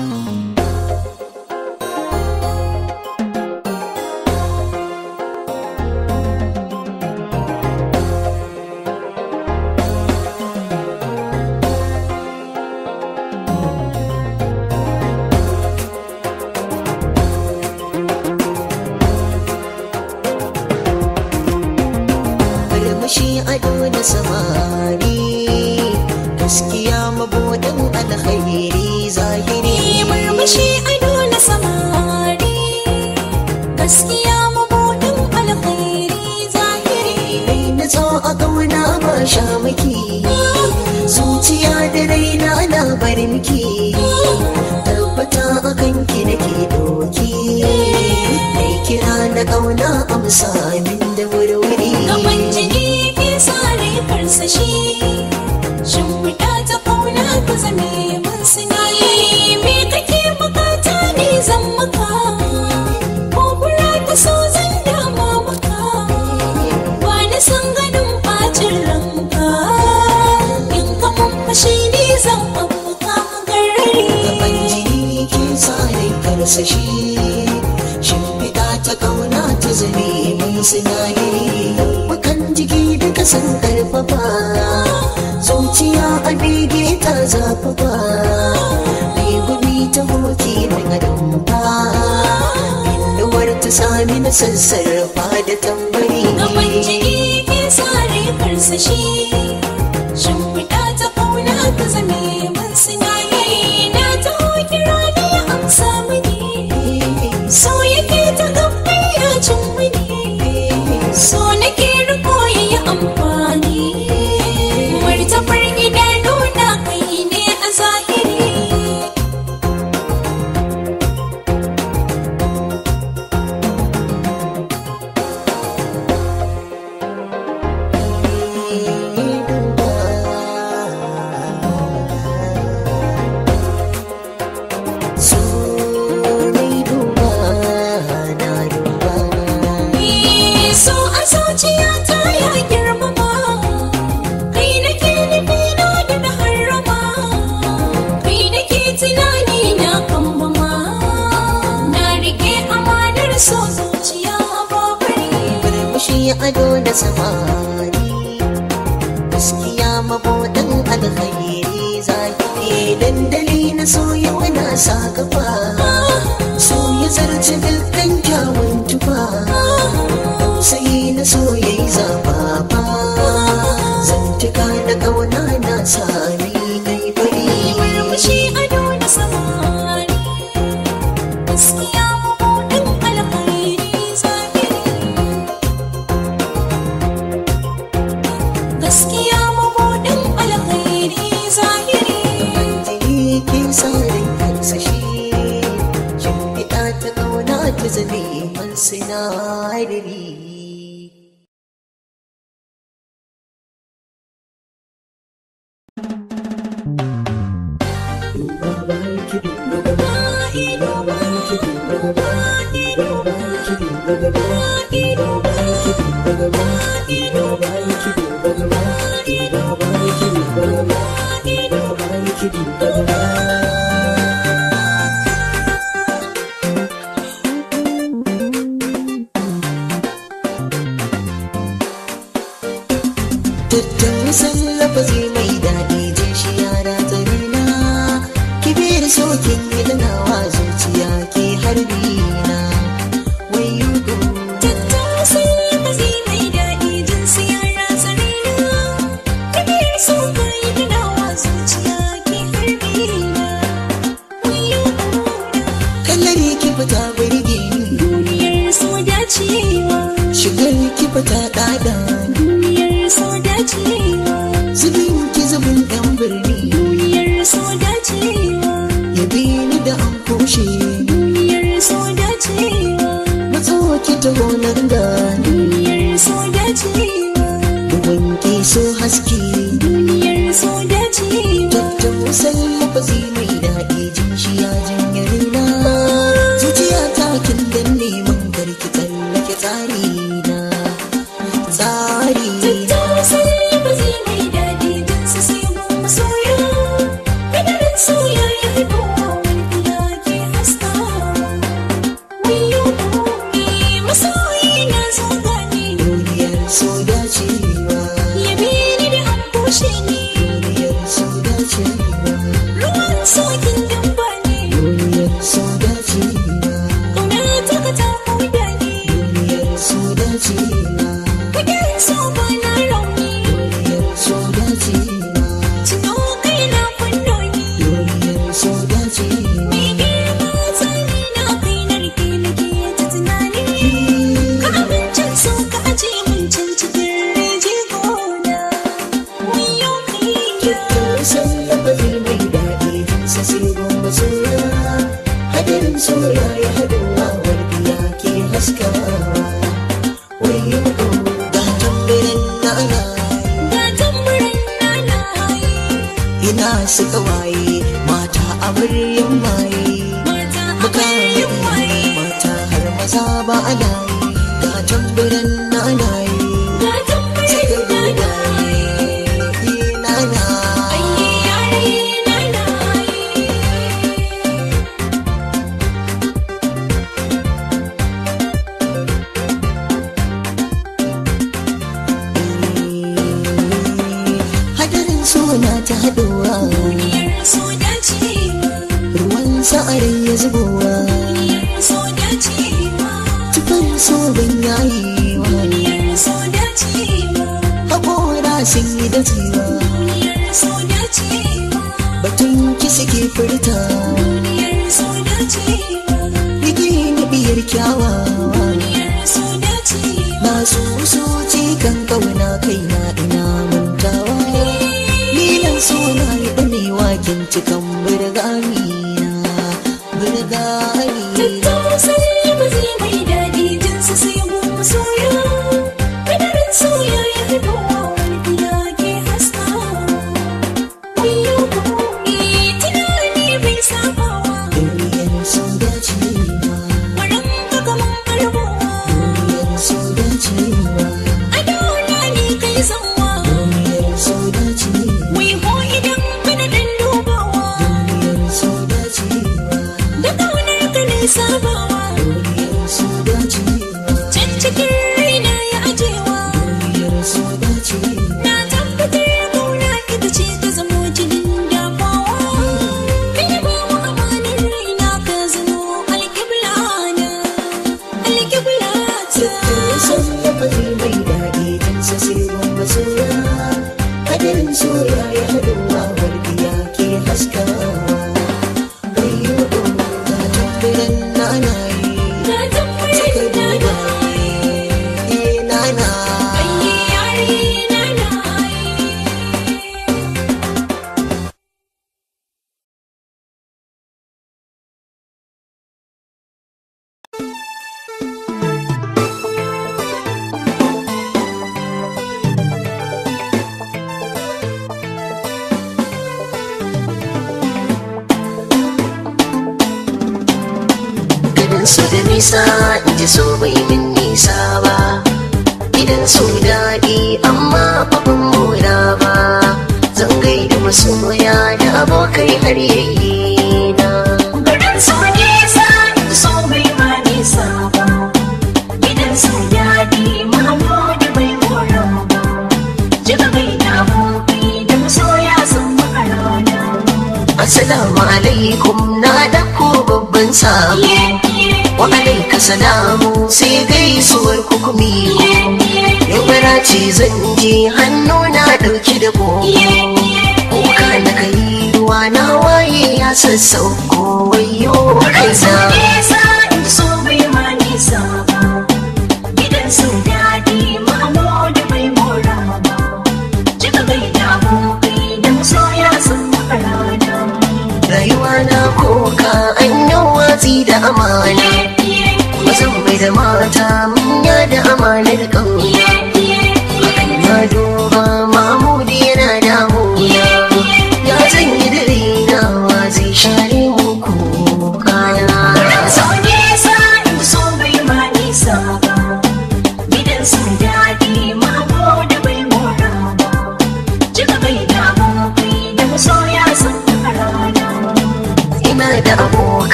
Mm-hmm. 岁月。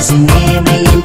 Cause you made me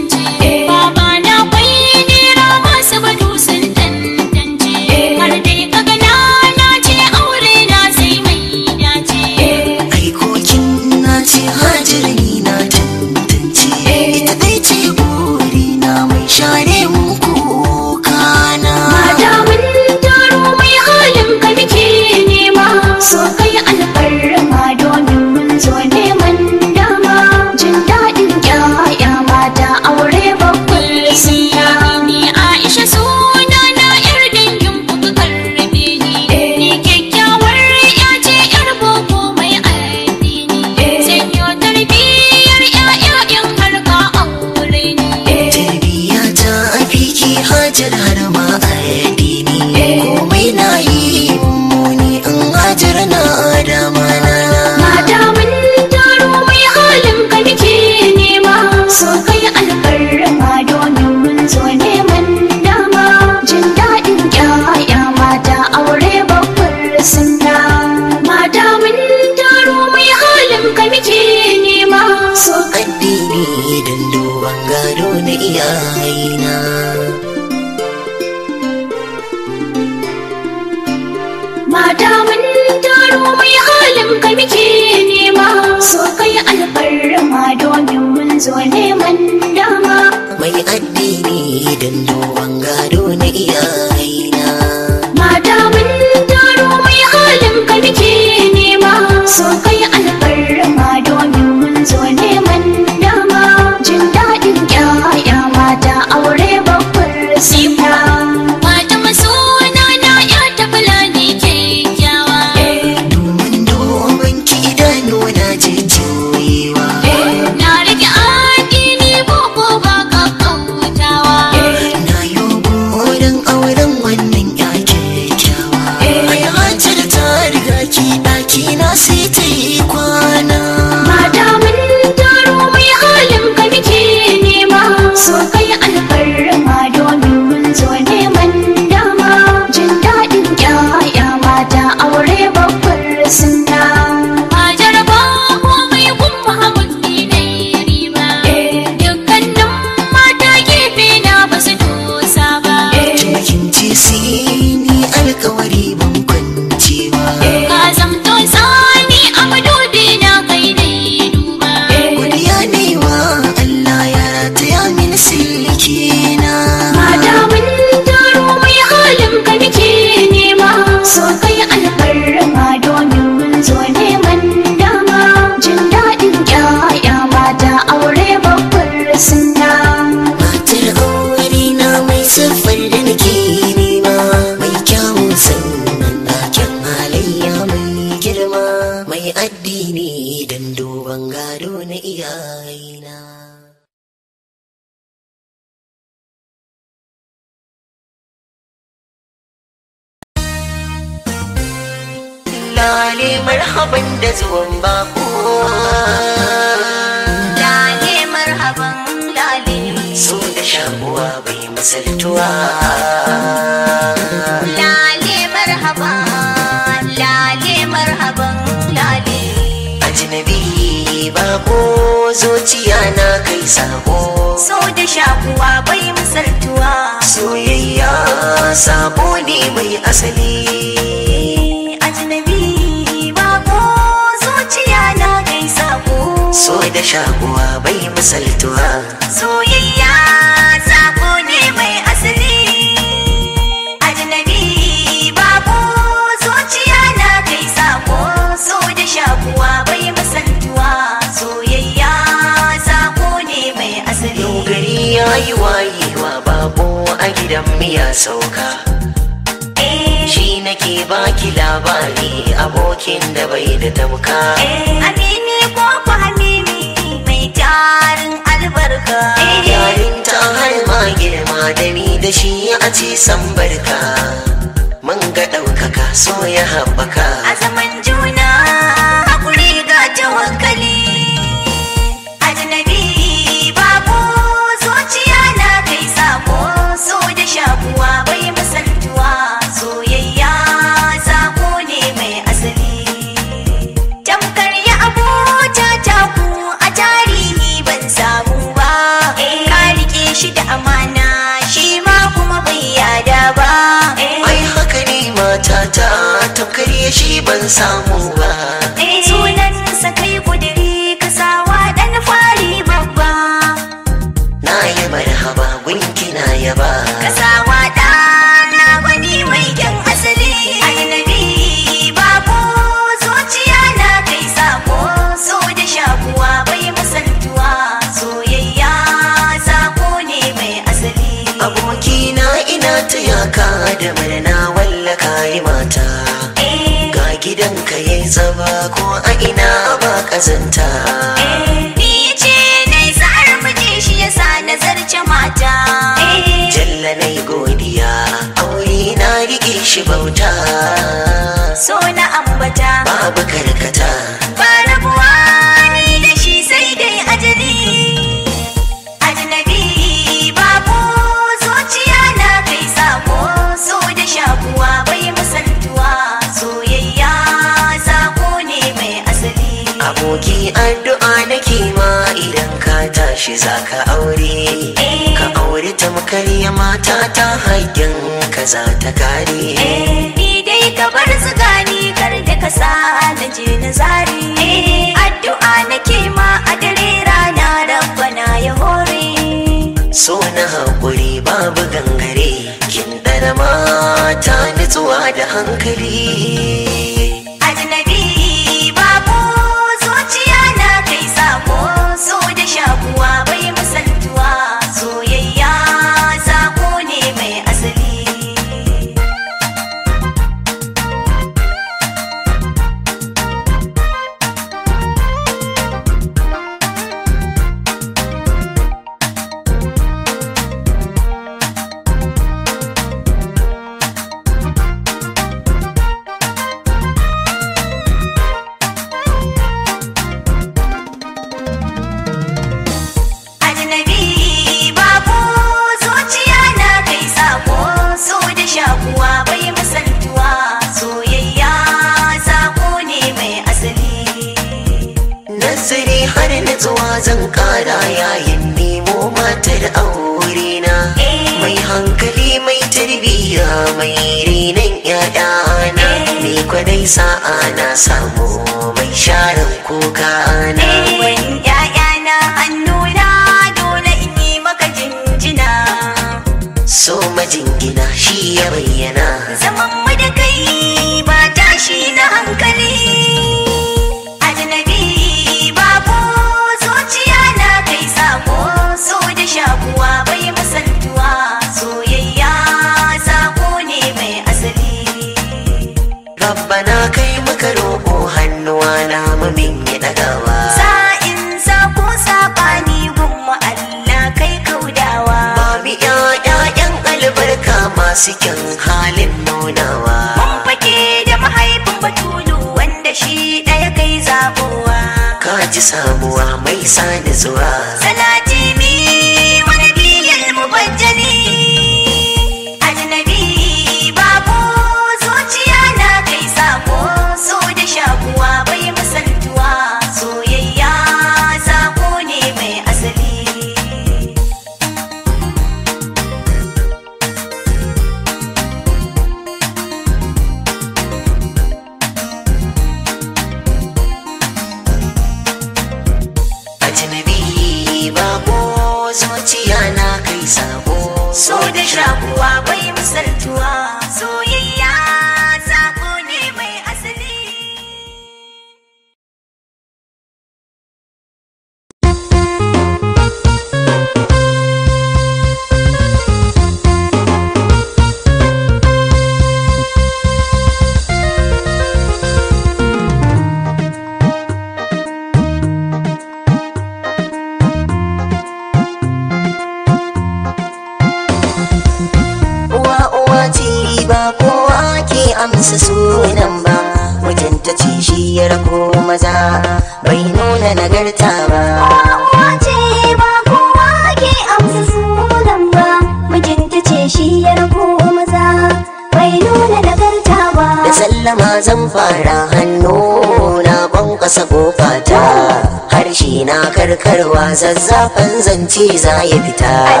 zazzafan zance za ya fita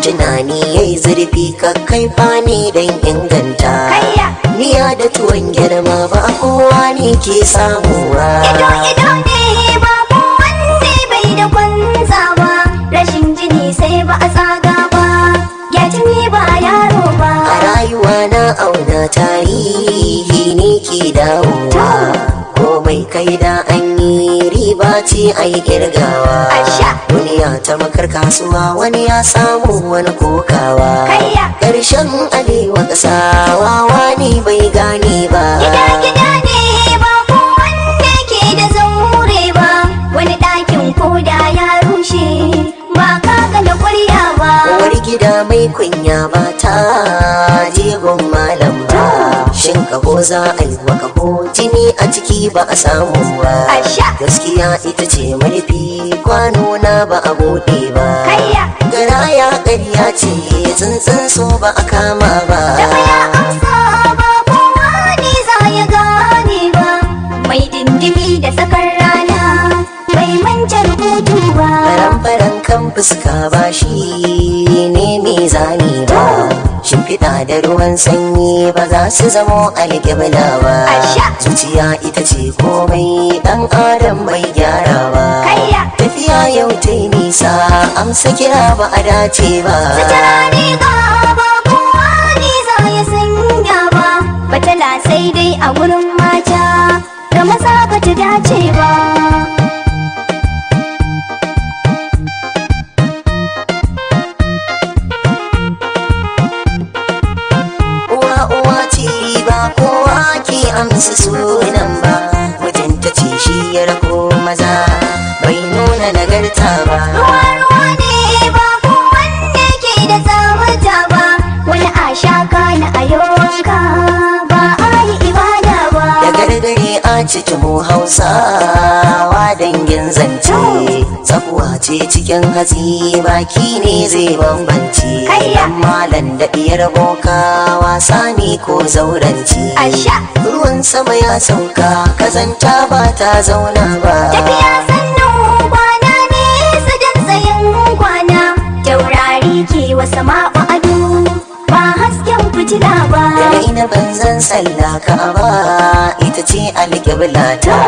tunani ya yi zurfi kakkai fani don inganta miya da tuwon girma ba kowa ne ke samuwa ido ido ne babu wanda bai da kwanzawa rashin jini sai ba a tsaga ba gyajin ne ba yaro ba a rayuwa na auna tarihi ne ke dawowa komai kai da an riba ce a yi girgawa wani ya tamakar kasuwa wani ya samu wani kokawa ƙarshen Arewa ƙasa wawa ne bai gane ba gida-gida ne ba kowanne ke da zaure ba wani ɗakin koda ya rushe ba kaga da ƙwarya ba wani gida mai kunya ba ta jegon malam ba shin kaho za a yi wa kaho jini a ciki ba a samu ba gaskiya ita ce marfi kwano na ba a bude ba Gara ya ƙarya ce tsuntsun so ba a kama ba mai dindimi da mai ba. kan fuska ba shi ne zane ba. shimfiɗa da ruwan sanyi ba za su zamo alƙibla ba zuciya ita ce komai ɗan adam bai gyara ba tafiya yau ta yi nisa amsa kira ba a dace ba Batala sai dai a wurin mata da maza ba ta dace ba. amsa sunan ba mutunta ce shi ya rako maza bai nuna nagarta ba ruwa ruwa ne ba ko wanda ke da tsawata ba wani a shaka na a yonka ba dare a cikin mu hausawa dangin zance tsakuwa ce cikin hatsi baki ne zai bambance amma iyar boka wasa ne ko zaurance ruwan sama ya sauka kazanta ba ta zauna ba tafiya kwana ne kwana taurari ke wasa fitina ba daga ina banzan ka ba ita ce alƙibla ta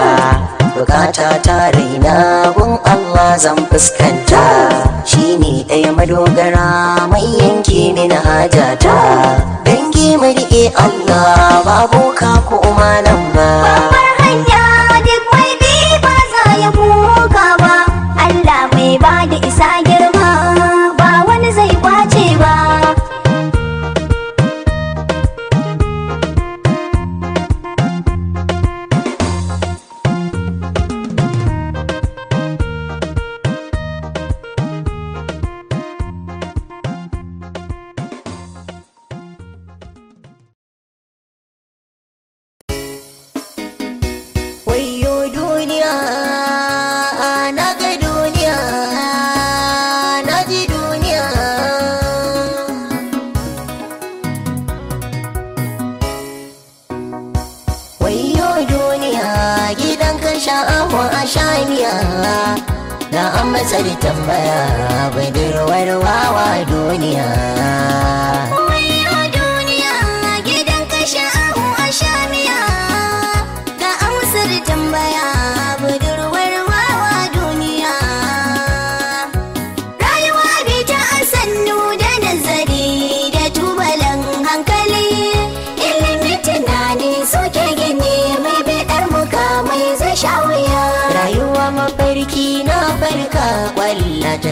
bukata ta raina gun Allah zan fuskanta shine ɗaya madogara mai yanke mini hajata dangi mu riƙe Allah babu ka ko malam ba babbar hanya duk mai ba za ya ba Allah mai ba da isa matsar tambaya budurwar wawa duniya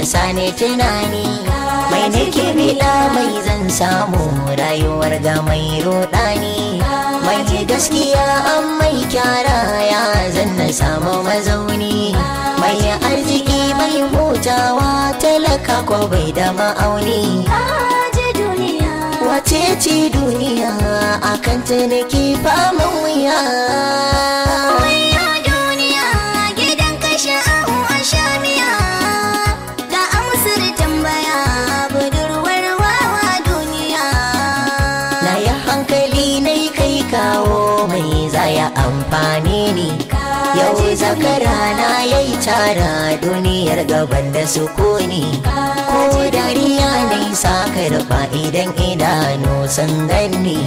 sani tunani mai nake bila mai zan samu rayuwar ga mai rudani mai ji gaskiya an mai kyara ya zan na samu mazauni mai arziki mai hutawa talaka ko bai da ma'auni wace ce duniya akan ta nake faman wuya gyara duniyar gaban da sukuni ko dariya ne sa karba idan idanu sun ganni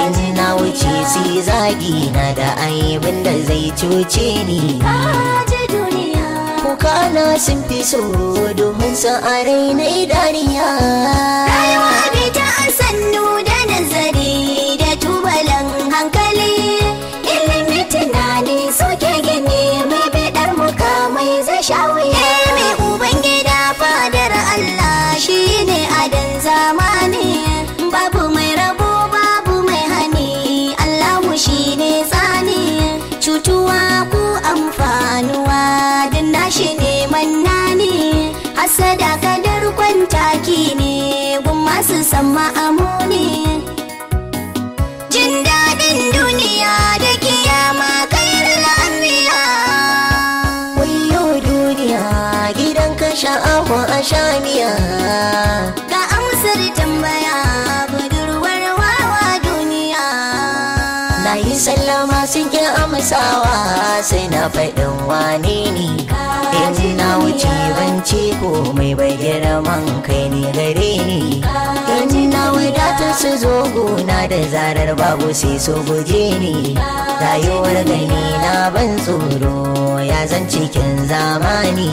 in na wuce si zagi na da aibin da zai cuce ni kana sun fi so domin sun a raina idaniya rayuwa bai ta sannu da nazari sawa sai na faɗin wane ne in na wuce banci ko mai bayyana man kai ne gare ni in na wadatar su zo gona da zarar babu sai su guje ni rayuwar gani na ban tsoro ya zan cikin zamani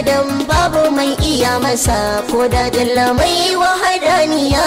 adam babu mai iya masa ko da dalla mai wahadaniya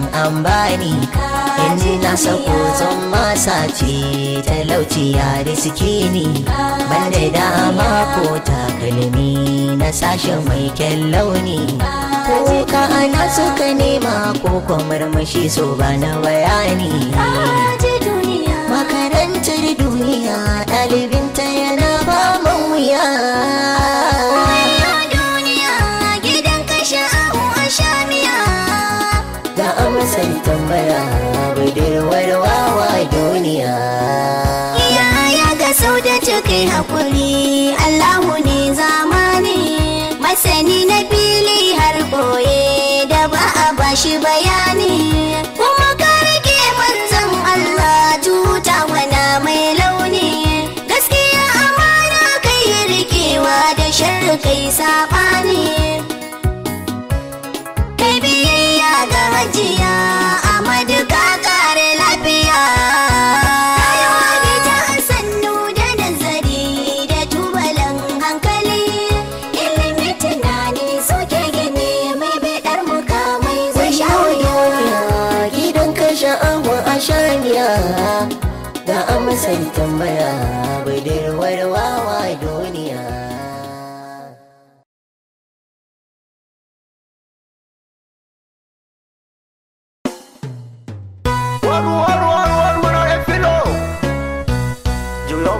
Ambani bani na sako zon masa ce talauci ya riske ni ban da dama ko takalmi na sashen mai kyan launi ko ka ana suka nema ko kwamar mashi so ba na bayani makarantar duniya ɗalibinta yana ba wuya tambaya budurwar wawa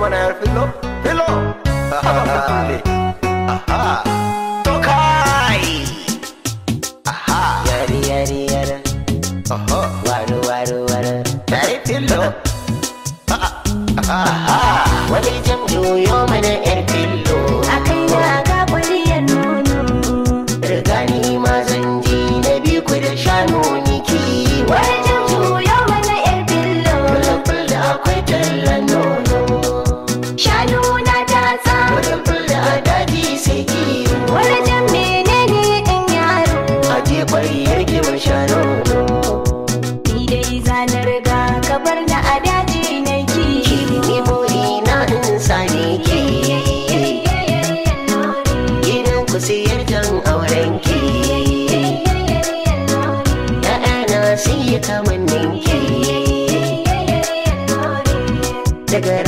ما انا عارف له له اها توكاي اها ياري ياري يارا اها وارو وارو وارا عارف له اها ولي جنبي يوم Take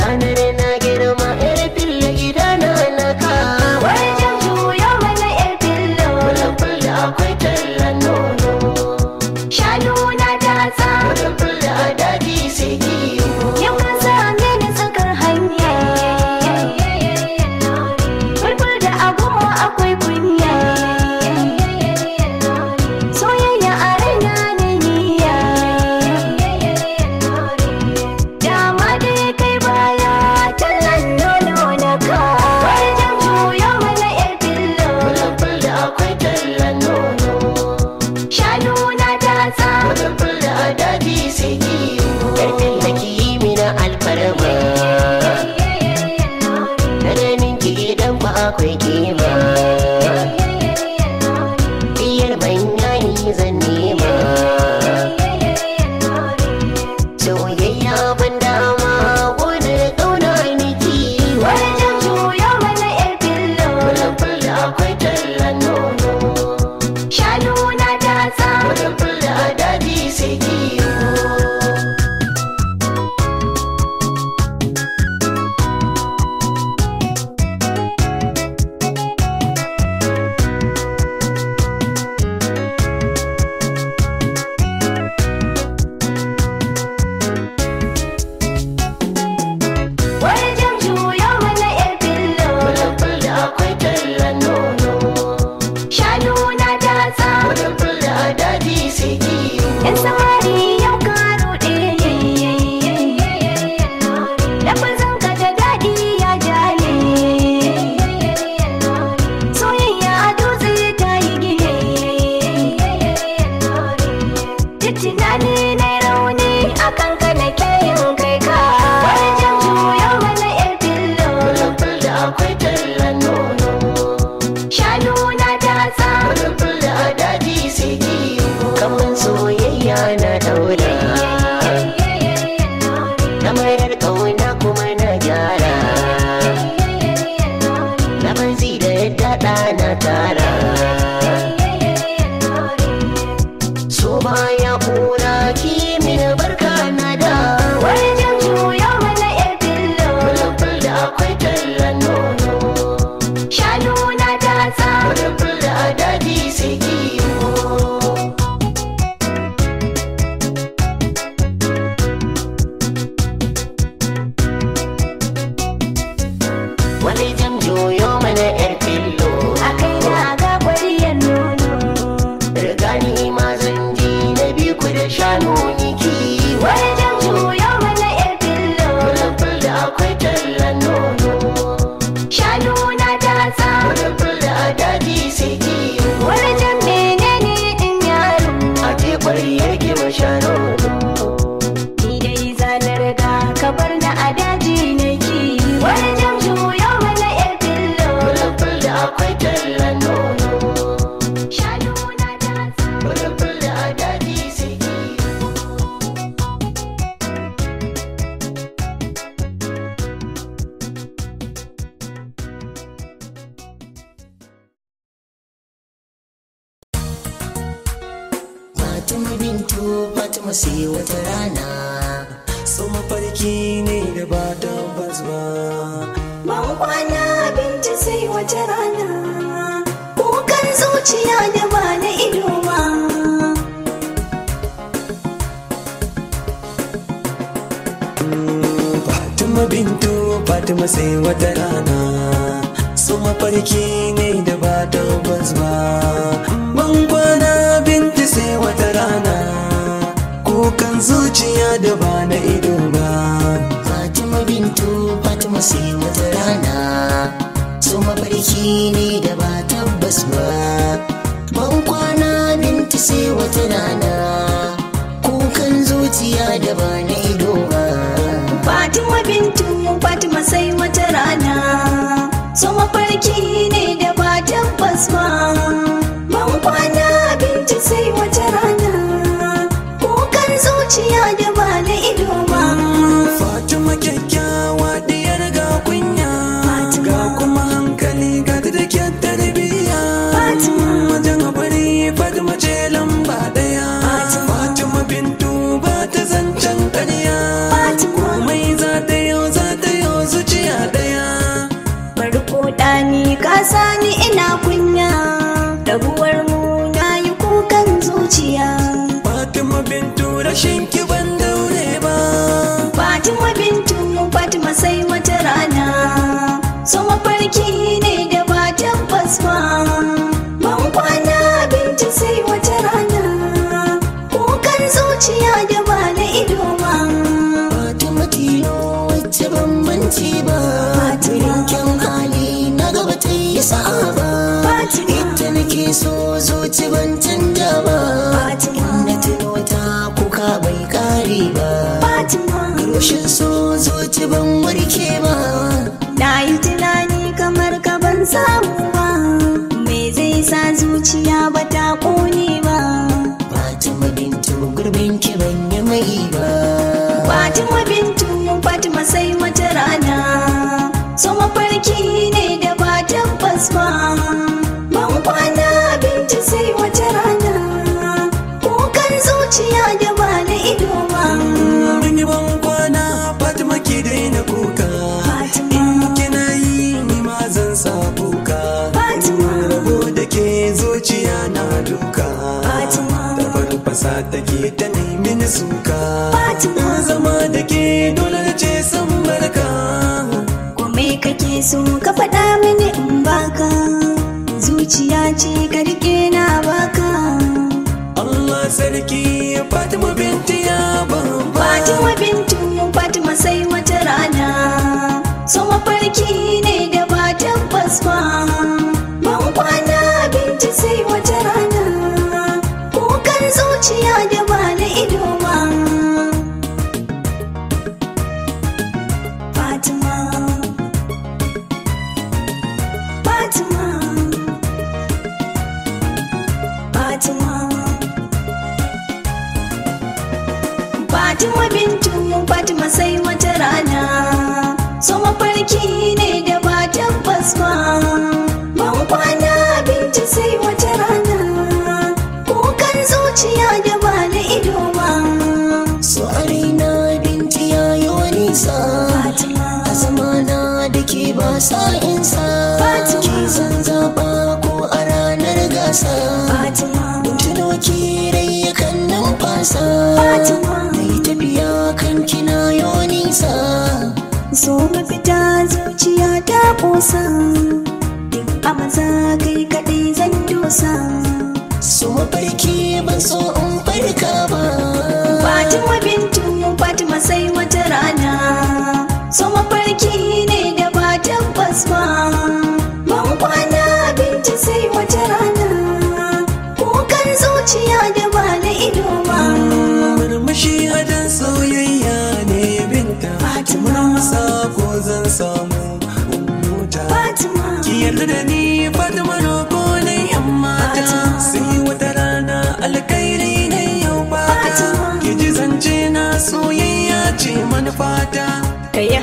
夕阳下。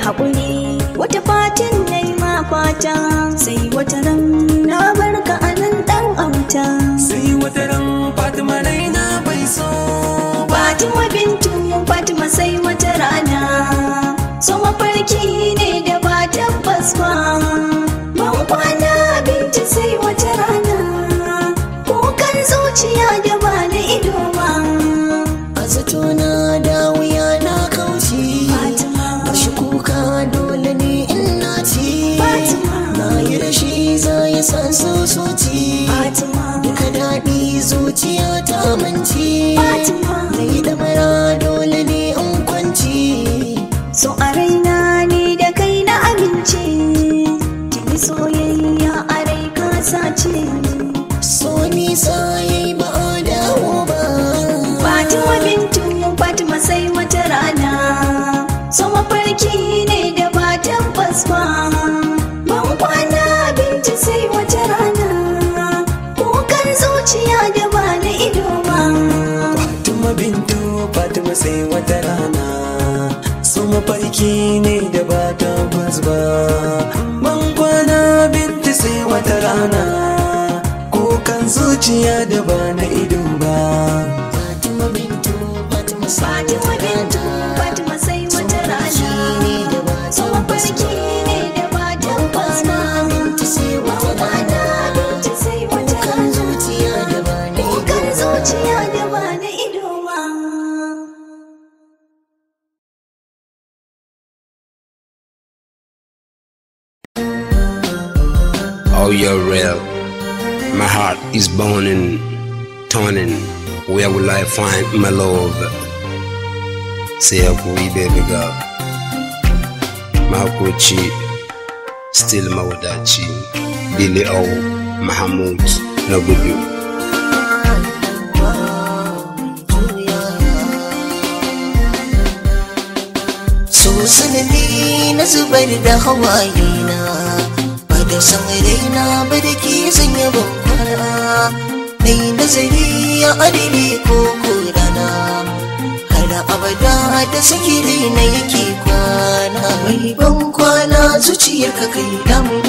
haƙuri wata fatin na ma fata sai wata ran aiki ne da ba tabbas ba man kwana binti sai wata rana kokan zuciya na gudu na zubar da hawaye na ba da san raina ba da ke sanya bankwana na yi nazari a arini ko korana har abada da sakiri na yake kwana mai bankwana ka kai damu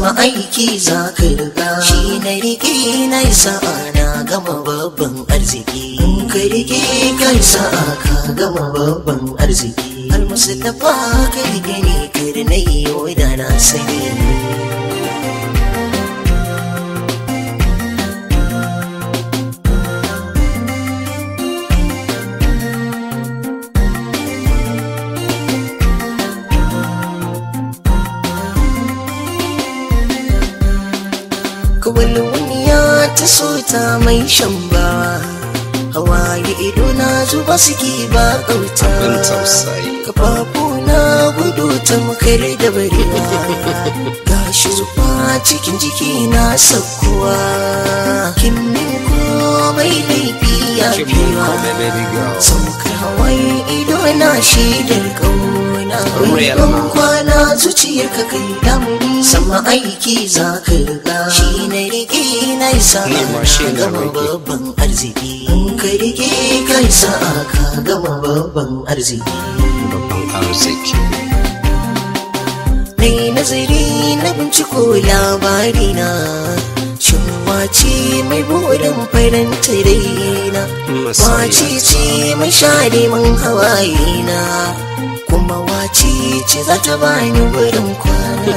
ma'aiki za ka riga shi na rike na sa'a na gama babban arziki ka rike ka sa'a ka gama babban arziki musu tafa ka rike ne karnai na yi da na sani so ta mai shan bawa hawaye ido na zuba suke ba kauta kafafu na gudu tamkar da barewa gashi zuba cikin jiki na sakkuwa kin min komai laifi ya fiwa saukar hawaye ido na shaidar kauna wani kwana zuciyar ka damu sama aiki za ka ga shi ne rike na isa ka gama babban arziki ka rike ka isa ka gama babban arziki babban arziki nazari na binciko labari na Shin wace mai buɗin faranta raina Wace ce mai share hawaye na kuma wace ce za ta bani wurin kwana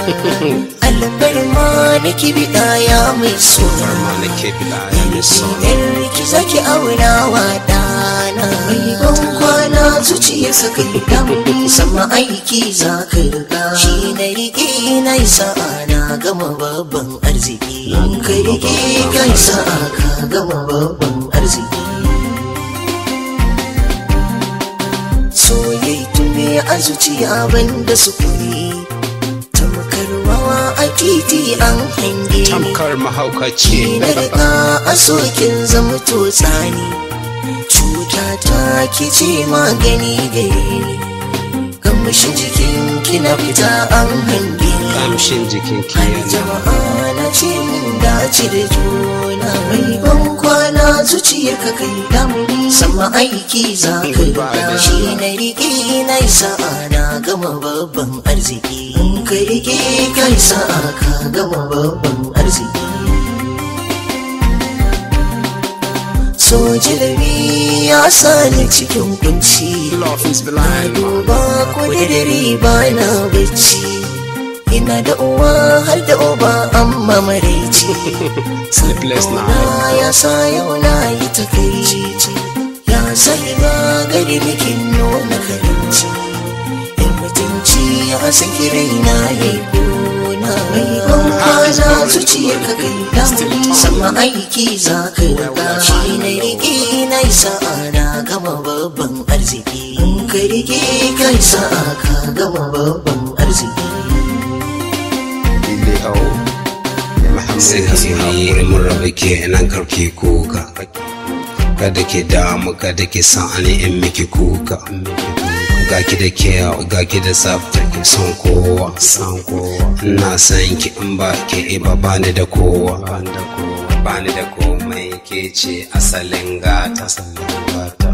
ma na kibida ya mai suna za ki aura wa dana mai ban kwana ya saka riga sama aiki za ka riga shi na rike na yi sa'a na gama babban arziki in ka rike ka yi sa'a ka gama babban arziki soyayya ne a zuciya banda sukuni tamkar mawa a titi an hange tamkar mahaukaci na riga a sokin zamto tsani cuta ta kice magani gani ni kamshin jikin na fita an hangi kamshin jikin ki jama'a na ce mun da juna mai ban kwana zuciyar ka kai damuni sama aiki za ka yi shi na riƙe na yi sa'a na gama babban arziki in ka riƙe ka yi sa'a ka gama babban arziki soji da ni ya sani cikin kunci na duba da dare ba na bacci ina da uwa har da uba amma maraici na ya sa yau na yi takaici ya sani ba gari bikin nuna karinci in mutunci ya saki raina ya biyu Mai kuma za su ciyar ka kai gamani sama aiki za ka riga shi na rike na sa'a na gama babban arziki in ka rike kai sa'a ka gama babban arziki sai ka su haƙuri mun ke kenan karki kuka kada ke damu kada ke sa'ani in miki kuka gaki da kyau gaki da tsafta son kowa san kowa ina san ki in ba ke ba bani da kowa bani da komai ke ce asalin gata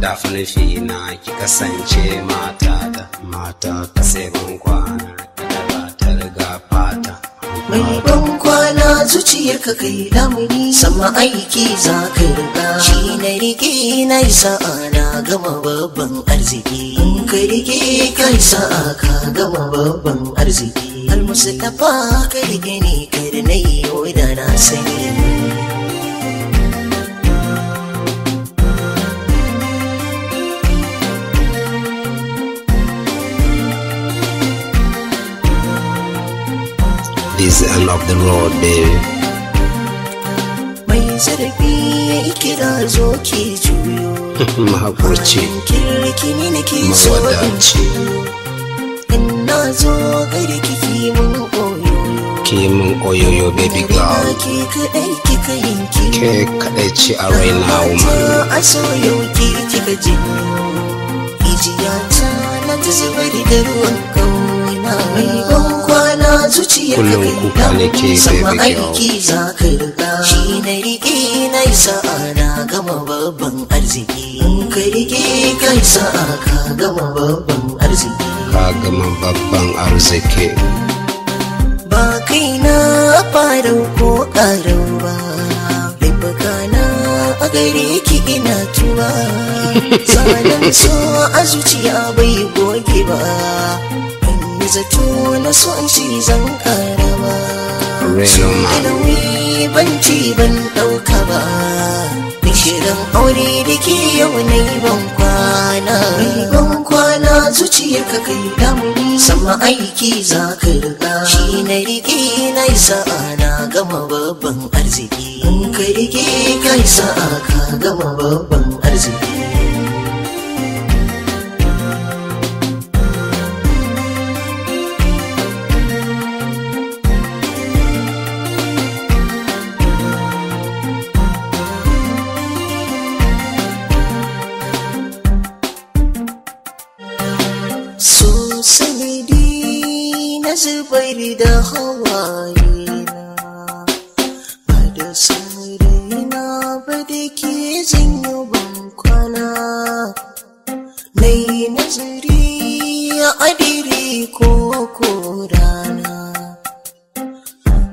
da fi na ki kasance mata da mata ta sai kwana da batar ga fata mai ban kwana zuciyar ka kai damuni sama aiki za ka riga shi na rike na sa'a na gama babban arziki in ka rike yi sa'a ka gama babban arziki Almusu almustafa ka rike ne karnai da na yi da na sani This end love the road, baby. Mai zarfi ya yi kira zo ki juyo. Mahaƙurci. Kirki ne na In oyoyo. Ki oyoyo baby girl. Ke kaɗai kika yanki. Ke kaɗai ce a raina woman. A so yau ki kika jinyo. Ijiyata na ta zubar da ruwan kauna. kullum kuka nake bebe kyawu shi na rike na yi sa'a na gama babban arziki ka rike ka yi sa'a ka gama babban arziki ka gama babban arziki ba kai na farau ko karau ba libbaka na a gare ki ina tuba so a zuciya bai goge ba zato na so in ci zan kara ba so ban ci ban ɗauka ba bishirin aure da ke yau na yi ban kwana ban kwana zuciyar ka kai damu sama aiki za ka riga shi na rike na yi sa'a na gama babban arziki in ka rike ka yi sa'a ka gama babban arziki zubar da hawaye na ba da na ba da ke janyo bankwana na yi nazari a adiri ko korana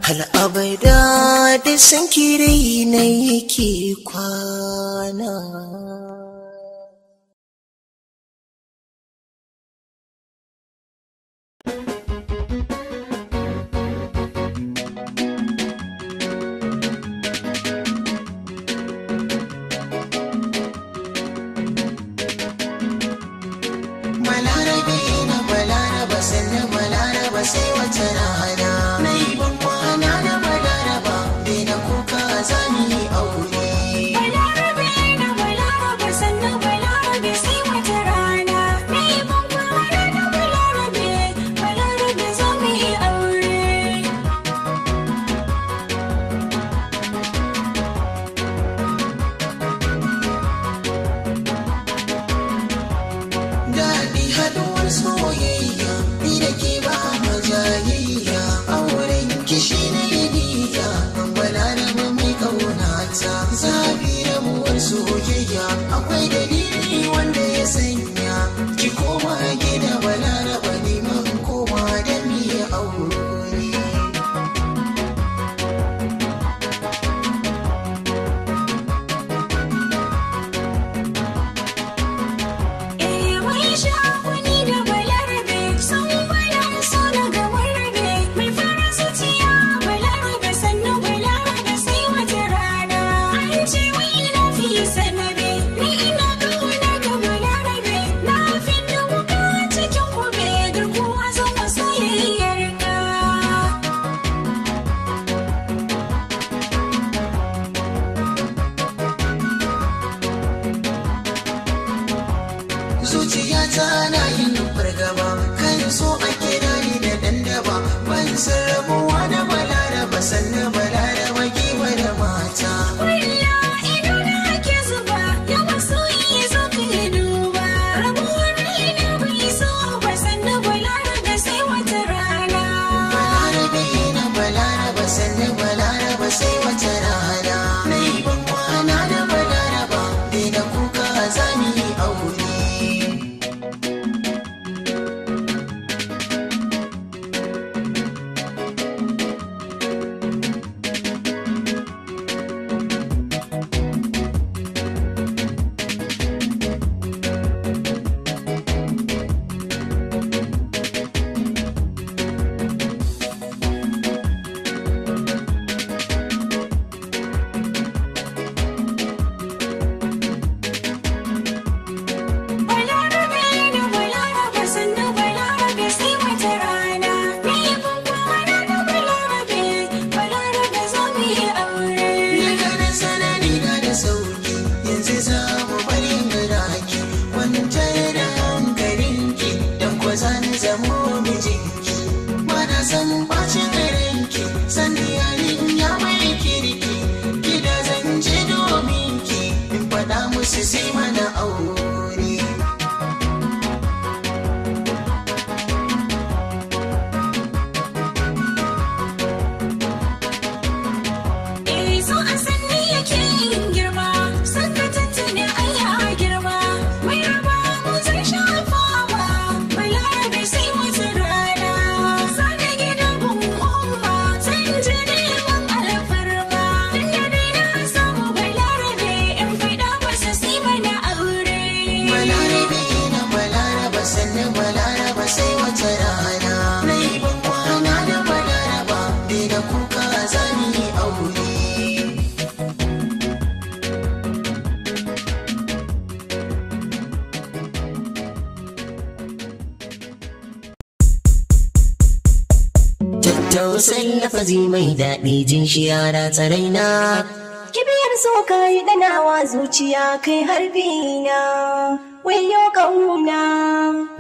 hal abada da san na yake kwana lafazi mai daɗi jin shi yara raina. kibiyar so ka yi ɗanawa zuciya kai harbi na wayo kauna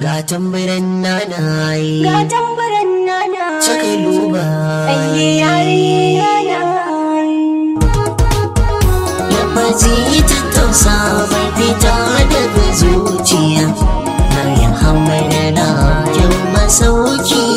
ga tambaran nana ga tambaran nana Cika luba ayye yare nana lafazi ta tattausa bai fita daga zuciya har yin hamar na masauki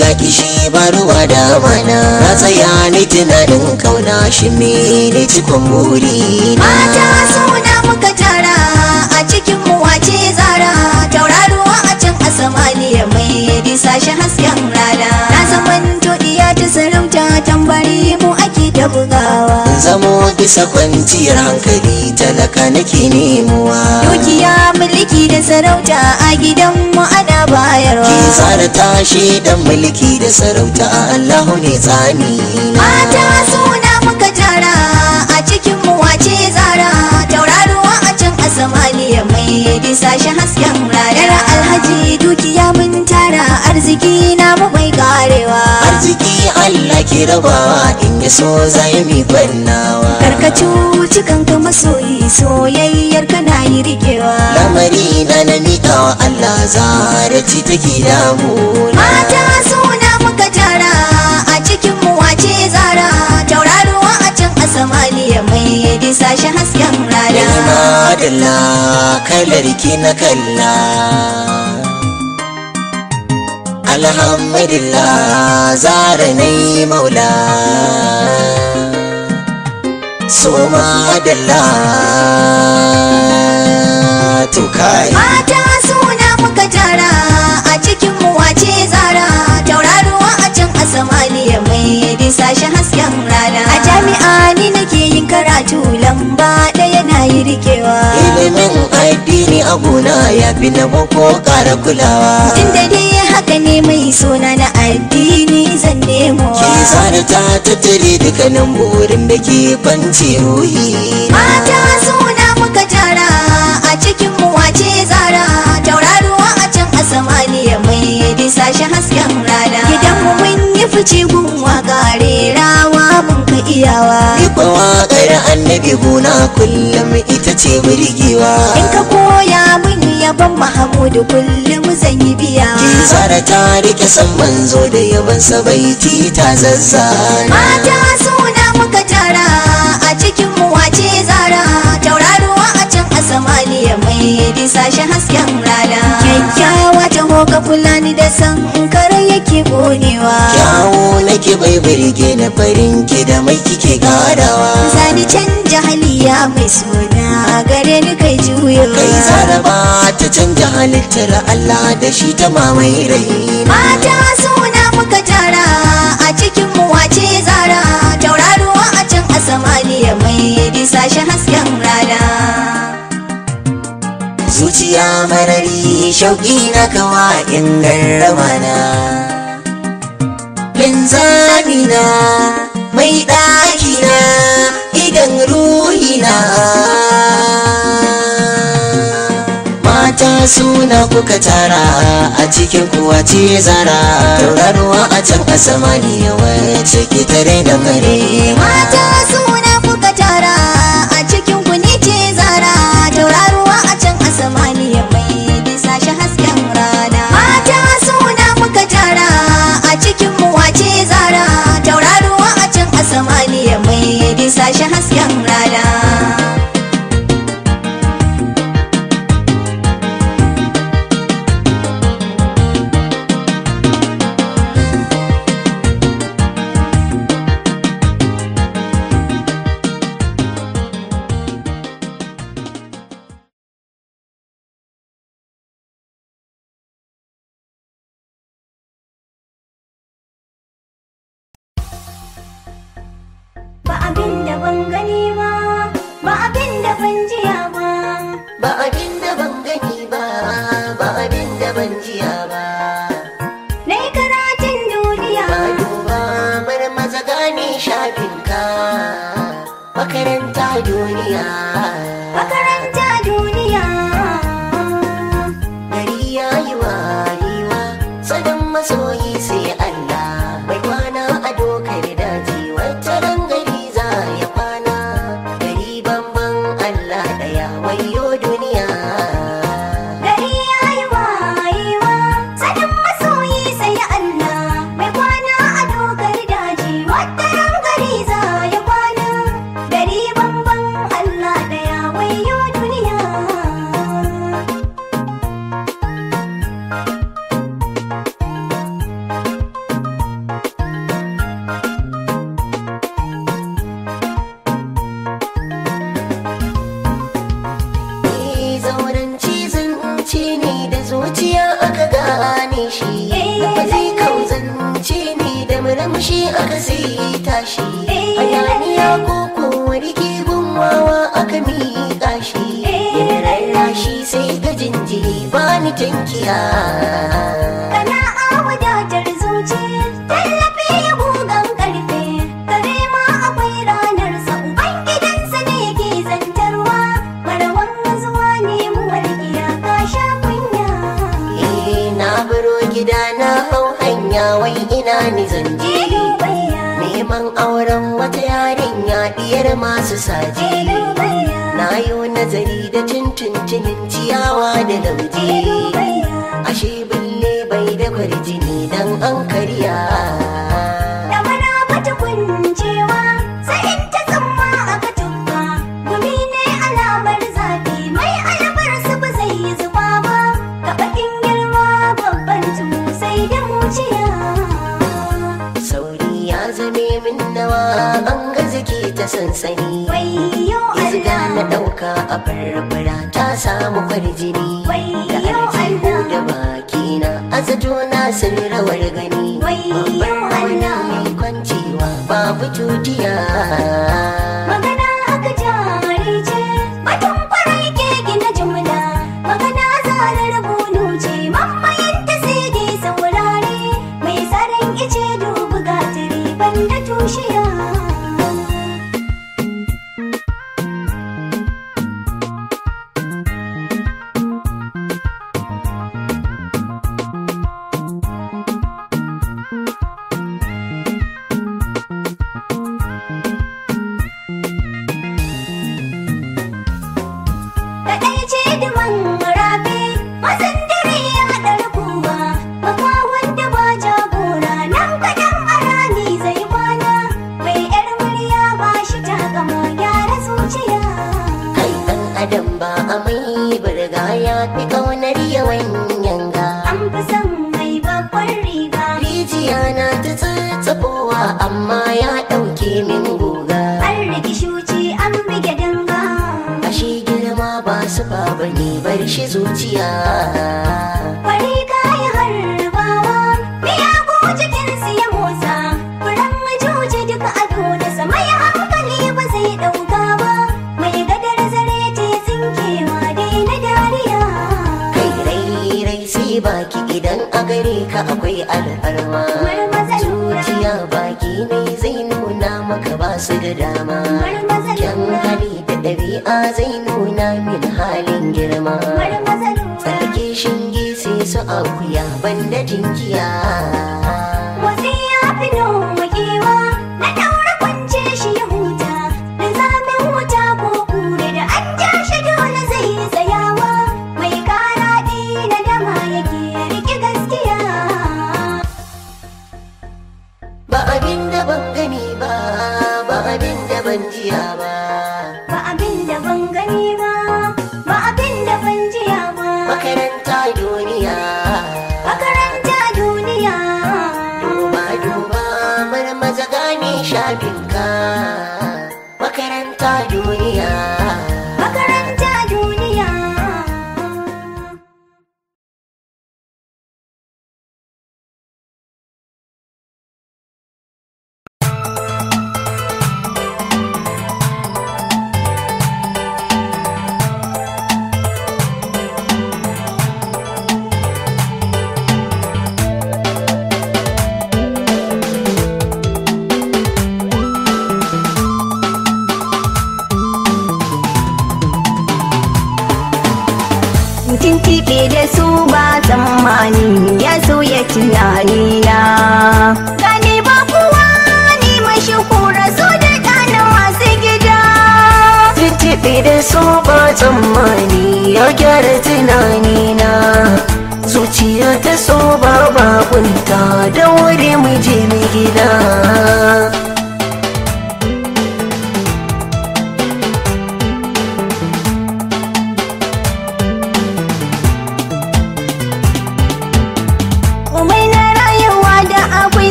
ga kishi barwa da mana na tsaya ni tunanin kauna shi me ni cikon buri mata suna muka tara a cikin mu wace zara tauraruwa a can a ya mai bisa shi hasken rana na zaman to iya ta sarauta tambari mu ake da buga zamo bisa kwanciyar hankali talaka nake nemuwa dukiya mulki da sarauta a gidanmu ana bayarwa ki tsara tashi dan mulki da sarauta a allahu ne tsani mata suna muka tara a cikin mu wace zara tauraruwa a can a mai bisa shi hasken ranar alhaji dukiya mun tara arziki na mu bai karewa jiki Allah ki rabawa, in ya so zai mi barnawa karkacu cikan ka masoyi soyayyar kana yi rikewa lamari na na miƙa wa Allah ta take damu mata suna muka tara a cikin mu wace zara tauraruwa a can a mai yadi sashi hasken rana. Yanzu ma kalar ki na kalla. alhamdulillah zara nai maula so dalla to kai mata suna muka tara a cikin mu wace zara tauraruwa a can a mai bisa shi hasken rana a jami'a ni nake yin karatu lamba ɗaya na yi rikewa ilimin addini a gona ya fi na boko kara kulawa inda dai haka ne mai suna na addini zan nemo ki zana ta tattare dukkanin burin da ke kwance ruhi mata suna muka tara a cikin mu wace zara tauraruwa a can asamaniya mai yadda sashi hasken rana gidan mu mun yi fice gun gare rawa mun ka iyawa ifa waƙar annabi huna kullum ita ce burgewa in ka koya mun sabon mahamudu kullum zan yi biya zara ta rike san manzo da yaban sabaiti ta zazza mata suna muka tara a cikin mu wace zara tauraruwa a can a mai bisa shi hasken rana kyakkyawa ta hoka fulani da san kare yake konewa kyawo nake bai birge na farin ki da mai kike gadawa zani canja haliya mai suna a gare ni kai juyo kai zaraba ta canja halittar Allah da shi ta mamaye rai mata suna muka tara a cikin mu wace zara tauraruwa a can a mai bisa shi hasken rana zuciya marari shauƙi na kawa in garrama na linzami na mai ɗa suna kuka tara a cikin kuwa ce zara tauraruwa a can a samaniya wacce ke tare da mare mata suna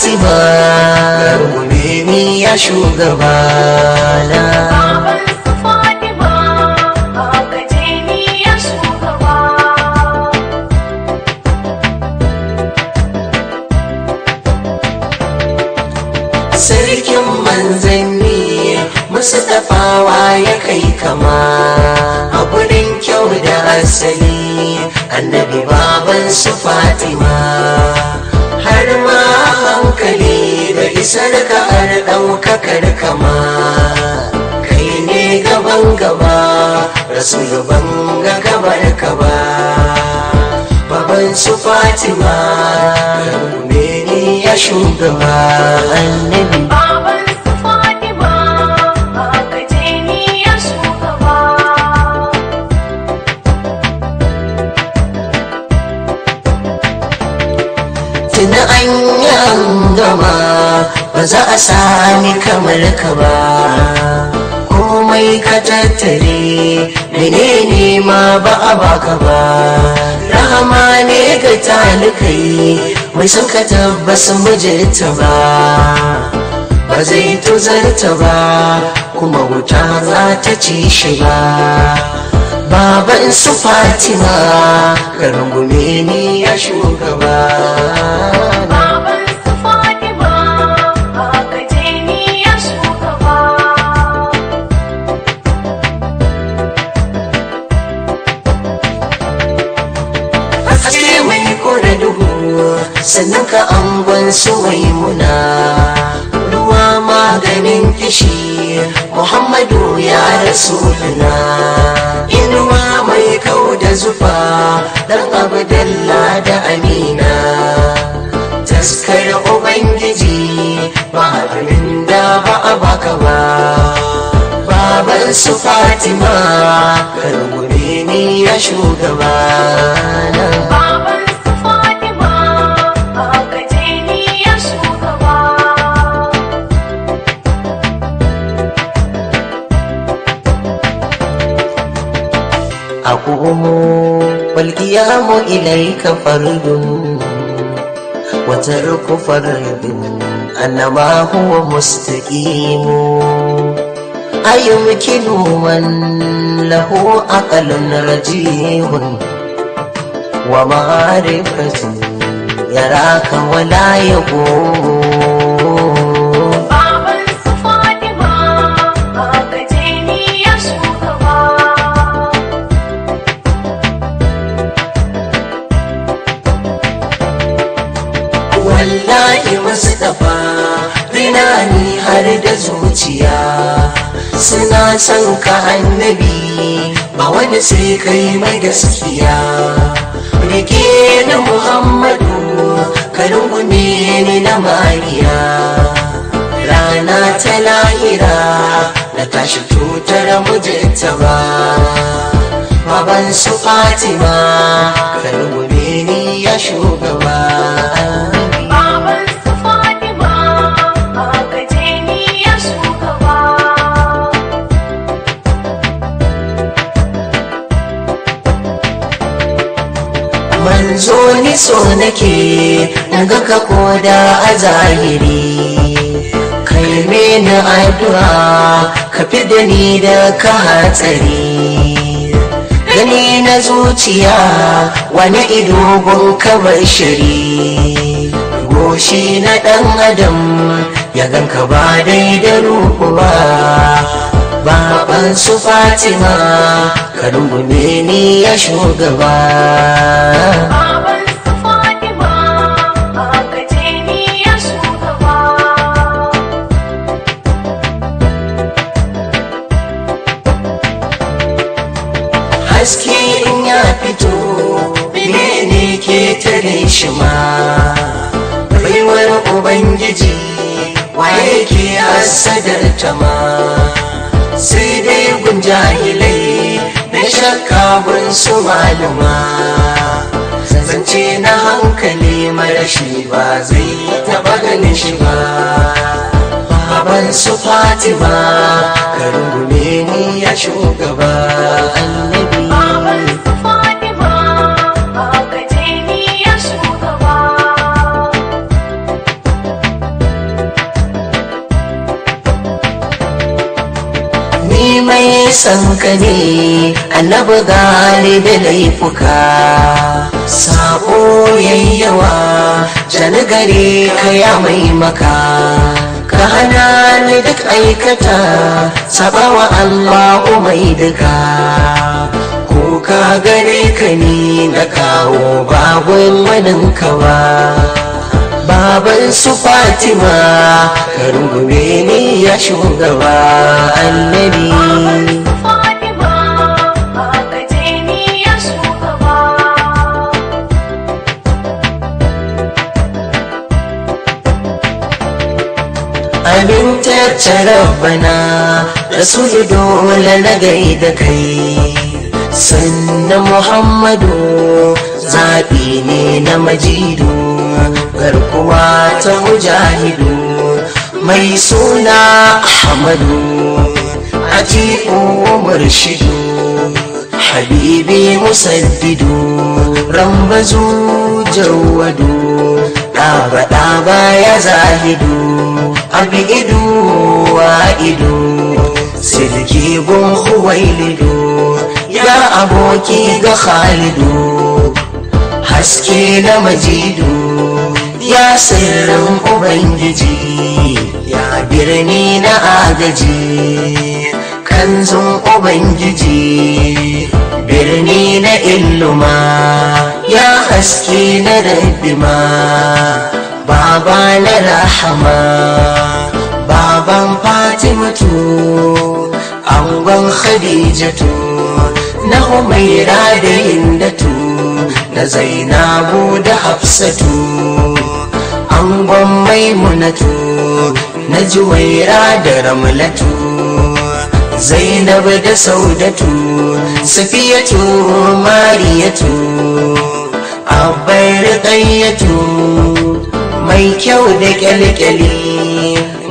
fatima mumini ya shugabana fatima mene ya shugaba annabi Tuna an gama ba za a sami kamar ka ba. komai ka tattare menene ma ba a baka ba rahama ga talikai mai son ka tabbasin ta ba ba zai zarta ba kuma wuta za ta ci shi ba baba in su fatima karin rungume ni ya shugaba su maimuna ruwa maganin kishi muhammadu ya rasu na inuwa mai kau da zufa dan abdalla da amina taskar ubangiji ba abin da ba a baka ba baban su fatima kargube ne ya shugaba na damu ilaika fardu wa tarku fardu annama huwa mustaqimu ayumkinu man lahu aqalun rajihun wa ma'rifatu yaraka wa la yaqulu zuciya suna son ka annabi ba wani sai kai mai gaskiya rike na muhammadu karungume ni na mariya rana ta lahira na tashi tutar mujinta ba baban su fatima karungume ni ya shugaba so nake ga ka koda a zahiri kai mini addu'a ka fi da ni da ka hatsari gani na zuciya wani ido ka kamar shiri goshi na ɗan adam ya ganka ba dai da ruhu ba baban su fatima ka ni ya shugaba shi baiwar ubangiji waye ke hasadar ta ma sai dai gun jahilai na shakka gun su maluma zance na hankali marashi ba zai taɓa ganin shi ba baban su fatima ka ni ya shugaba annabi san ka ne annabi gali da laifuka sabo yayyawa jani gare ka ya mai maka ka hana ni duk aikata sabawa allahu mai duka ko ka gare ka ne na kawo babun maninka ba baban su fatima karin rungume ni ya shugaba annabi ce rabbana rasulu dole na gaida kai sannan muhammadu zaɓi ne na majidu garkuwa ta mujahidu mai suna ahmadu atiku murshidu habibi musaddidu rambazu jawadu faɗa baya zahidu abi ido wa ido silki gun huwailidu ya aboki ga khalidu haske na majidu ya sirrin ubangiji ya birni na agaji kanzun ubangiji birni na illuma ya haske na rahima baba na rahama baban fatimatu angon khadijatu na umaira da hindatu na zainabu da hafsatu angon maimunatu na juwaira da ramlatu zainab da saudatu safiyatu mariyatu abai riƙayyatu mai kyau da kyalkyali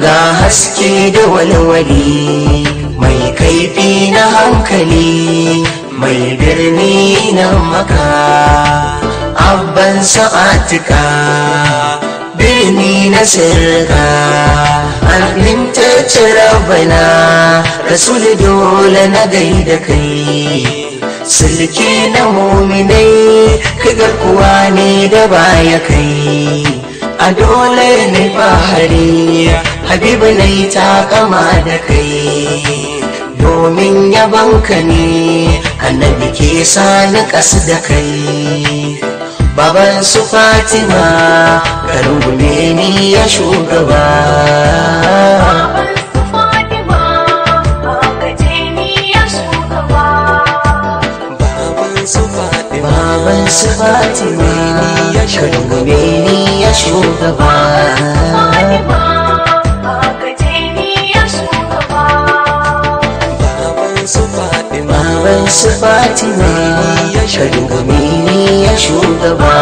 ga haske da walwali mai kaifi na hankali mai birni na maka abban sa'atika birni na sirga amintaccen rabana rasul dole na gaida kai sulke na muminai kaga kuwa ne da baya kai a dole ne habibu na yi takama da kai domin yabanka ne annabi ke sani kasu da kai baban su fatima ka ne ni ya shugaba su ba tunani ya shugube ya shugaba Baban su Fatima ya shugaba ni ya shugaba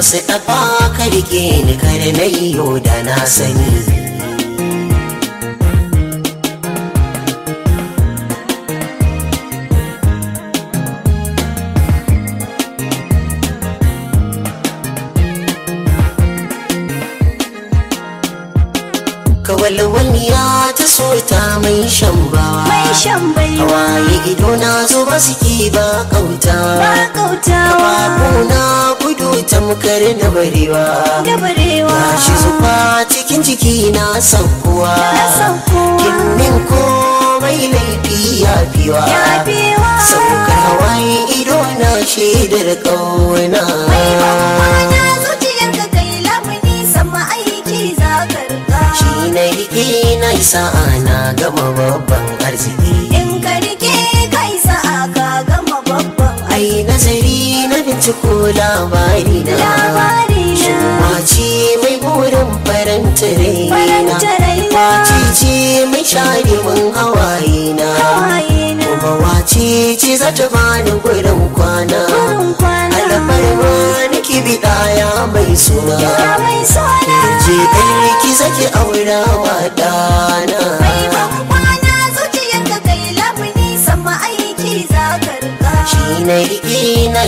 wasu ɗaba ka rike ni kare na yau da na sani tamkar da barewa da shi zuba cikin ciki na saukuwa kinnin komai laifi ya biwa saukar hawaye ido na shaidar kauna Shi na rike na isa ana gama babban arziki ci ko labari na Mace mai burin faranta raina Macici mai shari hawaye na Kuma wacici za ta bani gurin kwana Alfarma niki biɗa ɗaya mai suna Ki je ɗan ki zaki aura wa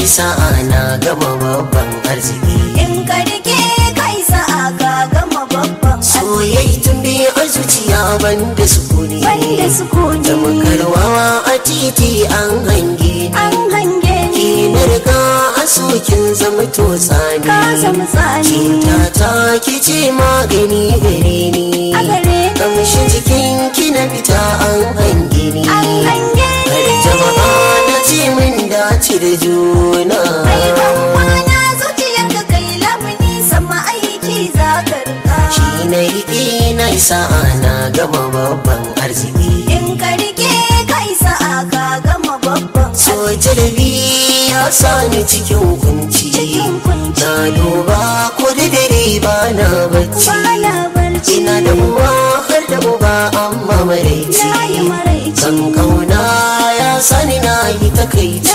kai sa'a na gama babban arziki in ka rike kai sa'a gama babban soyayya tun bi a zuciya banda sukuni banda sukuni da makarwawa a titi an hange an hange ni ki riga a sokin zama to tsani ka zama tsani cuta ta ce magani gare ni a gare kamshin jikin kina fita an hange ni an hange ni jama'a da ce min dace da juna kaisa sa'a na gama babban arziki in ka rike kai sa'a ka gama babban so jirgi ya sani cikin kunci na duba ko da dare ba na bacci ina da uwa har da uba amma maraici kan kauna sani na yi takaici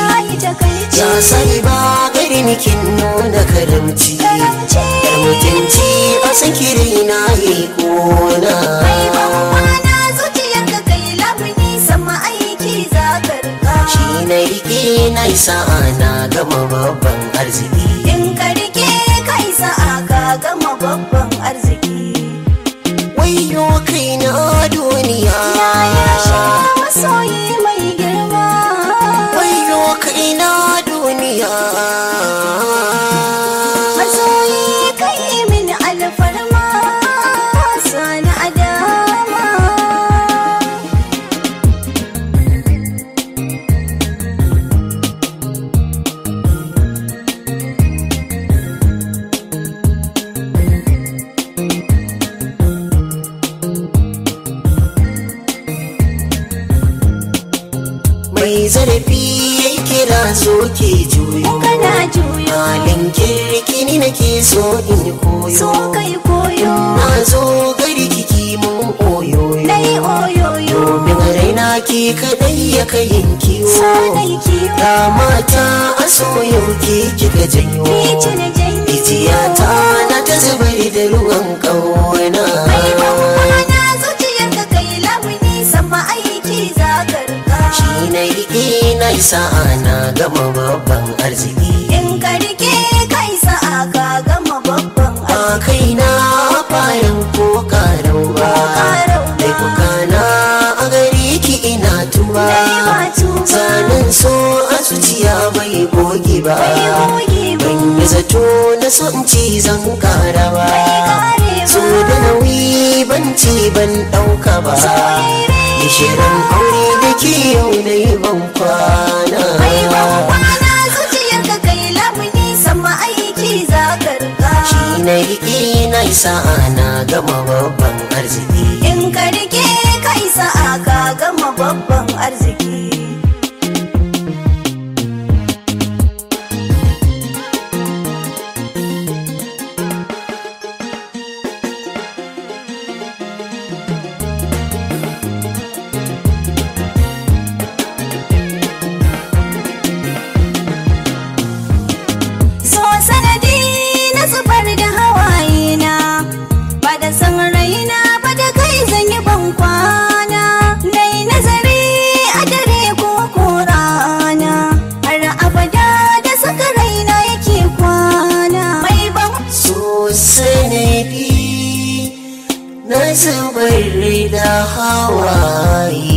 ya sani ba gari nikin nuna karamci da mutunci a sakiri na yi kona na rike na isa na gama babban arziki in ka rike ka isa ka gama babban arziki wayo kai na duniya ya ya masoyi malin kirki ni nake so in yi koyo so kai koyo na zo gari kiki mun oyoyo dai oyoyo domin raina ki kadai ya kai kiwo da mata a soyo ki kika janyo ijiya ta na ta zubari da ruwan kauna Shi na riƙe na gama babban arziki zanen so a zuciya bai goge ba ban yi zato na son zan kara ba so da nauyi ban ci ban ɗauka ba gishirin aure da ke yau na yi ban kwana Shi na riƙe na isa ana gama babban arziki in ka riƙe kai sa'a ka gama babban arziki na zubar da hawaye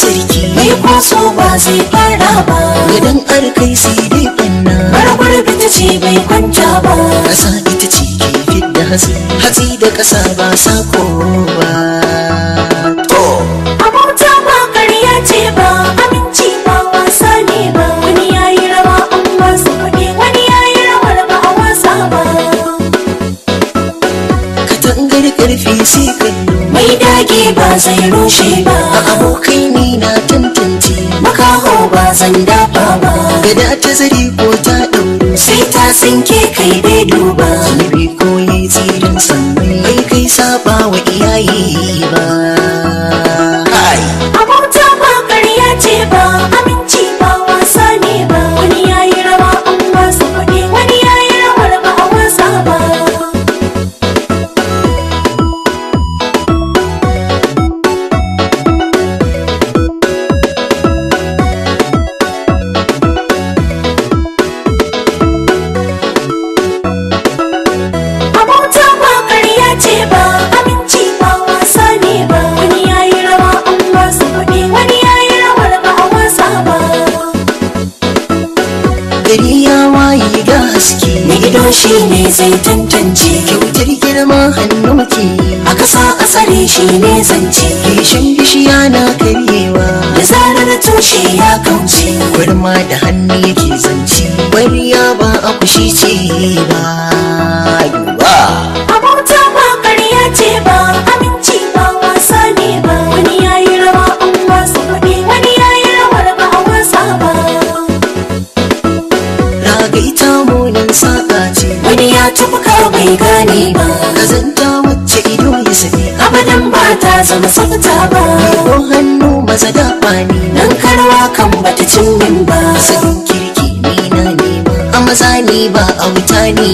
sarki mai kwaso ba zai fara ba gadon arkai sai dai banna barbar bita ce bai kwanta ba ƙasa ita ce ke fidda hatsi hatsi da ƙasa ba sako ba to abota ba ƙarya ce ba aminci ba wasa ne ba wani yayi rawa an wasa kuɗi wani yayi rawar ba a wasa ba katangar ƙarfi sai kallo mai dage ba zai rushe Cici ce ba yiwa abota ba ƙarya ce ba aminci ba wasa ne ba wani yi rawa an wasa kuɗi wani yi rawar ba a wasa ba ragaita munin saƙa ce wani ya tafka bai gane ba kazanta wacce ido ya sabi abadan ba ta zama tsafta ba ko hannu maza da fani money.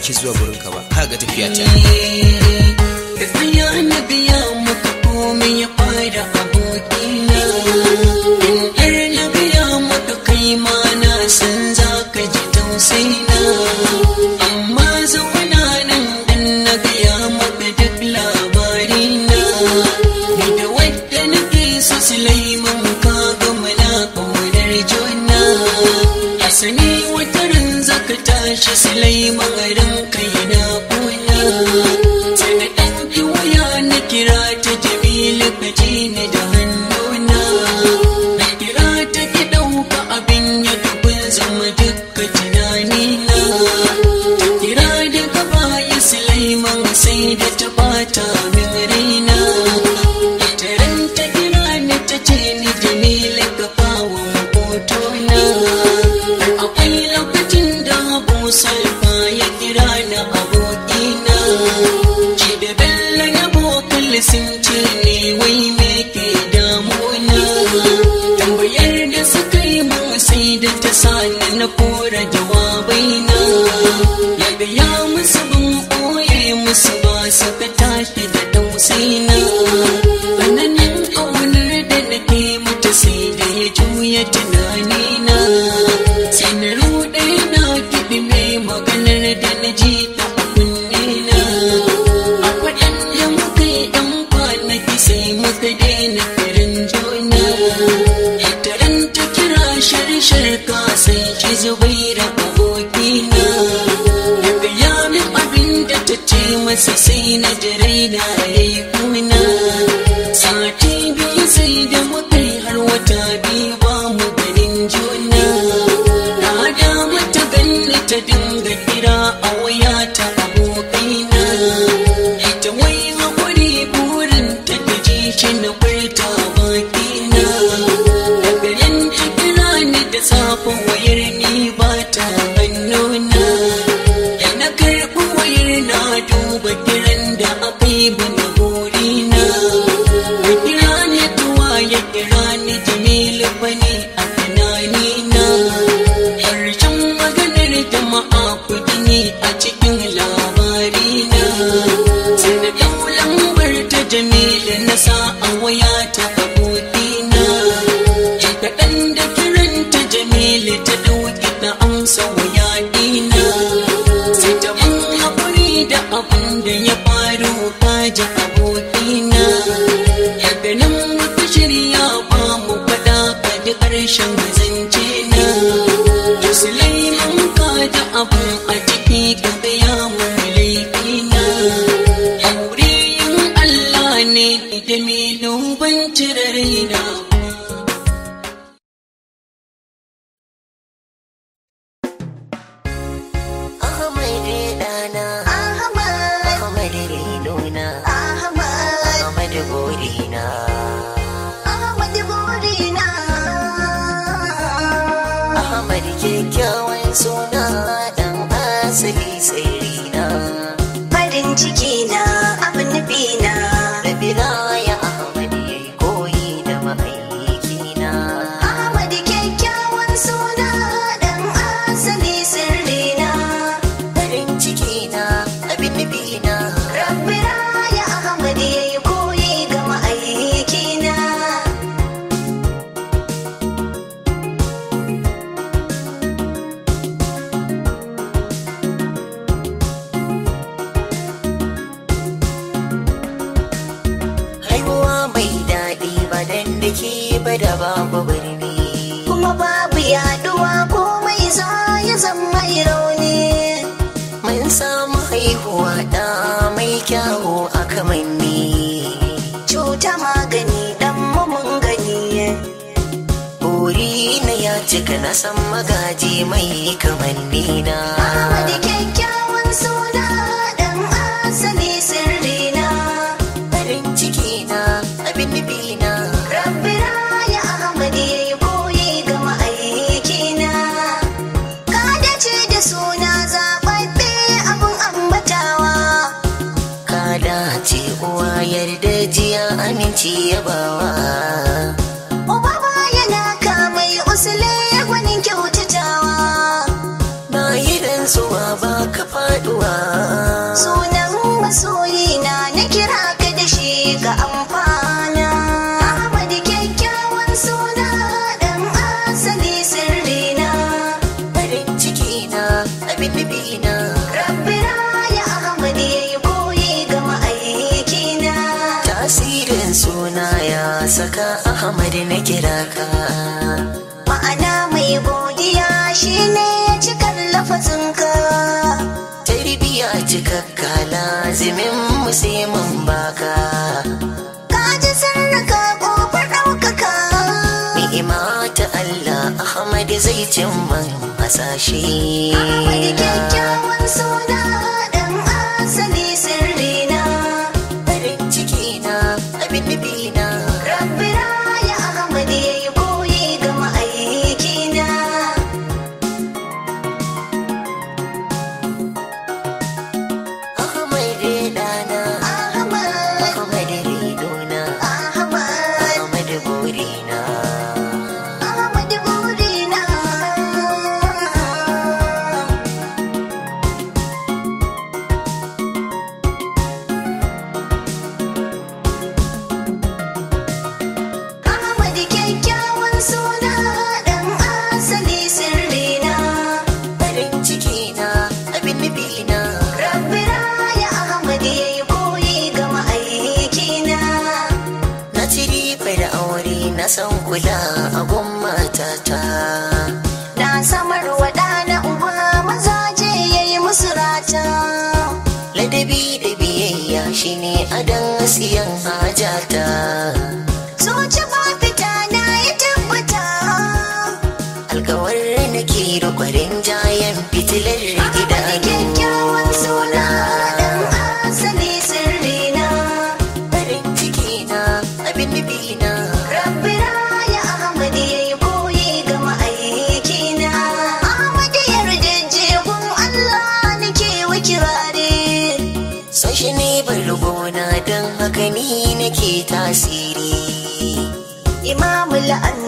bakizwa da da la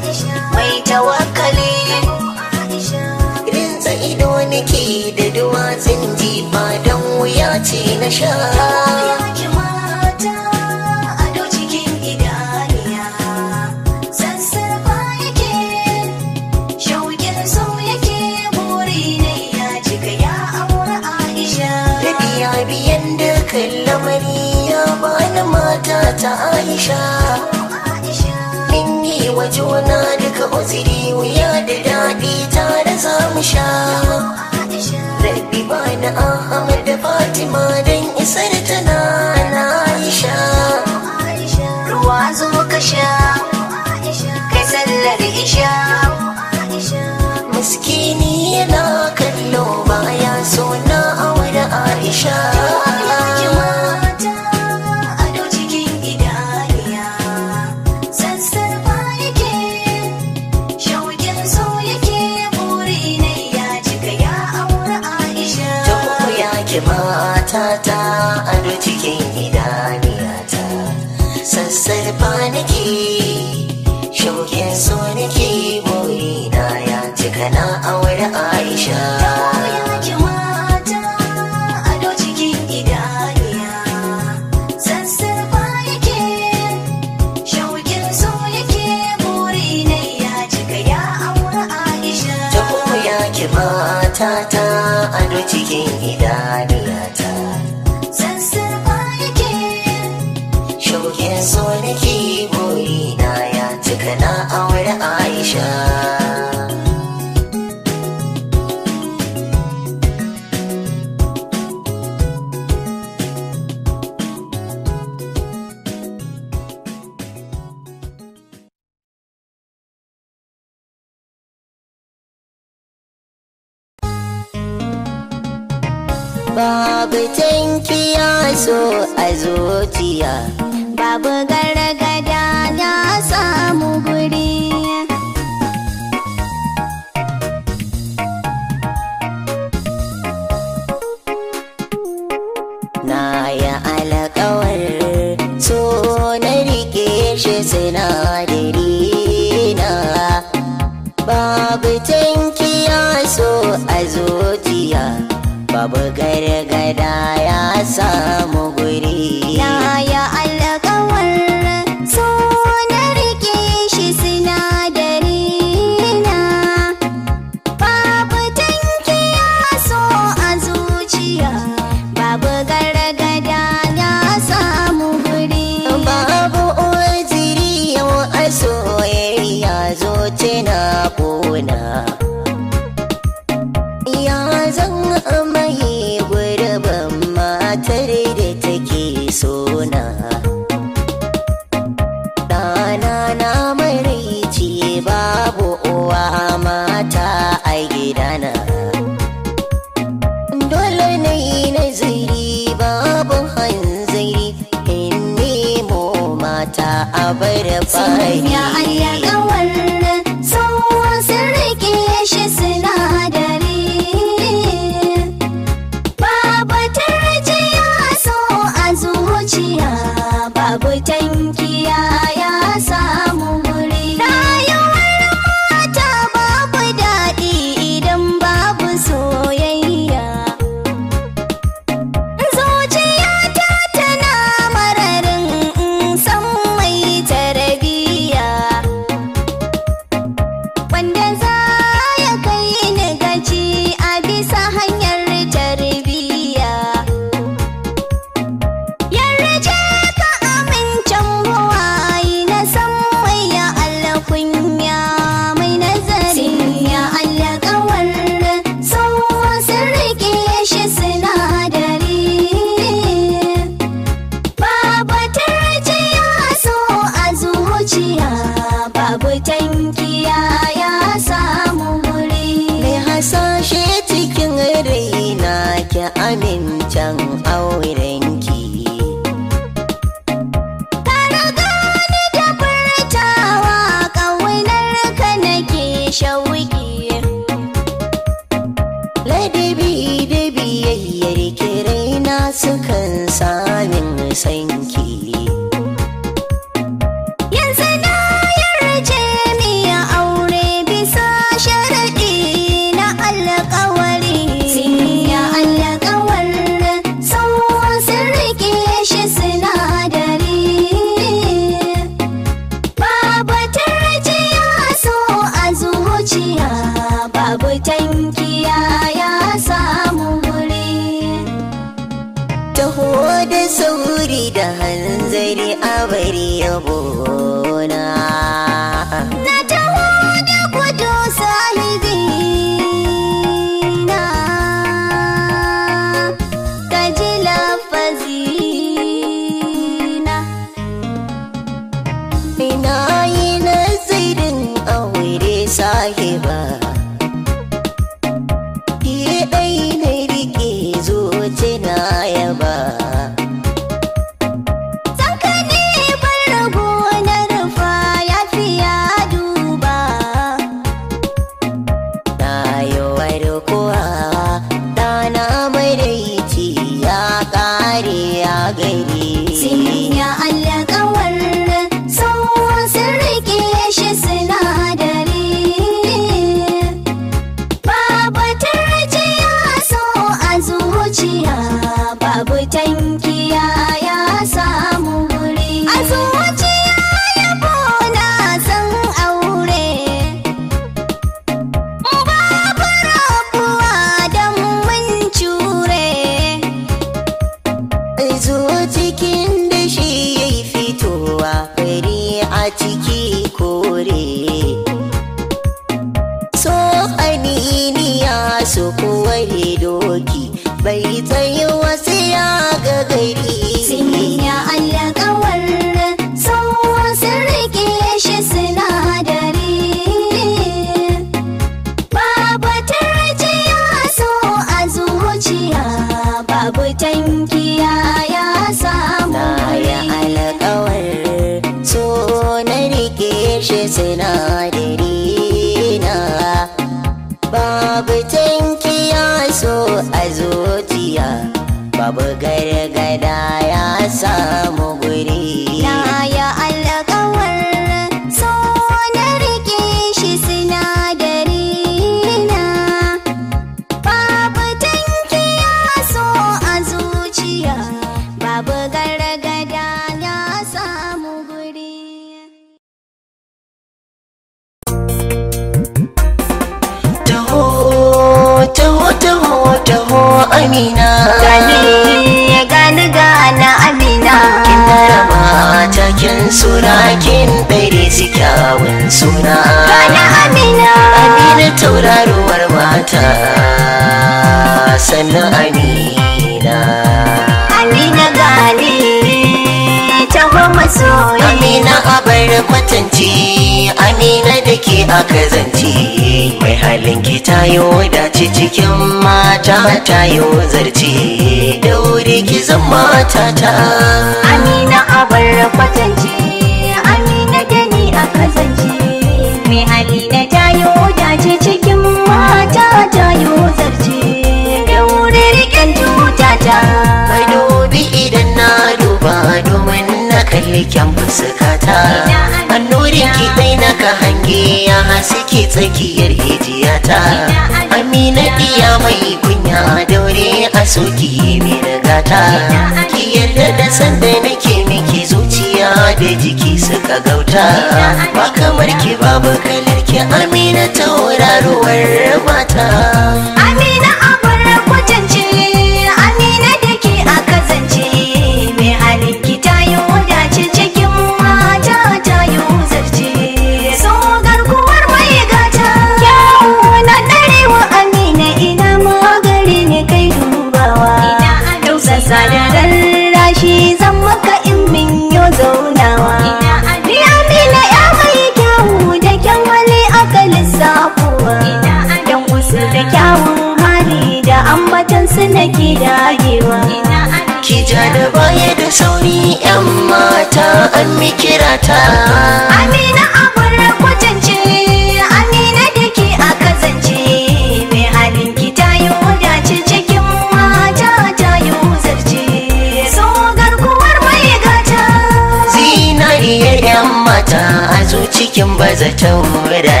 bazata wurare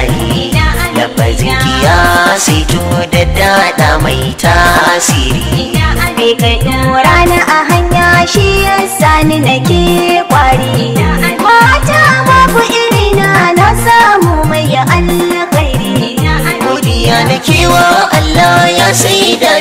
lafazin kiyasi to da dada mai tasiri me kai dora na a hanya shi yasa ni nake kwari mata babu iri na na samu mai alkhairi godiya nake wa Allah ya sai da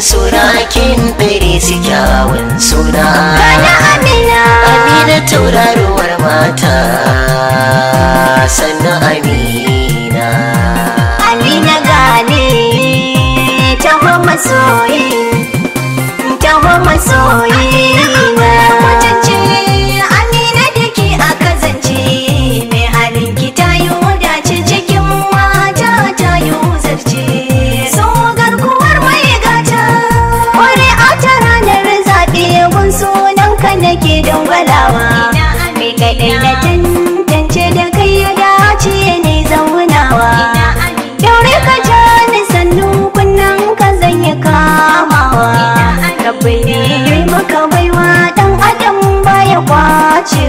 suna kin ɗare su kyawun suna amina amina tauraruwar mata sannan amina amina gane ta taho ta taho masoyi na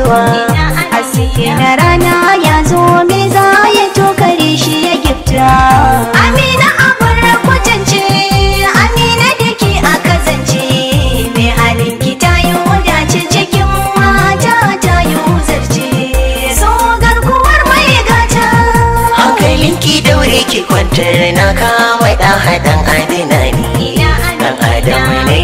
ruwa aske na rana ya zo me za ya tokare shi ya gifta amina abun kwatance amina dake a kazance mai halin ki ta yi dace cikin mata ta yi zarce so garkuwar mai gata hankalin ki daure ki kwantar na kawai dan haɗin adina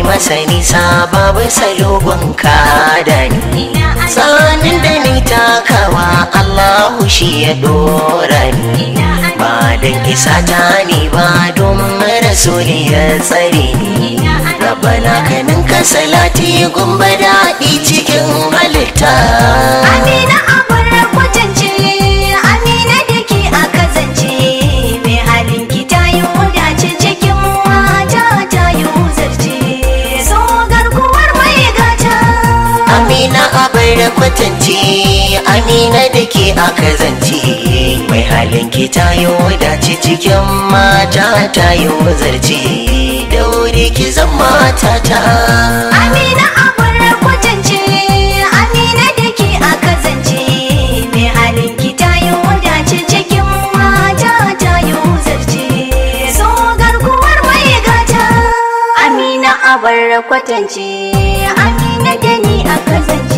masa nisa babu salo ka da ni tsanin da ni takawa Allahu shi ya dora ni ba don isa ta ne ba domin rasu ya tsare ni rabana kanin ka salati gumbada daɗi cikin halitta amina abin kwatance na kwatance amina da ke a zance mai halin ki wada dace cikin mata tayo zarce da wuri ki zama matata amina abun kwatance amina da ke a kazance, mai halin ki wada dace cikin mata tayo zarce so kuwar mai gata amina abun kwatance amina da ni a zance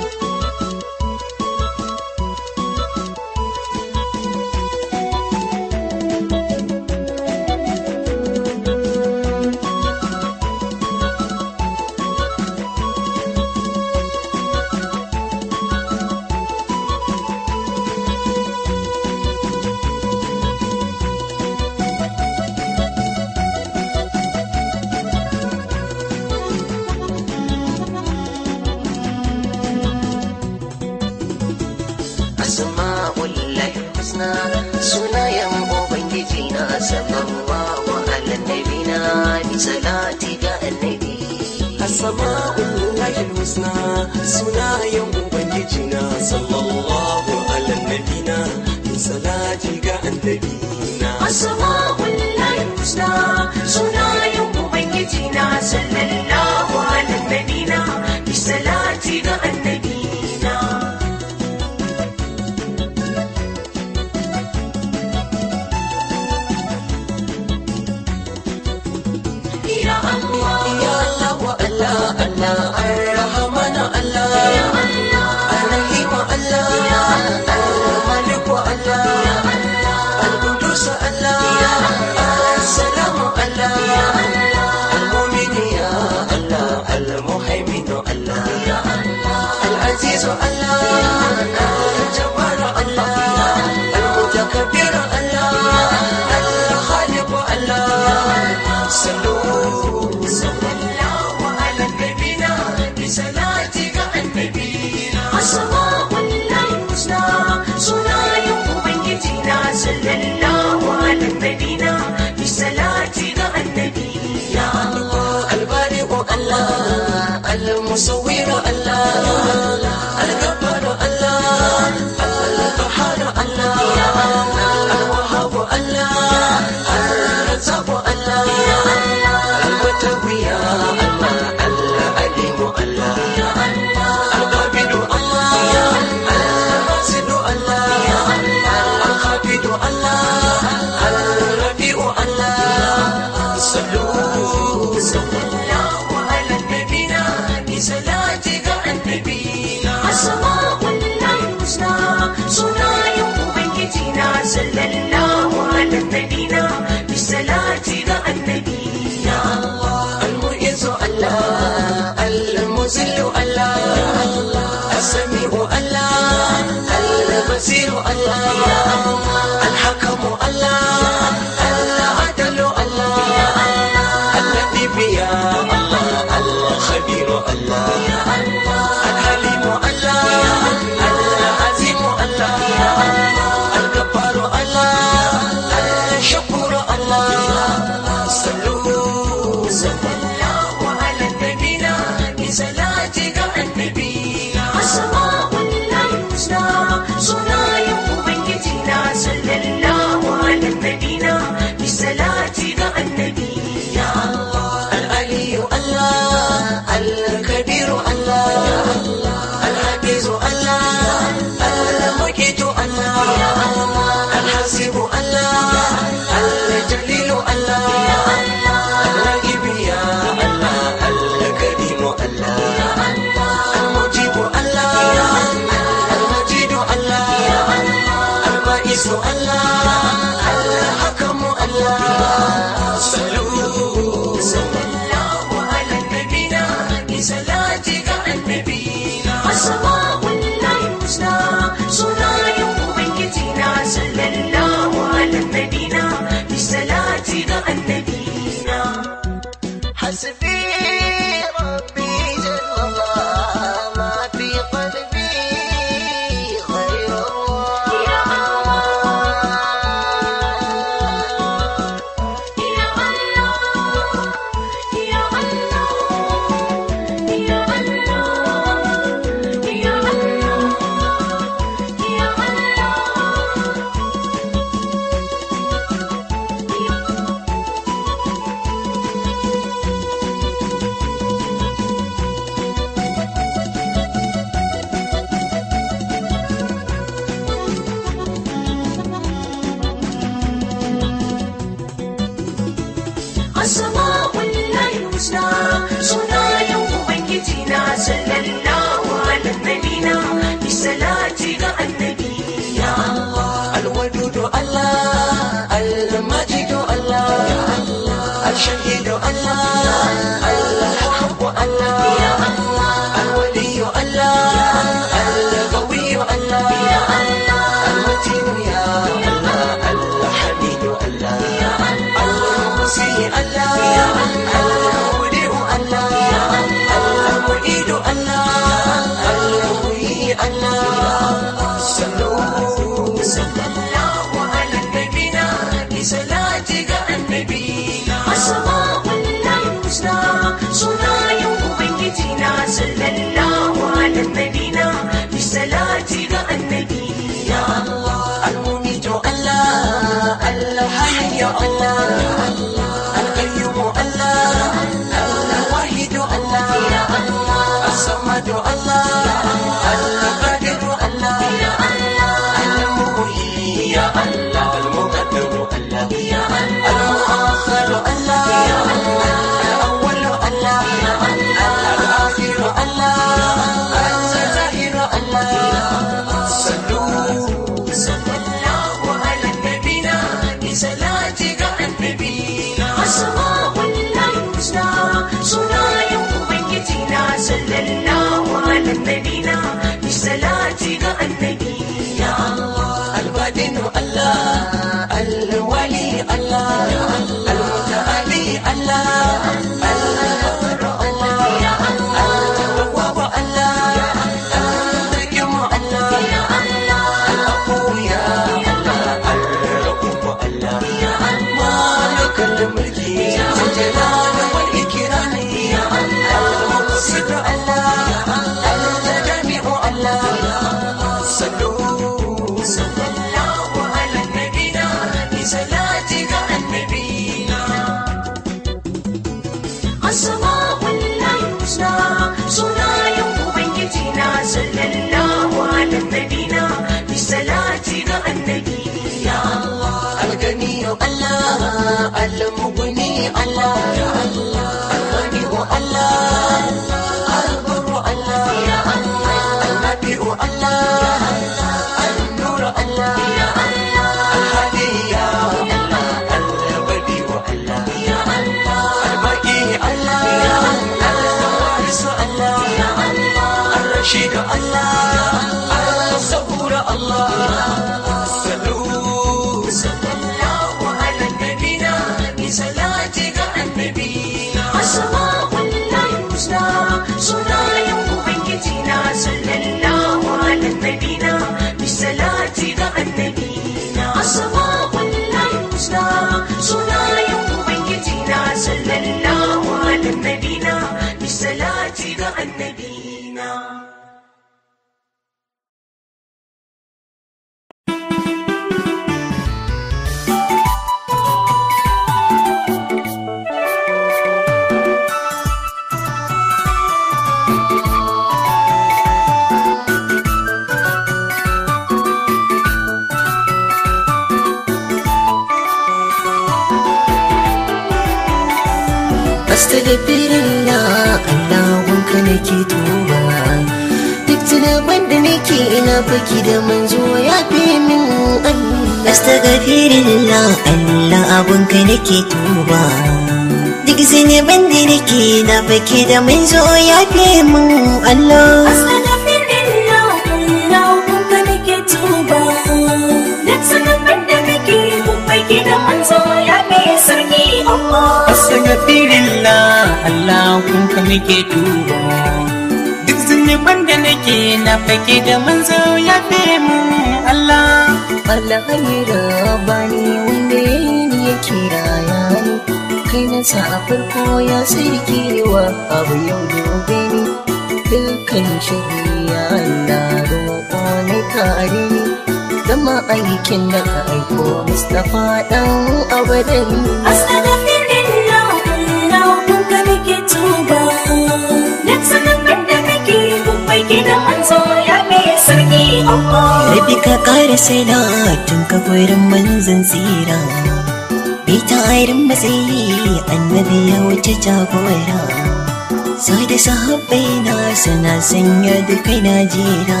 sanya da kai na jira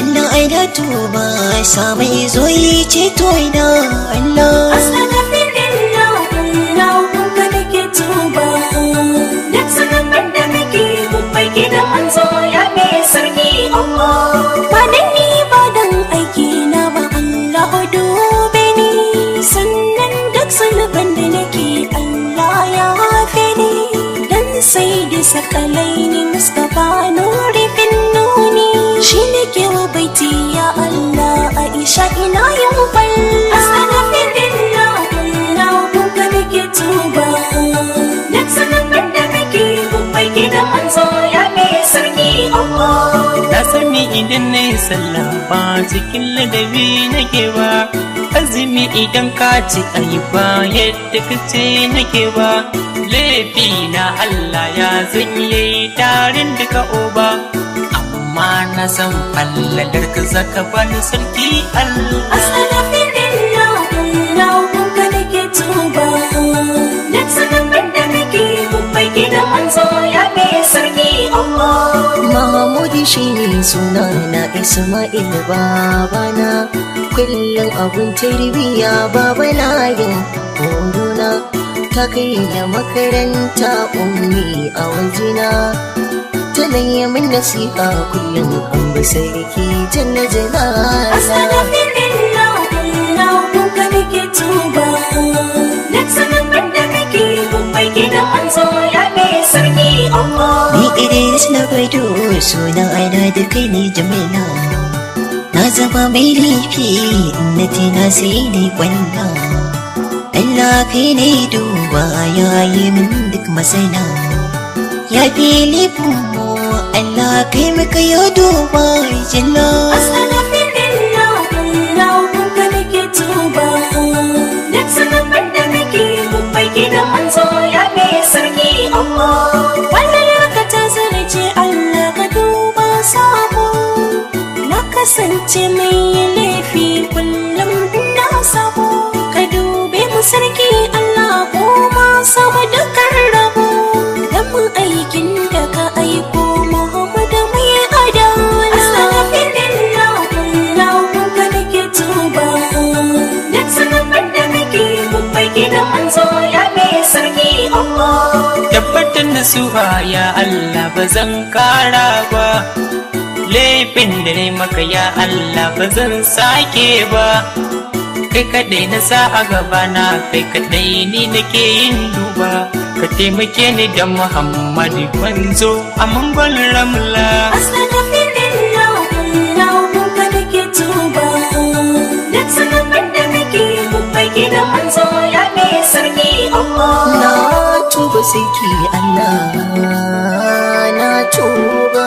Allah ai da tuba sa mai zo yi ceto ina Allah astaghfirullah Allah kun ga nake tuba duk sakatan da nake kuma gidan manzo ya me sarki Allah ba dan ni ba dan aiki na ba Allah dube ni sannan duk sulban da nake Allah ya fi ni dan sai sakalai ni Mustafa sami idan na yi sallah cikin ladabi nake ba azumi idan ka ci ayi ba yadda ka ce nake ba laifi na Allah ya zan yi tarin ka oba amma na san falladar ka zaka bani sarki Allah asalafin Mahamudi shi sunana suna na Ismail babana kullum abun tarbiya baba na yin ta kai da makaranta ummi a wajena ta nan yi min nasiha kullum an bi sarki janna na jana Allah Idris suna ana da kai ne Na zama mai laifi na tina sai ne gwanda Allah kai ne duba ya yi min duk masana Ya oh, oh, oh, Allah kai oh, oh, duba oh, Duk oh, oh, oh, mun oh, oh, oh, ya fi sarki oh kasance mai laifi kullum na sabo ka dube mu sarki Allah ko ma samu dukkan rabo dan mu aikin da ka aiko Muhammad mai adala astaghfirullah kullum kun ka nake tuba duk sanarwar da kake babbai gidan manzo ya mai sarki Allah tabbatar nasuha ya Allah bazan kara ba laifin da ne maka ya Allah ba zan sake ba kai kadai na sa a gaba na, kai kadai ni nake yin duba ka taimake ni da Muhammadu manzo a mangon ramla Na tuba sai Allah na tuba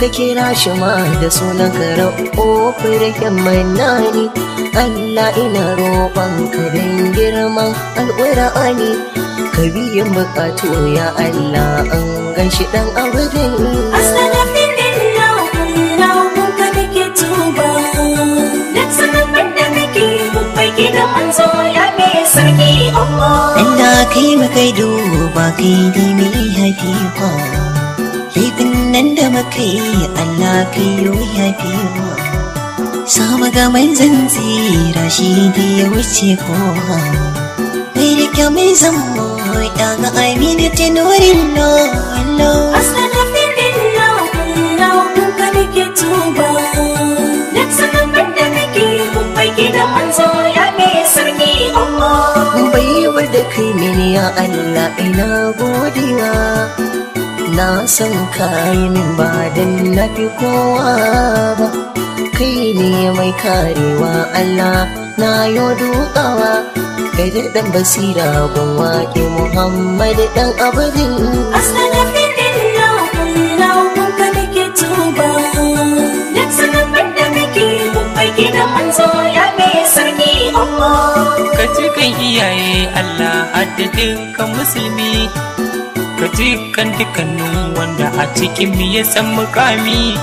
kake kira shi ma da sunan ka ra'ofirken nani Allah ina roƙon ka don girman ani ka biyan buƙatu ya Allah an ganshi dan abudin Inda kai makai duba kai ne mai hakika laifin nan da muka yi Allah ka yiwu ya biyo sama ga manzan shi ne ya wuce kowa mai da kyau mai zama ɗa ga amina ta nurin lolo da kai mini ya Allah ina godiya na san kayan ba dan na fi kowa ba kai ne mai karewa Allah na yi dukawa kai da dan basira ban waƙe Muhammad dan abadin Ka cikin iyaye Allah haddadin kan musulmi ga kan dukkanin wanda a cikin mu ya san mukami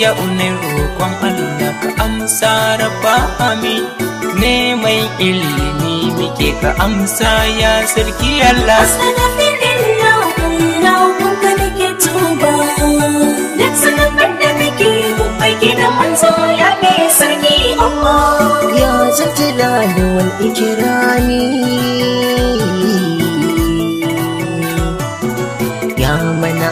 ya unai roƙon Allah ka amsa rabba amin ne mai ilimi muke ka amsa ya sarki Allah da ya sarki wal ikirani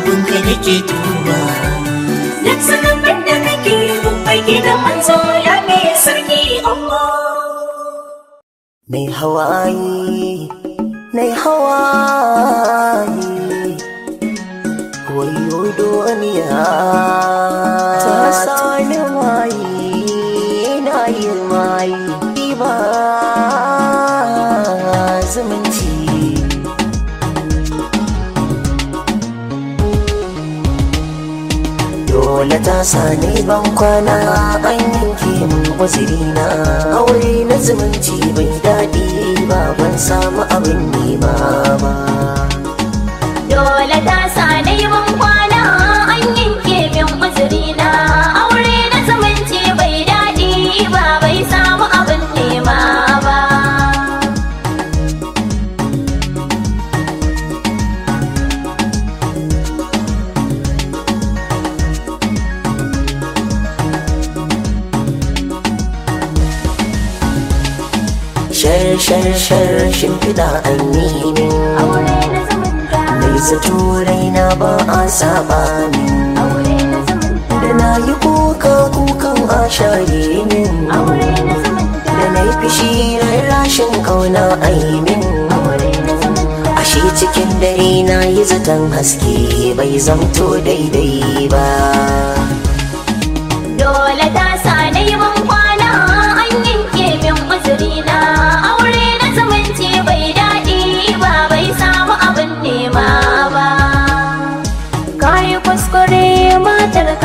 abin ka nake tuba duk sanan da kake mun gidan manzo ya me sarki Allah mai hawaye mai hawaye wayo duniya ta sani sani ban kwana an yanke min uzuri na aure na zumunci bai daɗi ba ban samu abin ne ba dole ta sani ban shar shimfiɗa an yi min mai zato raina ba a saba min da na yi kuka kukan a share min da na yi fishi rashin kauna a yi min cikin dare na yi zaton haske bai zamto daidai ba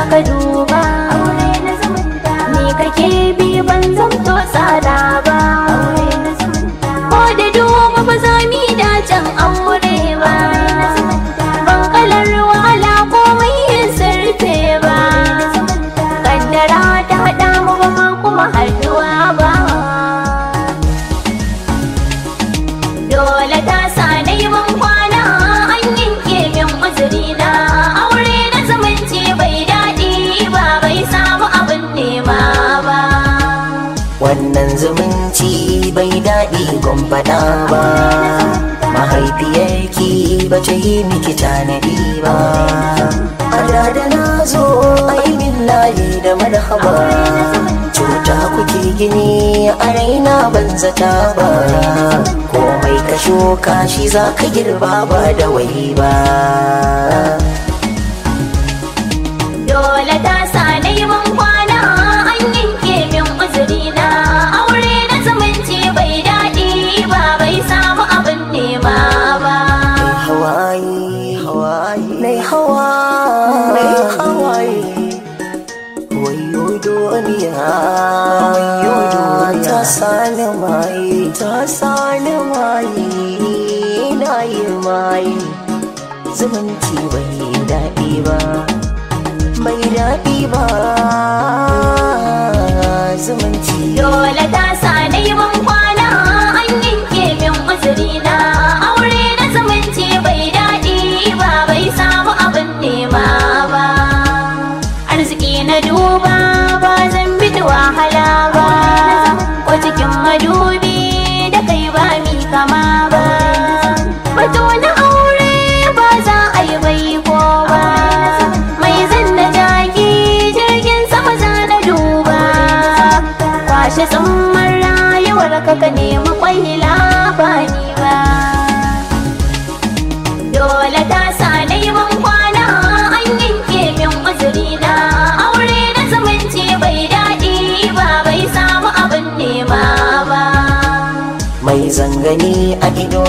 kai du ba mahaifiyarki ba ta yi miki tanadi ba a da na zo ai min layi da marhaba cuta kuke gini a raina ban zata ba komai ka shuka shi za ka girba ba da wai ba zumunci bai daɗi ba bai daɗi ba zumunci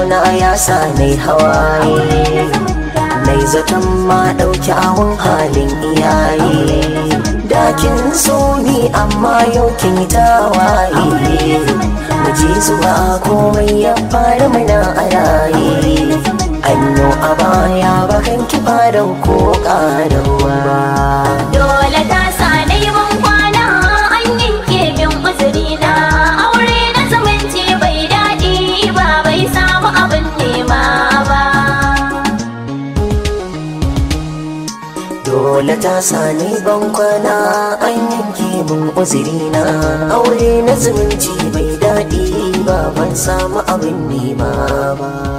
na ya sa nai hawaye Mai zaton ma ɗauki awon halin iyaye dakin so ni amma yau kin tawaye mu zuwa komai ya fara muna a raye anyo a baya bakan da ko ƙarawa dole na ta sani ban an yanke min uzuri na aure na zumunci bai daɗi ba ban samu abin nema ba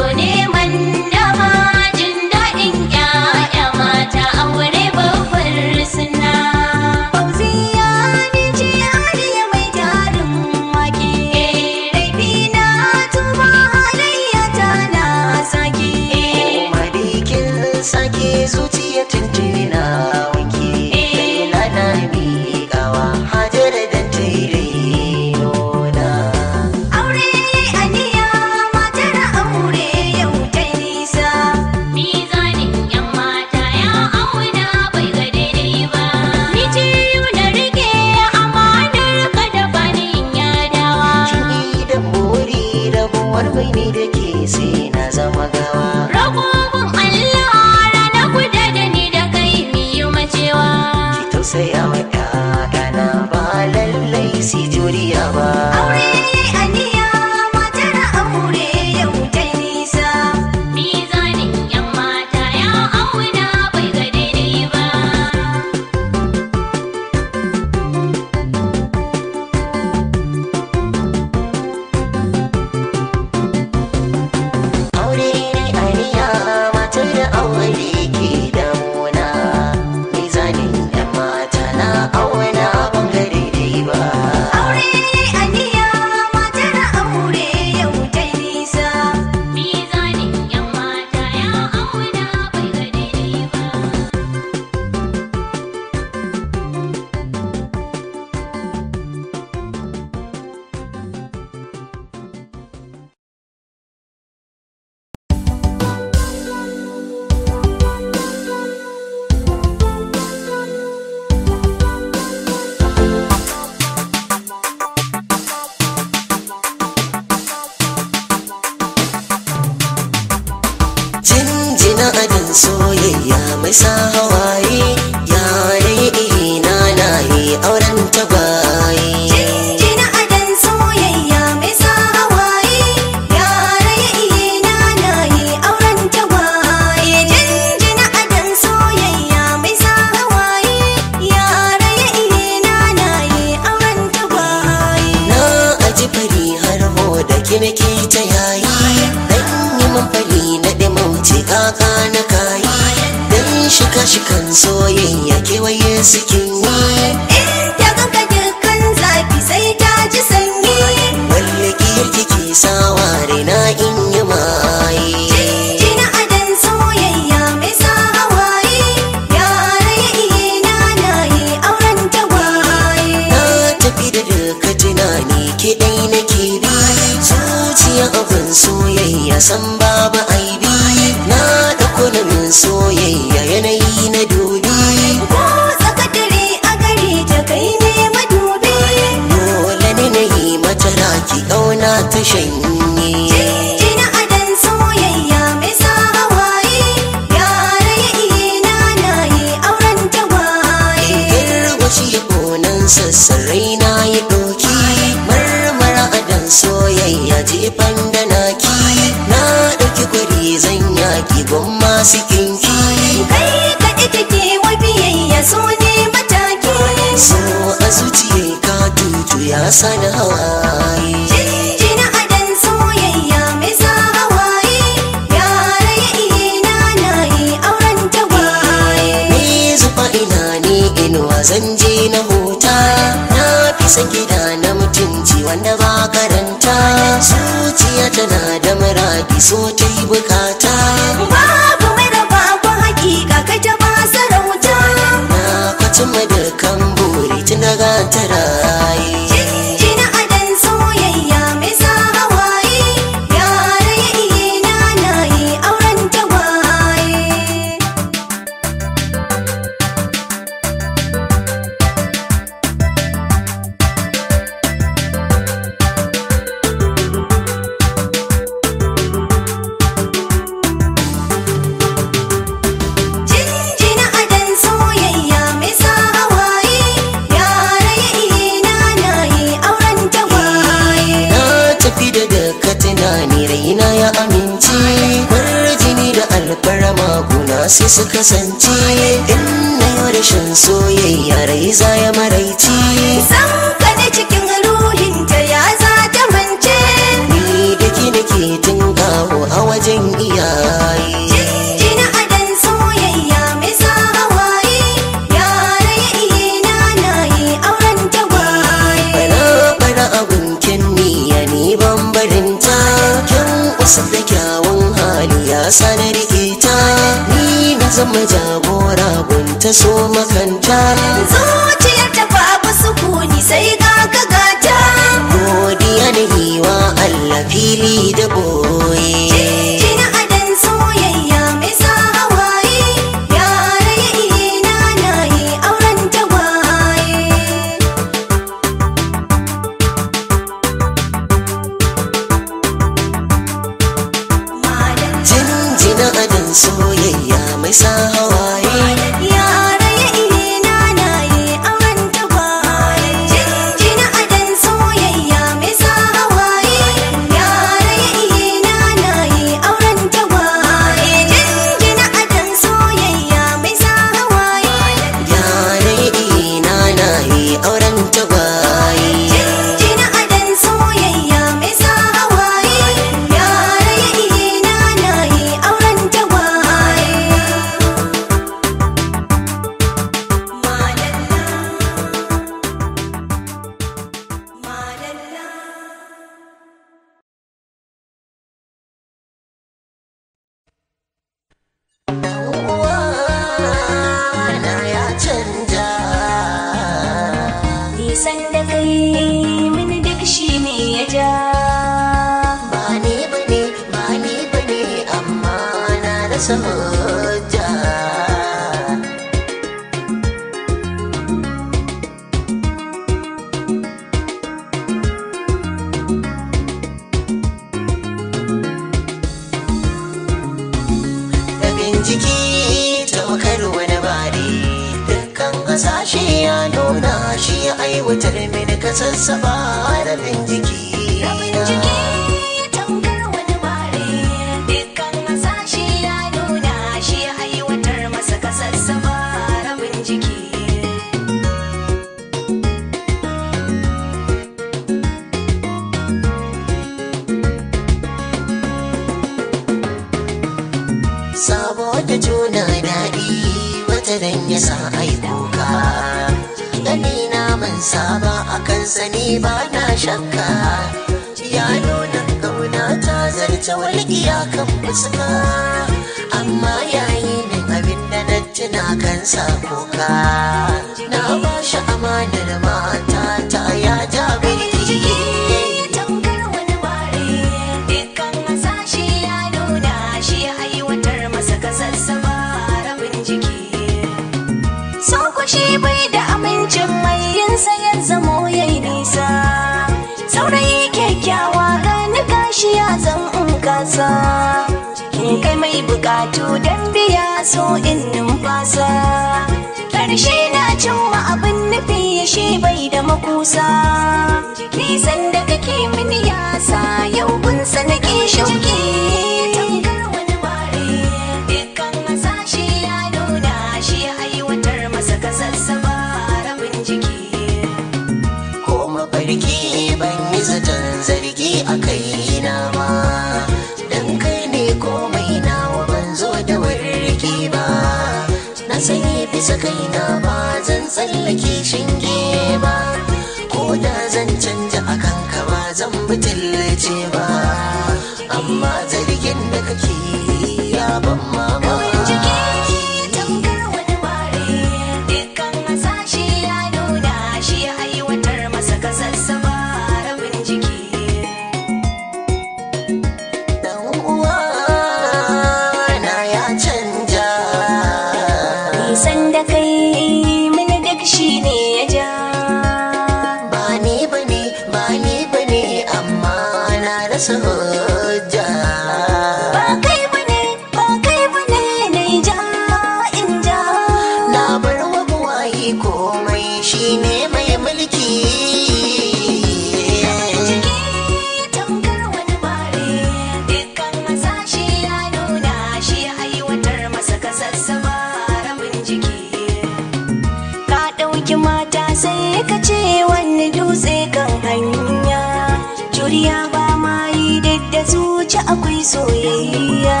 Ya ba ma yi da zuci akwai soyayya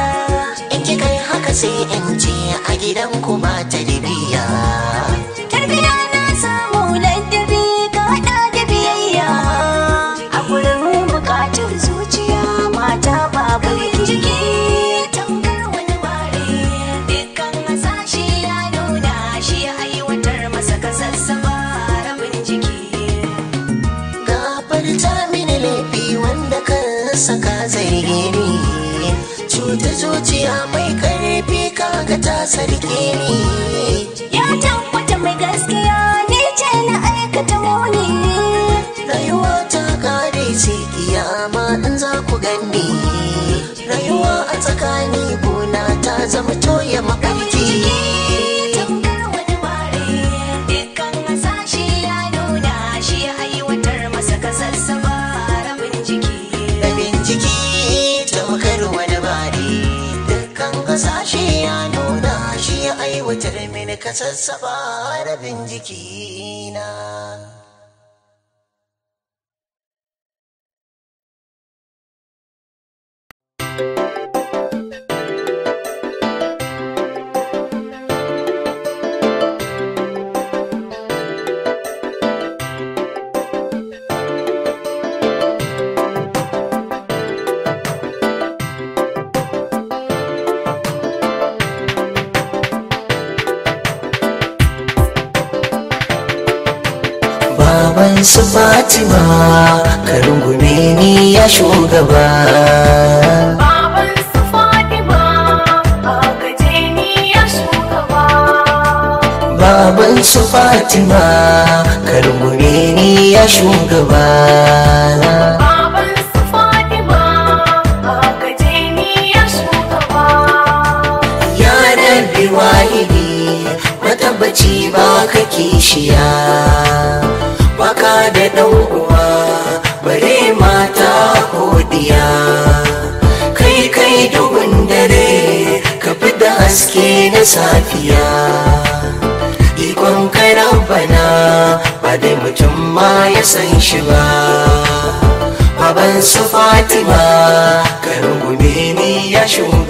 in ki kai haka sai in ce a gidan kuma ba tarbiyya ta sarki ni ya tabbata mai gaskiya ni ce na aikata muni rayuwa ta kare ce kiyama in za ku gani rayuwa a tsakani gona ta zama toya mafarki ka sassaba rabin jikina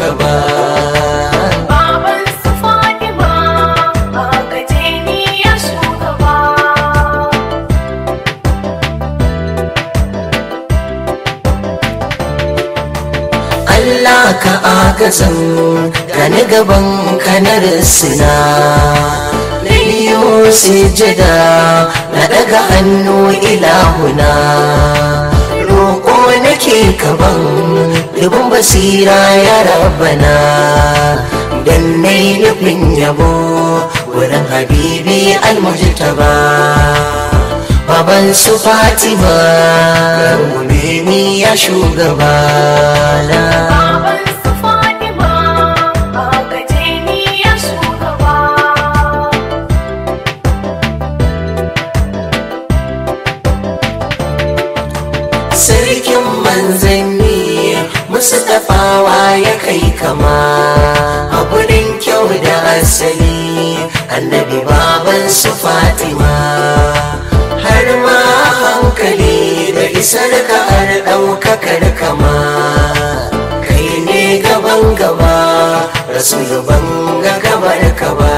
Allah ka agazan gani gaban kanar sina biyu sijada na daga hannu ilahuna roƙo nake kaban dubin basira ya rabana dan nai nufin yabo wurin habibi al-mujtaba baban su fatima mumini ya shugabana su fatima har ma hankali da isar ka har ɗaukakar kama kai ne gaban gaba rasu gaban ga gabar ka ba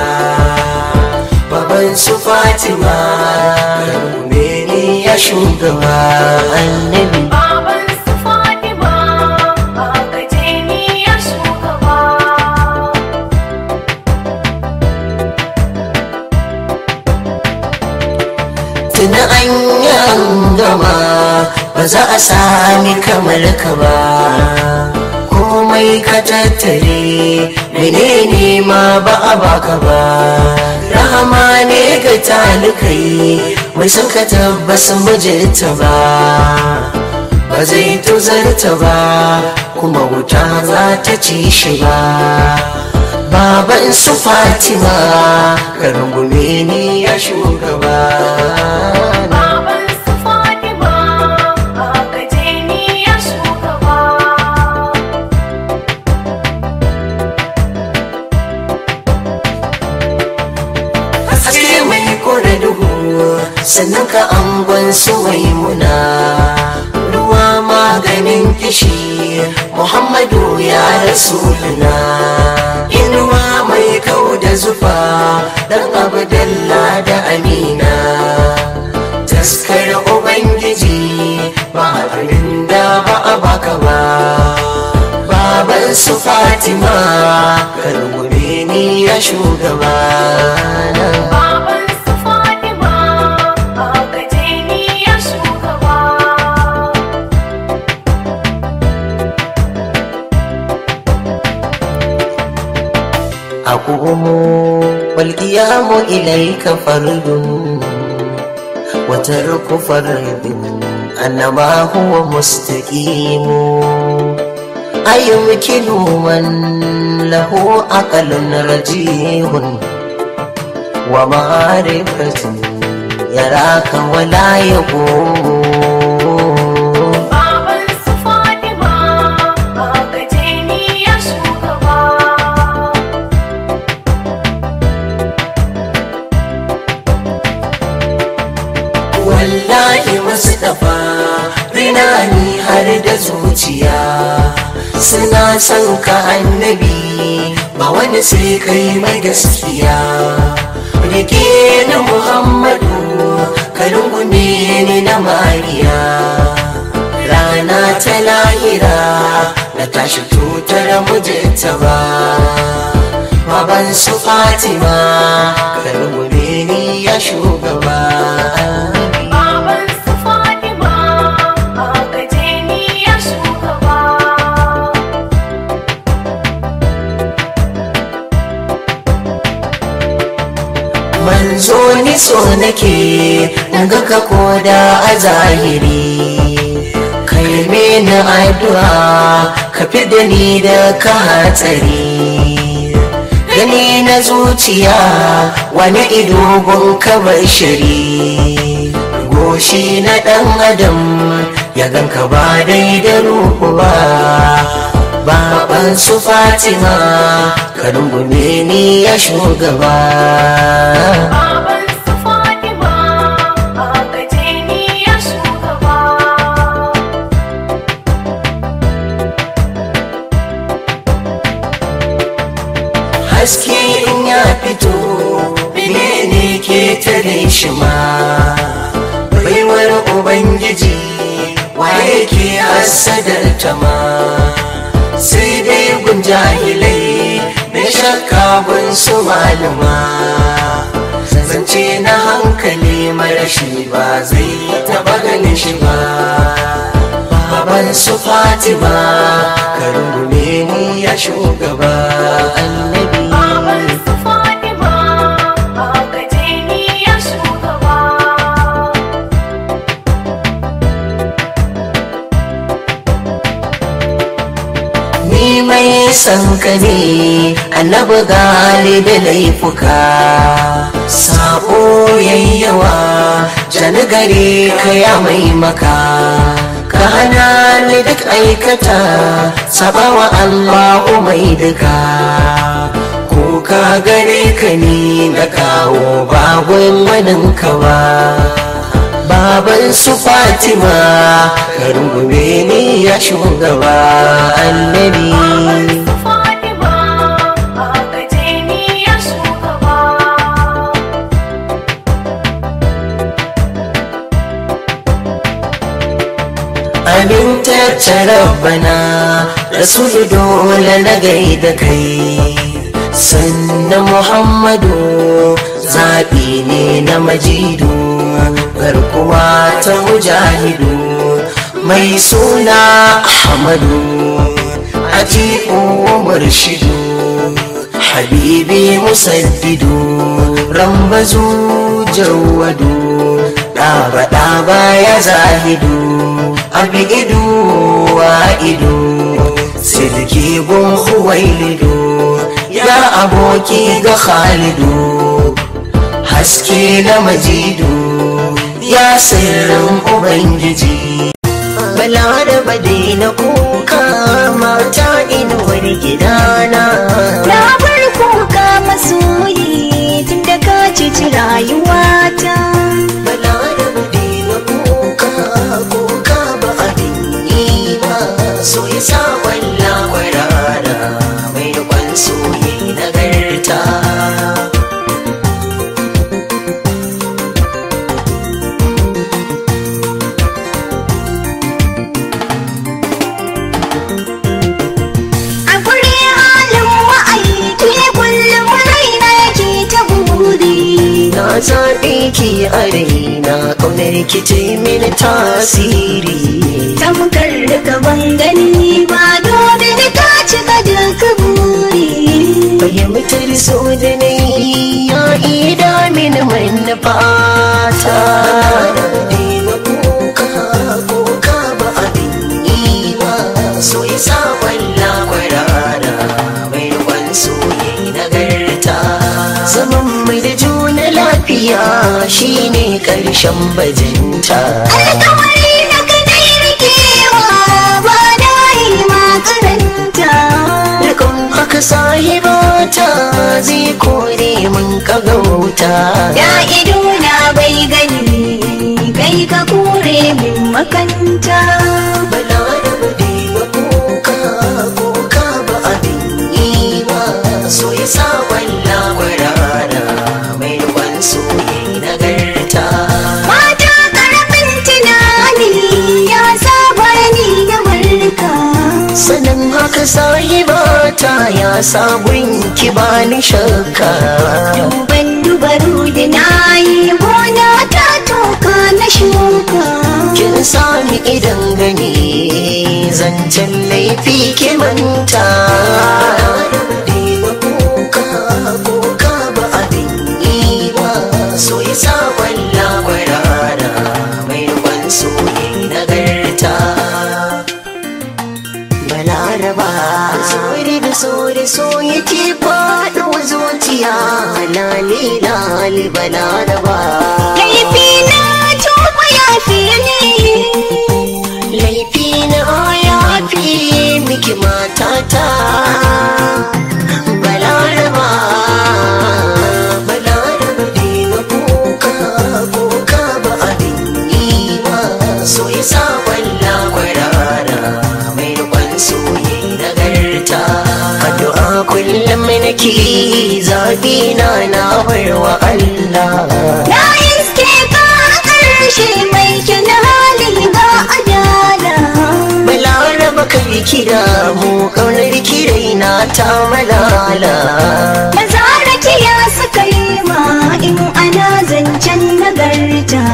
baban su fatima meni ya shugaba annabi barka ba komai ka tattare menene ma ba a baka ba rahama ne ga talukai mai son ka tabbas ba ba zai tuzarta ba kuma wuta za ta ci shi ba baban su fatima karin rungume ne ya shugaba rasulina inuwa mai kau da zufa dan abdalla da amina taskar ubangiji ba abin da ba a baka ba baban su fatima kargume ni ya shugaba baban ilaika fardu wa tarku fardu annama huwa mustaqimu أيمكن من له عقل رجيم ومعرفة يراك ولا يقوم zuciya suna son ka annabi ba wani sai kai mai gaskiya rike na muhammadu ka rungume ni na mariya rana ta lahira na tashi tutar mujinta ba baban su fatima ka rungume ni ya shugaba ni so nake ga ka koda a zahiri kai mini addu'a ka fi da ni da ka hatsari gani na zuciya wani ido gunka shari goshi na dan adam ya ganka ba dai da ruhu ba baban su fatima karin ni ya shugaba shi ma baiwar ubangiji waye ke hasadar ta ma sai dai gun jahilai na shakka gun su malama zance na hankali marashi ba zai taba ganin shi ba baban su fatima karu ne ni ya shugaba annabi san ka ne annabi galibi laifuka sabo yayyawa jani gare ka ya mai maka ka hana ni duk aikata sabawa allahu mai duka ko ka gare ka ne na kawo babun maninka ba baban su fatima karin ni ya shugaba annabi ta rabbana rasulu dole na gaida kai sannan muhammadu zaɓi ne na majidu garkuwa ta mujahidu mai suna ahmadu aji'u murshidu habibi musaddidu rambazu jawadu ɗaba ɗaba ya zahidu idu. kowa ido sirki gun huwailido ya aboki ga khalidu, haske na majido ya sirrin ubangiji da bade na kuka mata inuwar gidana so ya sa kwalla kwarara mai rikon soye nagarta Zaɓe ki a raina, ƙaunar ki min mini tasiri. so da na yi ya ida min manufa ta daina kuka kuka ba abin yi ba so ya sa walla kwarara mai ruwan soyayya nagarta zaman mai da juna lafiya shine karshen bajinta alkawari sahibata zai kore mun kagauta ya ido na bai gani kai ka kore min makanta bala da bude ba kuka kuka ba abin yi ba so ya sa wallah kwarara mai ruwan soya haka haka sahibata ya sabon ki bani shakka duban dubaru da nayi gona ta toka na shuka kin sami idan gani zancen laifi ki manta Sore da so yake zuciya na ni na liba ba ciki zafi na na barwa Allah na iske ka ƙarshe mai kina hali ga adala balaraba kai kira mu kaunar kirai na ta malala mazaraki ya suka yi ma in ana zancen nagarta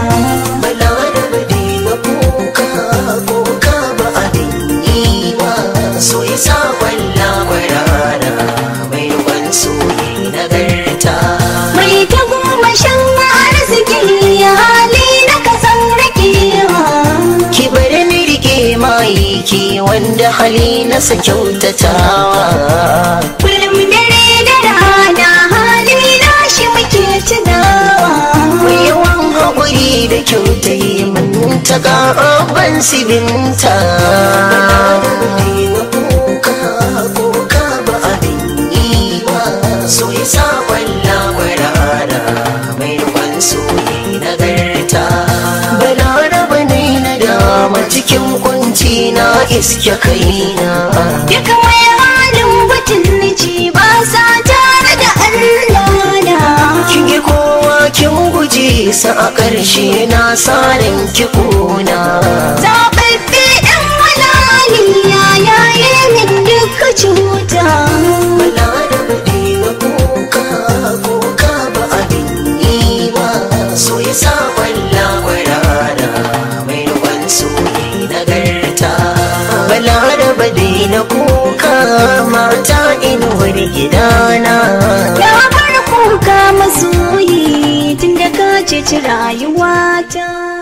aiki wanda hali nasa kyautatawa kullum dare da rana halina shi muke tunawa yawan haƙuri da yi mun ta ƙarar ban sibinta zuci na iske kaina duka mai halin batun niji ba sa tare da Allah na kin yi kowa kin guji sa a ƙarshe na sarin ki kona zaɓaɓɓe ɗan malaliya yayi min duka cuta na kuka mata wani gidana ya bar kuka masoyi tun da ka ci rayuwata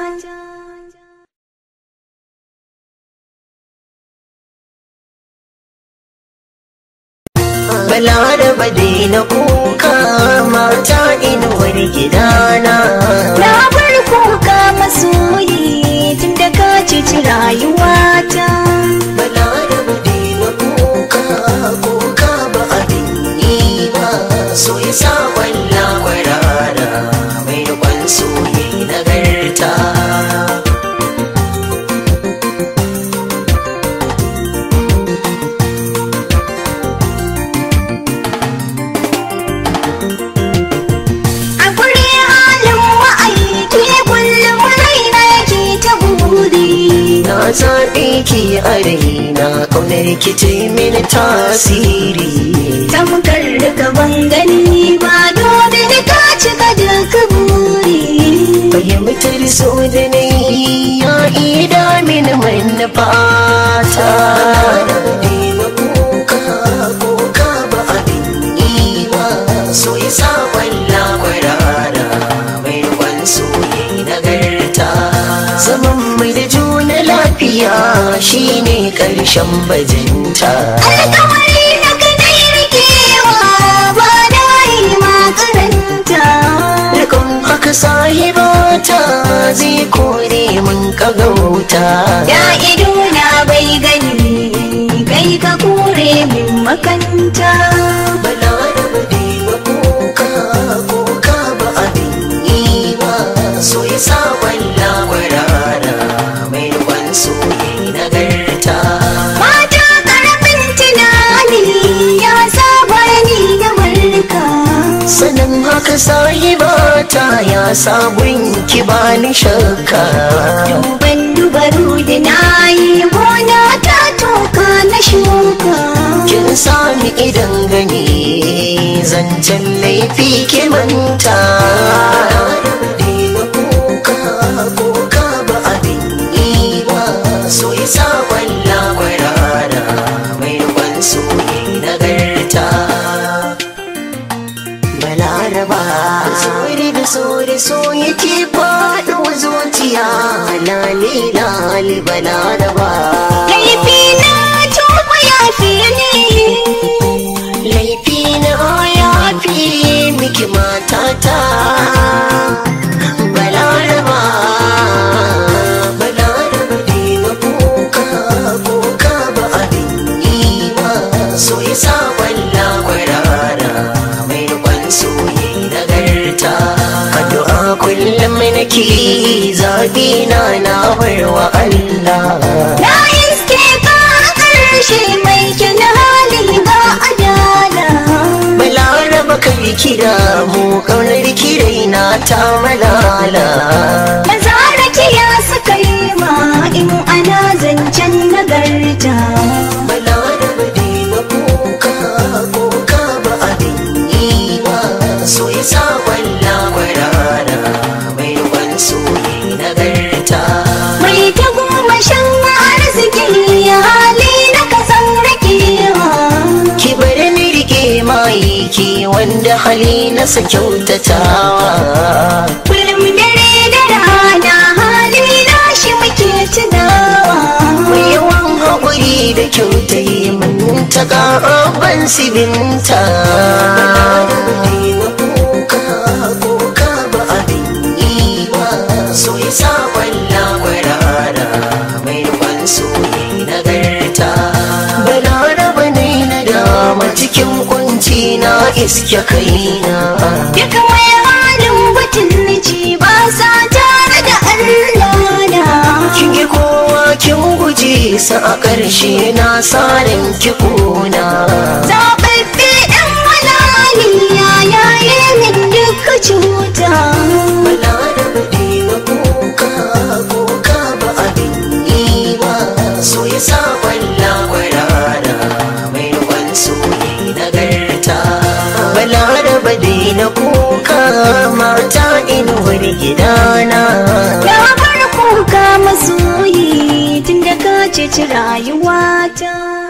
sabon ki bani shakka bi na na barwa wanda hali na sa kyautatawa kullum dare da rana hali na shi muke tunawa mu yawan haƙuri da kyauta yi mun ta ƙaraban sibinta iske na. duka mai halin batun niji ba sa tare da Allah na kin ki kowa kin guji sa a ƙarshe na sarin ki kona zababbe ɗan malami ya yi min duka cuta uwar gidana ya bar kuka masoyi tun da ci ce rayuwata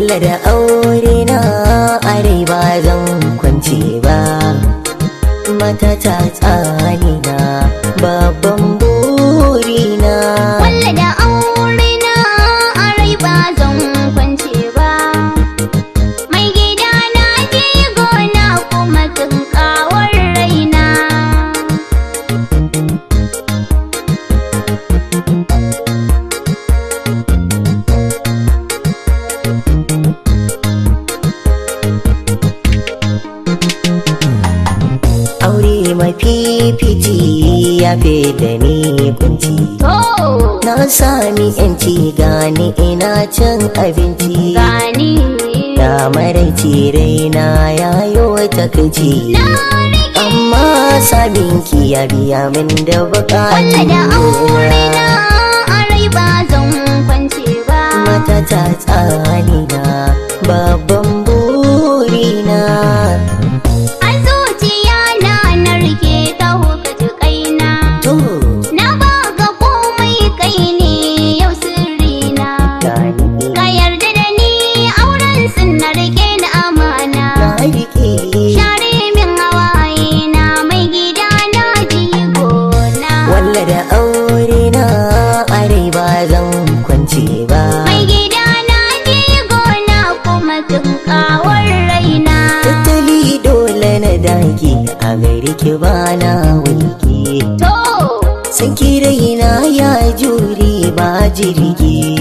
Allah da aure na arai ba zan kwance ba mata ta tsani na babban sami yanci gani ina cin abinci gani da maraici raina yayo takaici amma sabin ki ya biya min da bukatu wanda da aure na arai ba zan kwance ba mata ta tsani na babban burina jirgi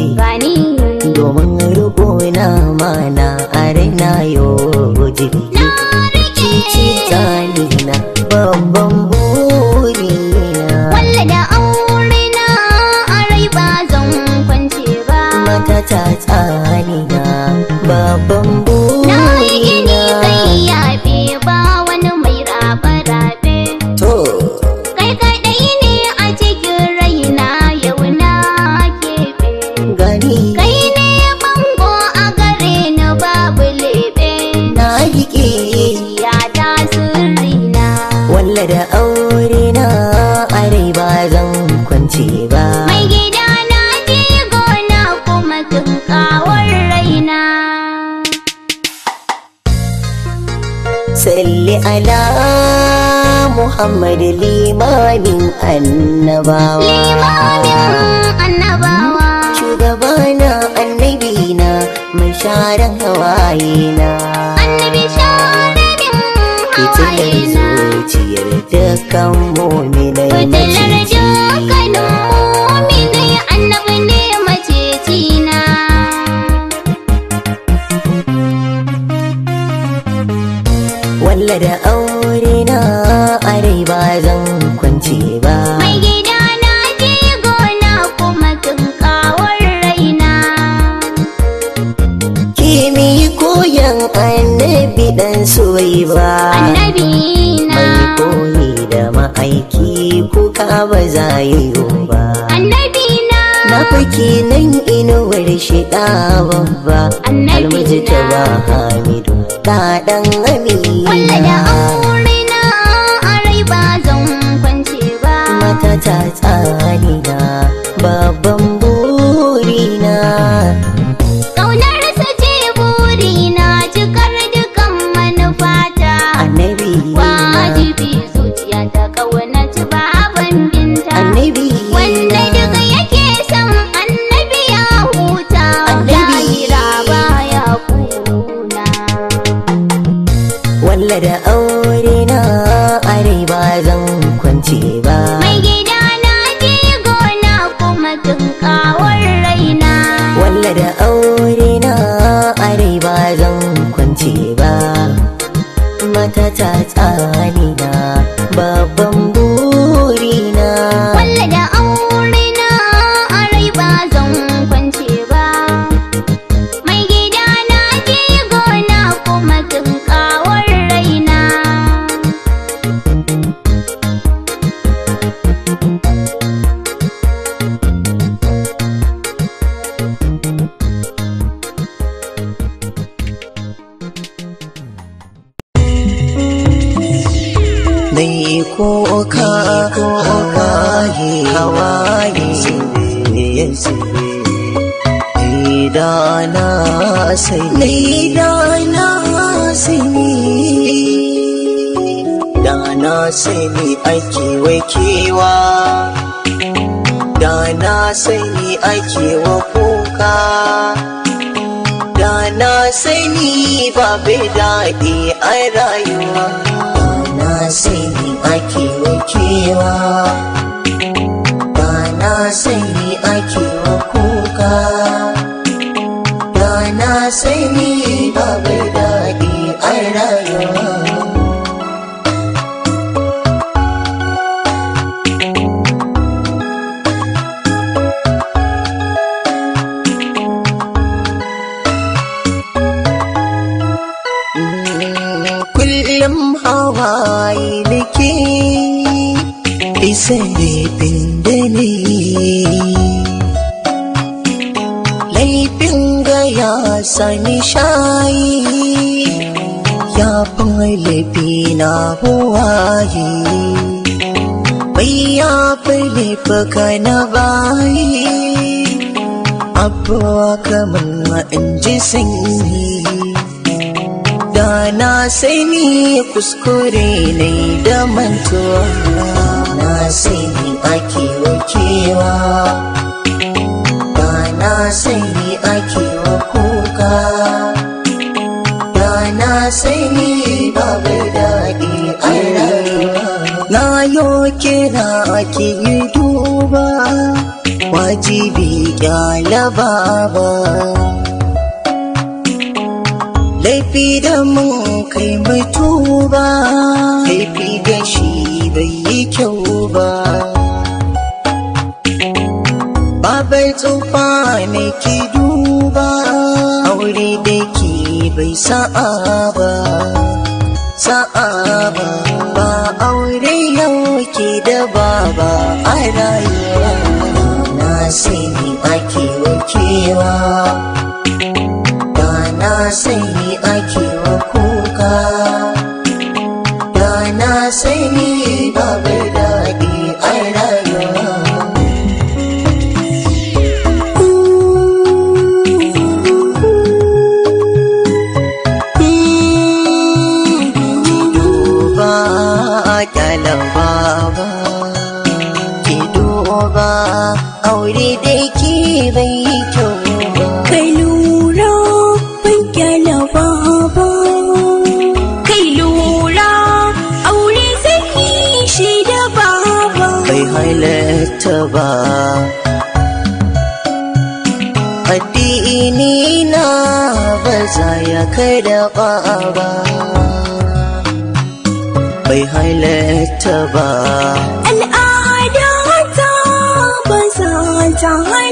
kure ne da mantuwa na sani ake wakewa ba na sani ake wa kuka ba na sani babu daɗi a rayuwa na yo kira ake yi duba wajibi kyalaba ba laifi da mun ba laifi da shi bai yi kyau ba ba bai tsufa ne ki duba aure da ki bai sa'a ba sa'a ba ba aure yau ke da ba a rayuwa na sai masa addini na ba za ya kada ba ba bai halatta ba al'ada ta ba za ta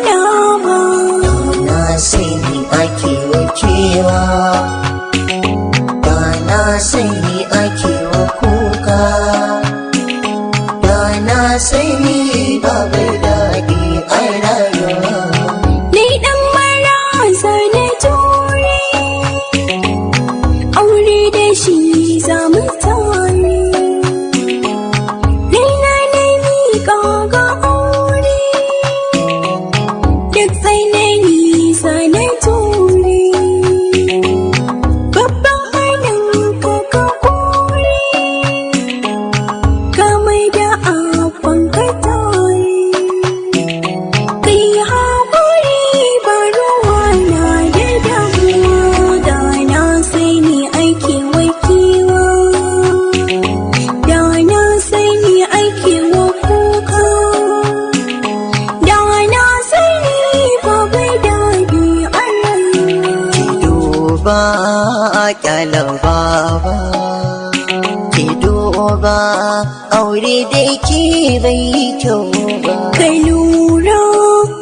Kai lura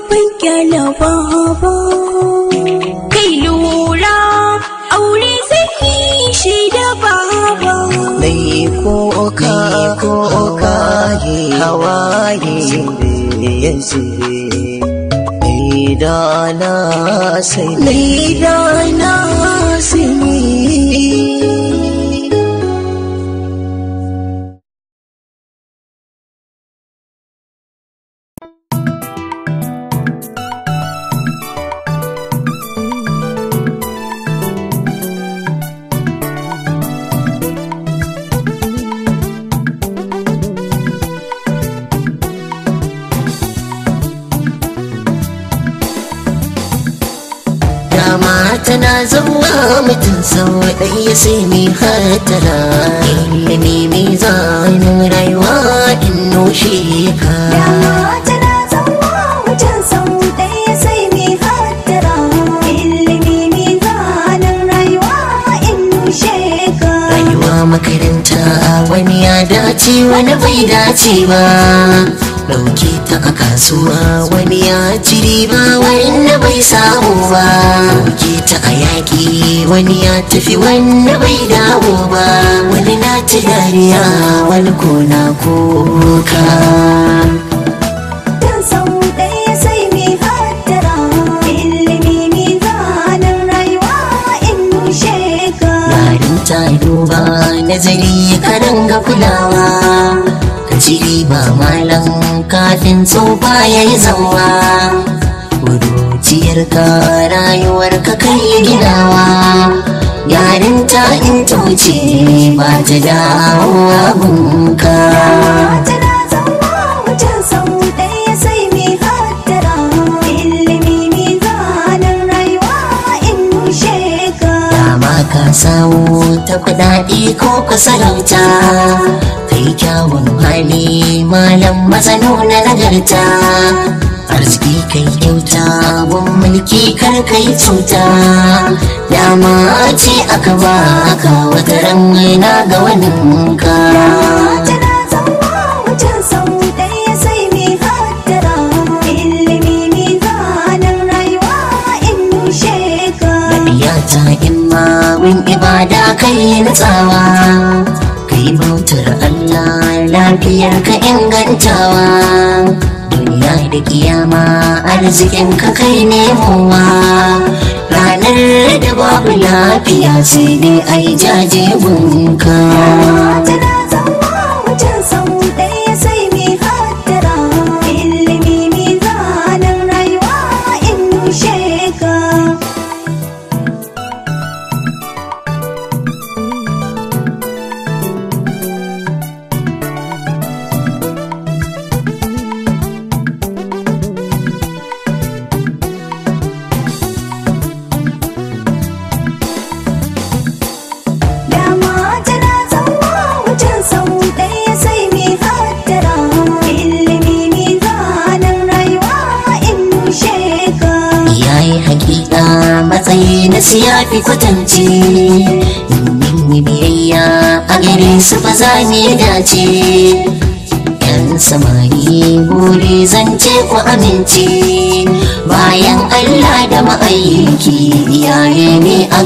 ban kyala ba ba kai lura aure saki shi da baba mai ko oka ko oka hawaye zimbe Nidana sai Nidana sai wani bai dace ba dauke ta a kasuwa wani ya ci riba wanda bai samu ba dauke ta a yaƙi wani ya tafi wanda bai dawo ba wani na ta dariya wani ko na koka nazari ka dinga kulawa ka ci riba malam kafin tsofa ya yi zama ka rayuwarka kai ginawa yarinta in ta wuce ba ta dawo abinka samu ta kuɗaɗe ko ku sarauta kai kyawun hali malam mazanu na nagarta arziki kai kyauta gun mulki kar kai cuta dama ce aka ba wata wataran na ga waninka domin ibada kai tsawa, kai bautar Allah lafiyar ka ingantawa duniya da kiyama arzikin ka kai ne kowa ranar da babu lafiya sai dai ai jaje gunka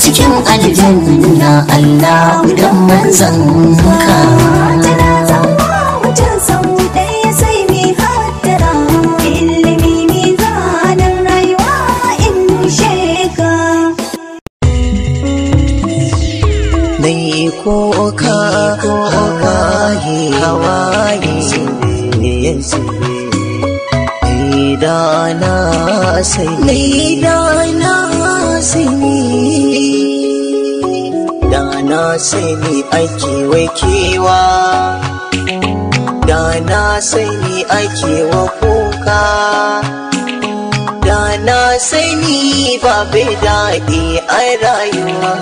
cikin aljanna Allah dan manzon ka sani ake wakewa da na sani ake wa kuka da na sani ba bai daɗi a rayuwa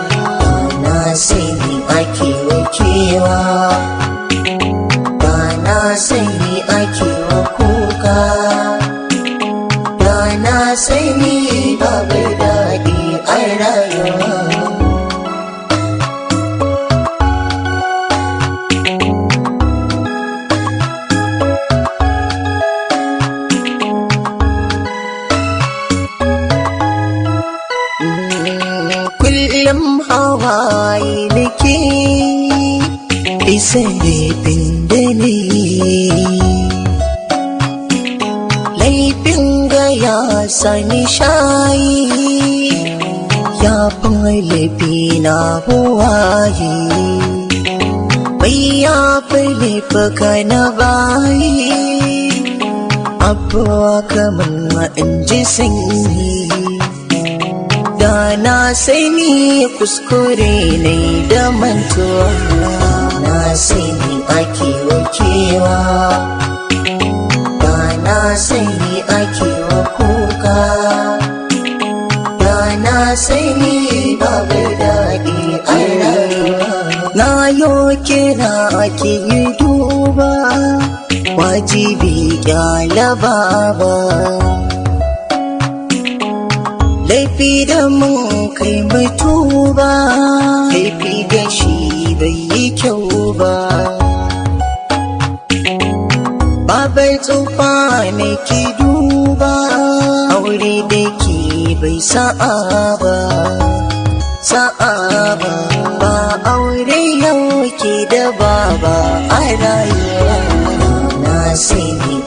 bayi bayya filifa na bayi abuwa kamar in ji sanyi dana na sani kuskure ne da mantuwa na sani ake wakewa dana na sani ake wa dana da na yo kira ake yi duba wajibi kyalaba ba laifi da mun kai mai tuba laifi da shi bai yi kyau ba babai tsufa ne ki duba aure da ki bai sa'a ba sa'a baba a rayuwa na sani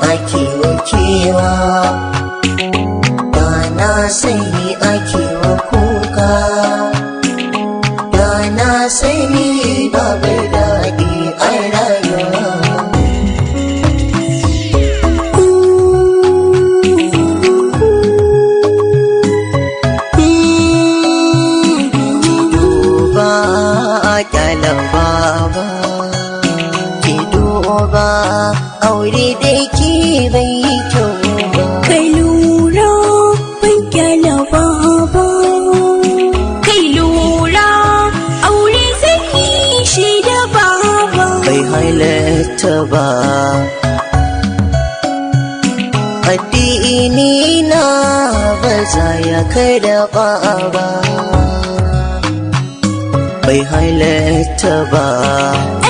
ta ba addini na ba za ya karɓa ba bai halatta ba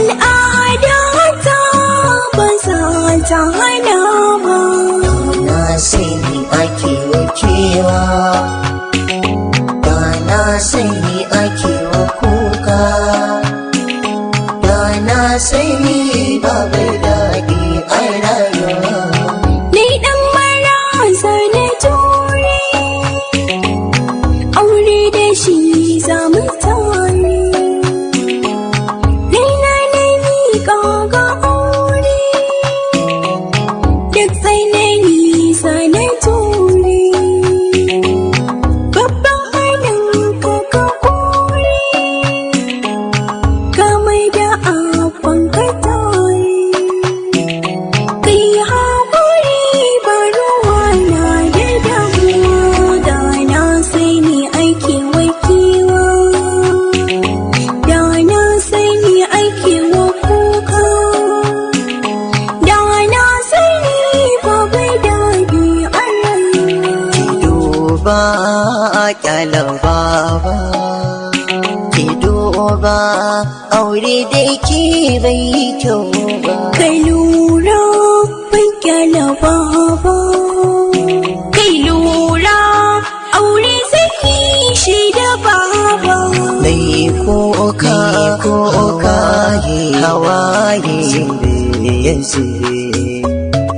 al'adata ba za ta hana ba na sani ake hawaye ya zire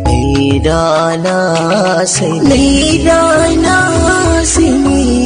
ne da na sai ne da na sai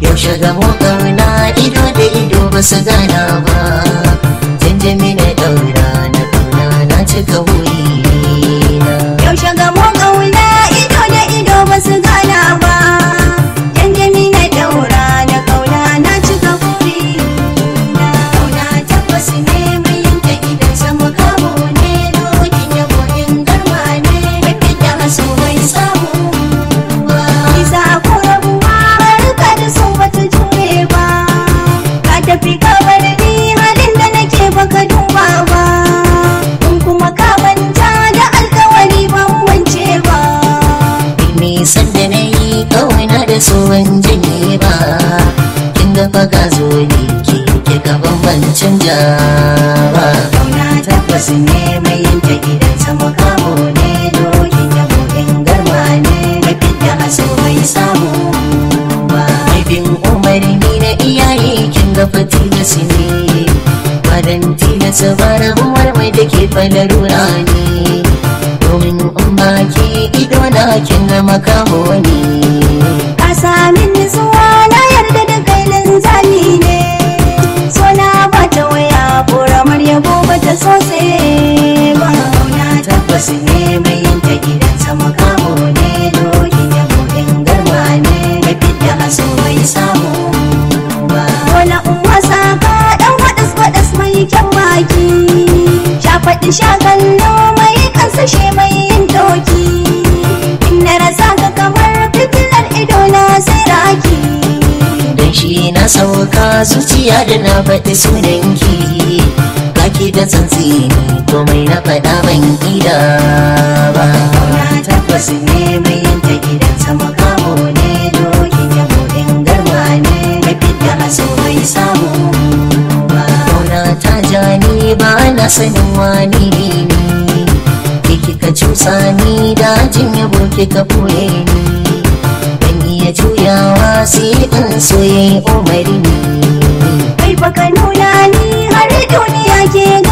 yaushe ga kauna ido da ido ba su gana ba jinjimi na daura na kauna na cika wuri ruwan jini ba inda fa ga zo ne ke ke gaban ban canja ba kauna tabbas ne mai yanke ta gidan sama kamo ne dokin yabo in garma ne mafi da aso bai samu ba maifin umarni na iyaye kin ga fatila su ne fadan tilasa mai da ke falarura ne domin in ba ido na kin ga makamo ne so sai mauna tabbas ne mai yin ta gidan sama kamo ne doki ya buɗin garma ne ya fidda aso bai samu ba wala saka dan wadas wadas mai kyau baki shafaɗi faɗi sha kallo mai kansa mai yin doki in na rasa ka kamar fitilar ido na siraki dan shi na sauka zuciya da na faɗi sunanki da to mai na faɗa ban gida ba ya tabbas ne mai yanke gidan ta kamo ne dokin ya in garma ne na fidda asin bai samu ba Kona ta ja ni ba na sanin wani ne ke ka cusa ni dajin yabo ka ɓoye ni ban iya juyawa sai ɗan soyayya umarni kai baka nuna ni har duniya ke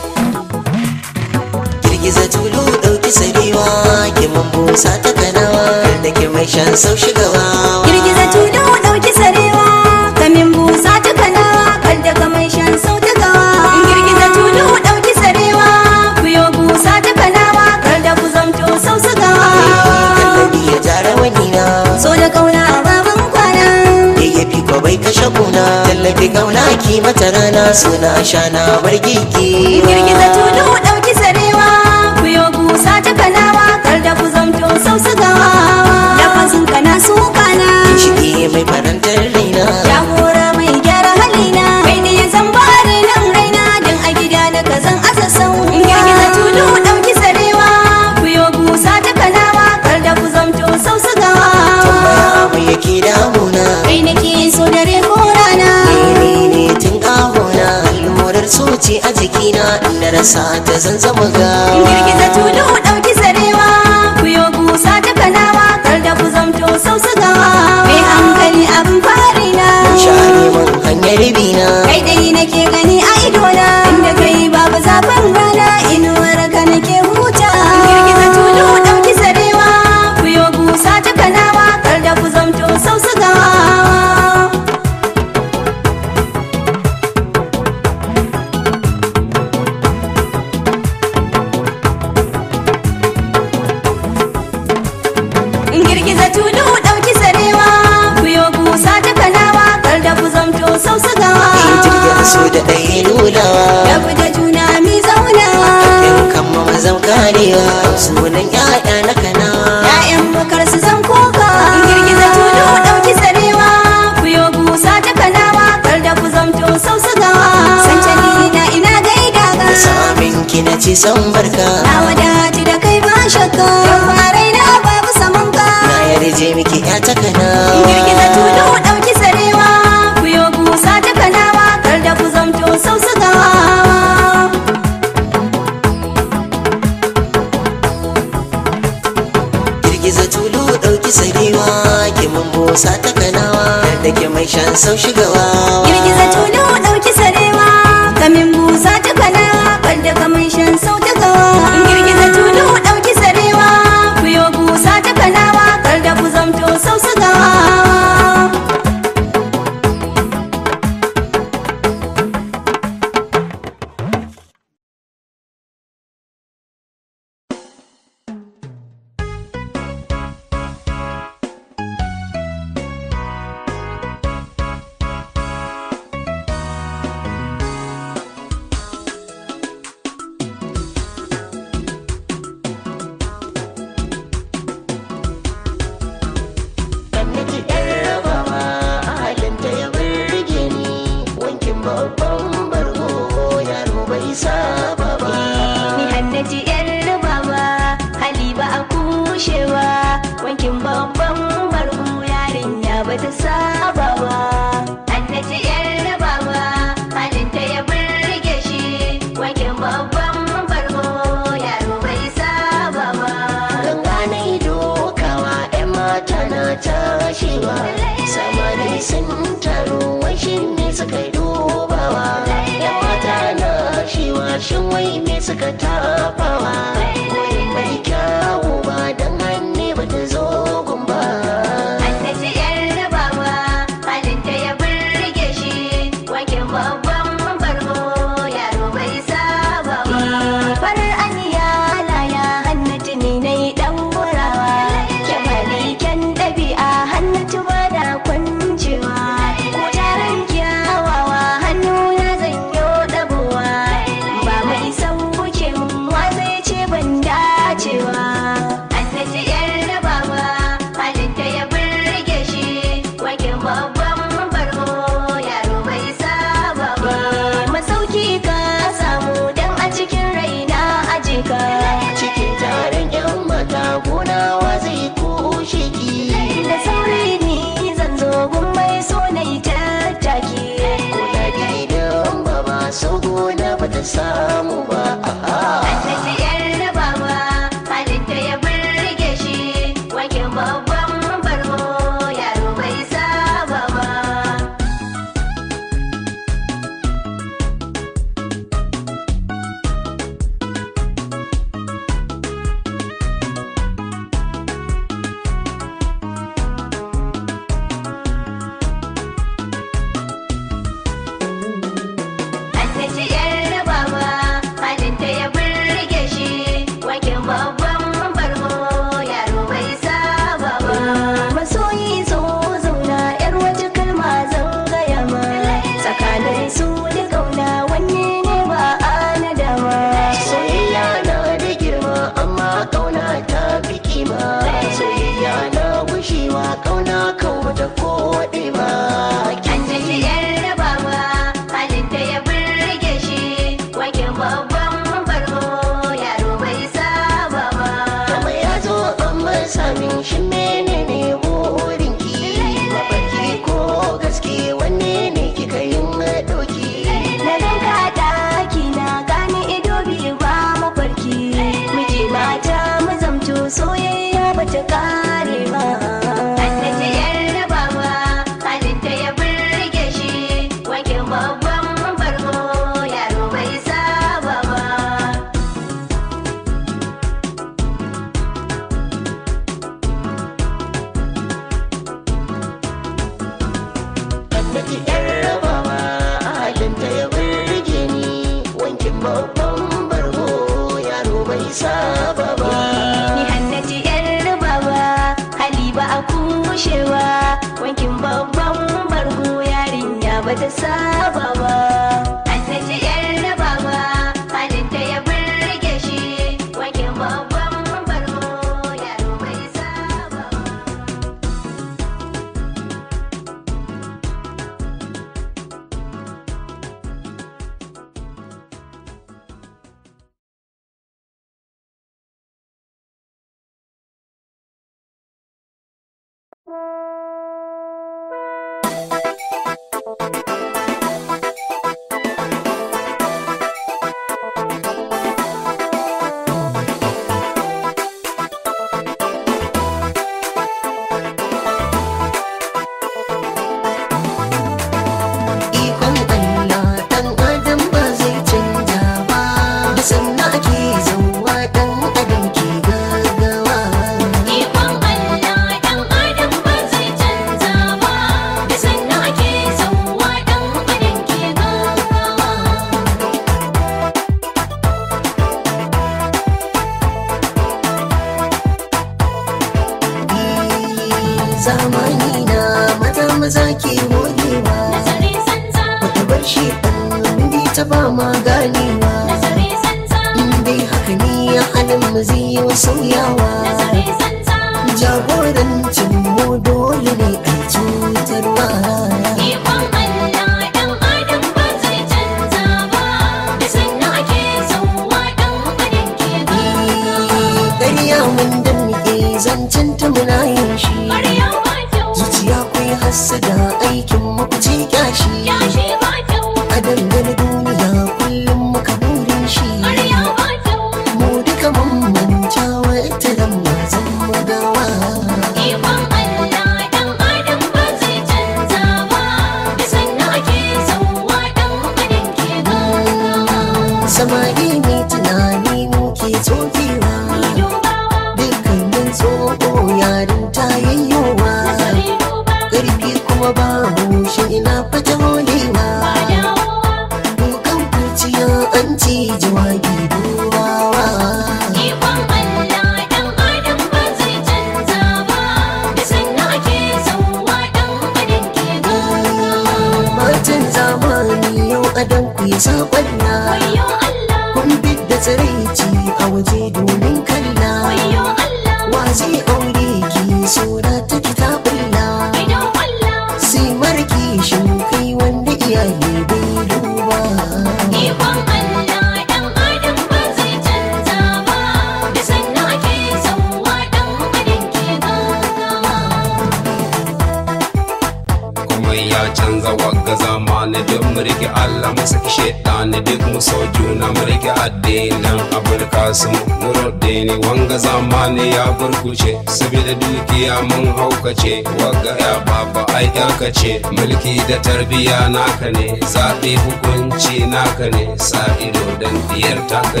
biya naka ne zaɓe hukunci naka ne sa ido don biyar taka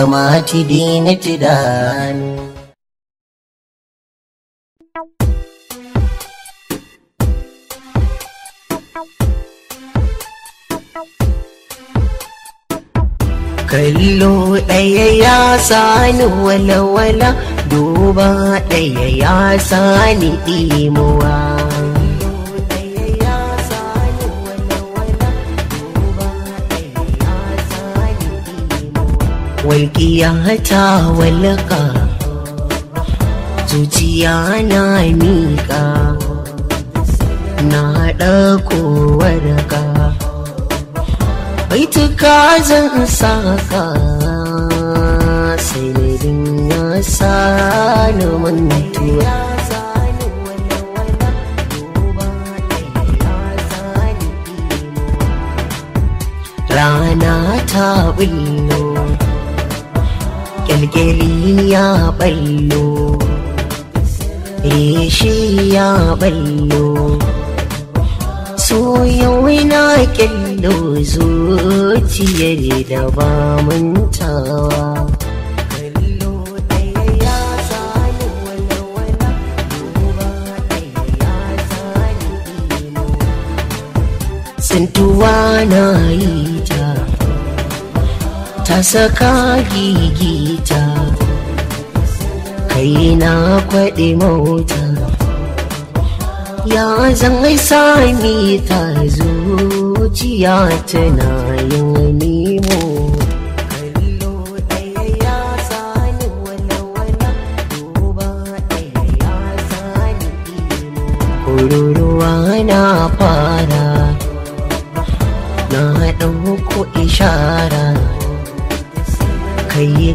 السماوات da ابتداء kallo ɗaya ya sani walawala duba ɗaya ya sani ɗimuwa walƙiya ta walƙa zuciya na miƙa na haɗa kowarka baituka zan saka sai ne ya sa na mantuwa rana ta bulla kyalkyali ya ballo reshi ya ballo so yau na kyallo zuciyar da ba mantawa Santuwa na yi ta ta saka gigita kai na kwaɗe mota ya zan sami ta zuciya tana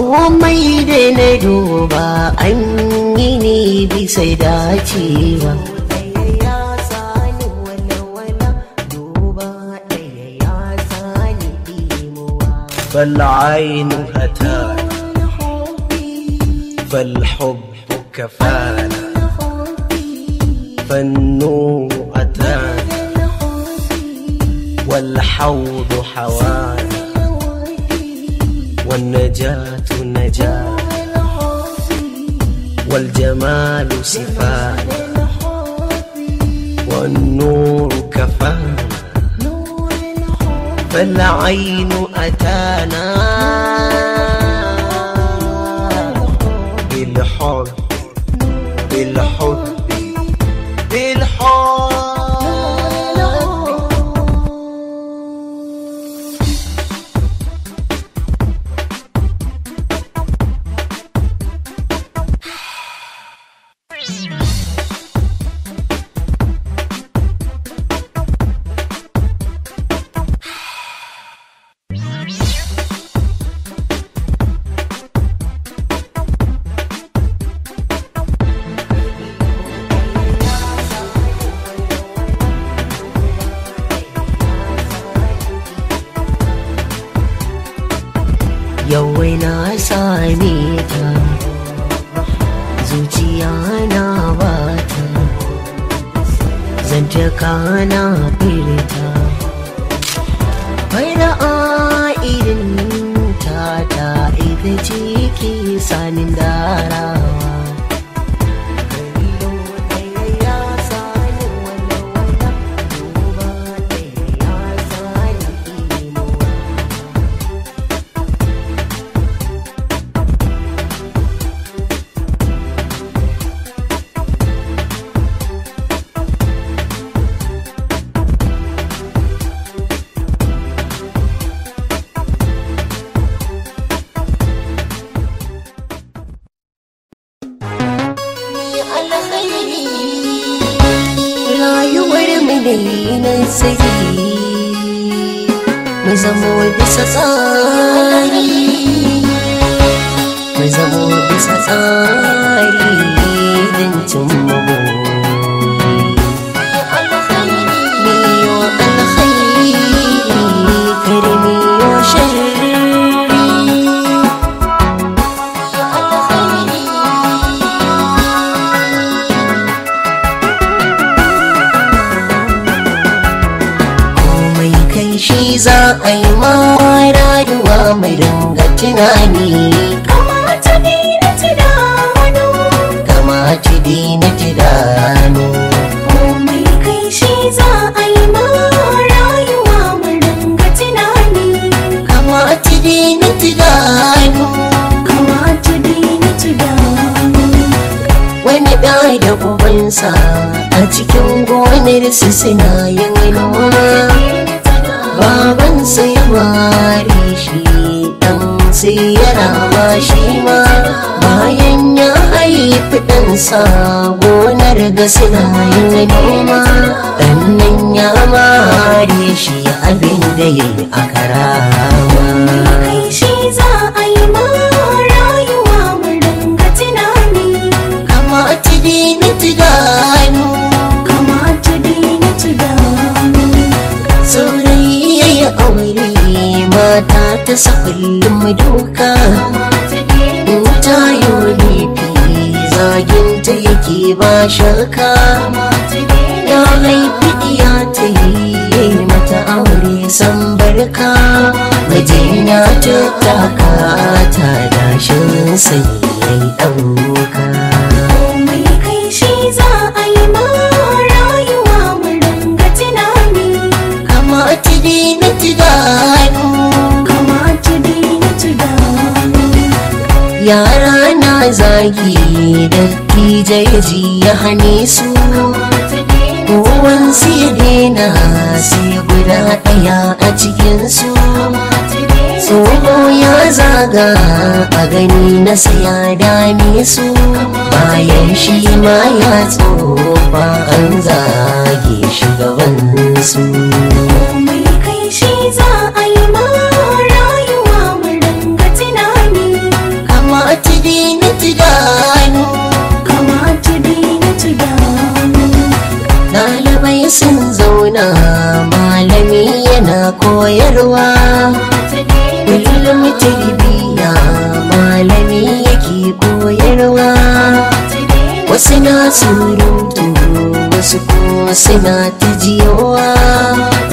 komai da أنيني duba an بل عينها تانا بل حبك فانا فالنور أتانا والحوض حوانا والنجاة النجاح والجمال صفات والنور كفانا فالعين أتانا rasa ya dame su bayan shi ma ya ba an zage shugabansu sina tijiyowa, jiyowa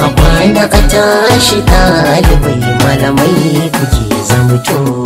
a kwana a tashi ɗalibai malamai kuke mutum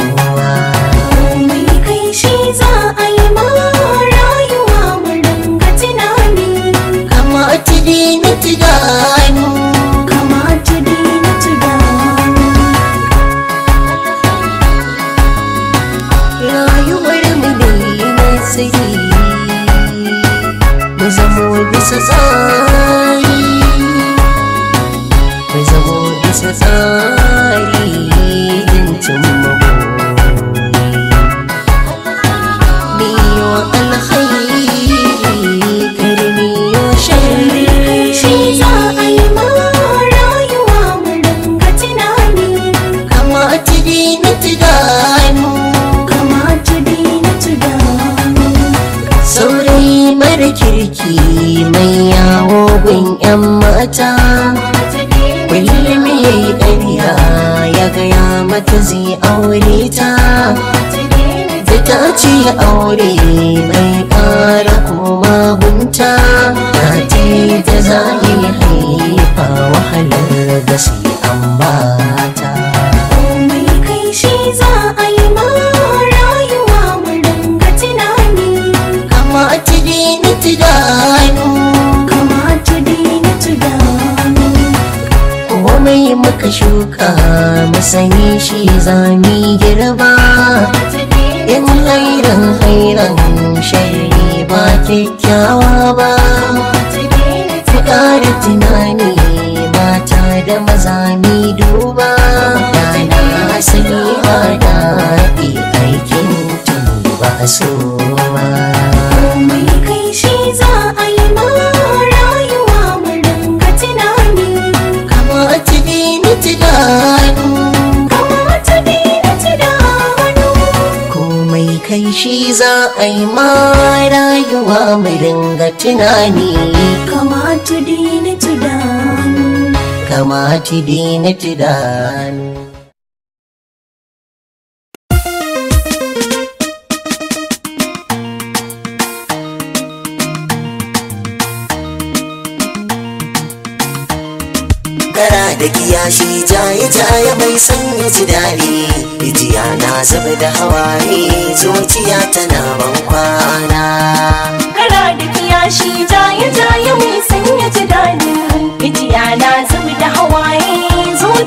shi zami girba tunani kama na tudani kama tudina tudani kara da kiyashi jaye jaye mai sanya ji dadi ijiya na zuba da hawaye zuciya ta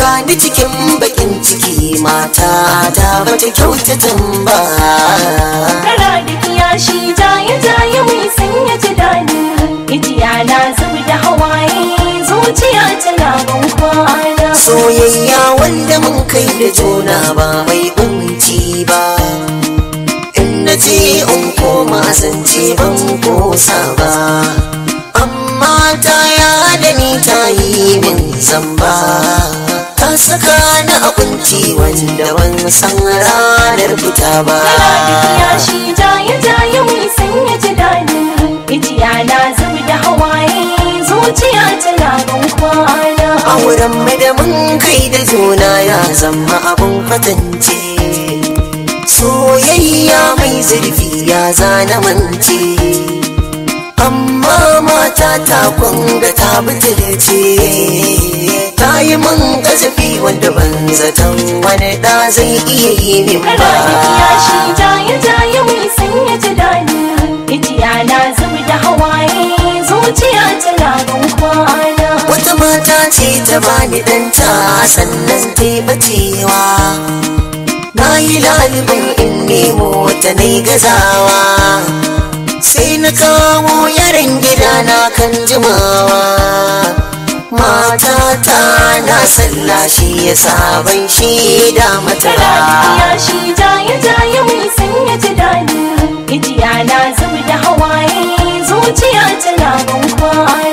gani cikin bakin ciki mata ta bata kyauta ba kara da kiyashi jaye jaye mai sanya dani, ijiya na zubi da hawaye zuciya tana ban kwana soyayya wanda mun kai da juna ba mai umunci ba in na ce in koma zance ban kosa ba amma ta ya da ni ta yi min zamba saka na abinci wanda ban san ranar fita ba. Ya shi jaye jaye mai sanya ji daɗin hankiciya na zub da hawaye zuciya tana ban kwana. A wurin kai da juna ya zama abin kwatance. Soyayya mai zurfi ya zana mance. Amma mata ta kwanga ta butulce. ta yi min kasafi wanda ban zaton wani ɗa zai iya yi min ba. ya shi ta yi ta yi mai sanya dani, ijiya na zub da hawaye, zuciya ta ban kwana. Wata mata ce ta bani ɗanta sannan ta yi bacewa. Na yi lalibin in nemo ta na gazawa. Sai na kawo yaren gida na kan jimawa. matata na salla shi ya sabon shi da matara ya shi jaye jaye mai sanya dani ijiya na zubi da hawaye zuciya ta tana bankwa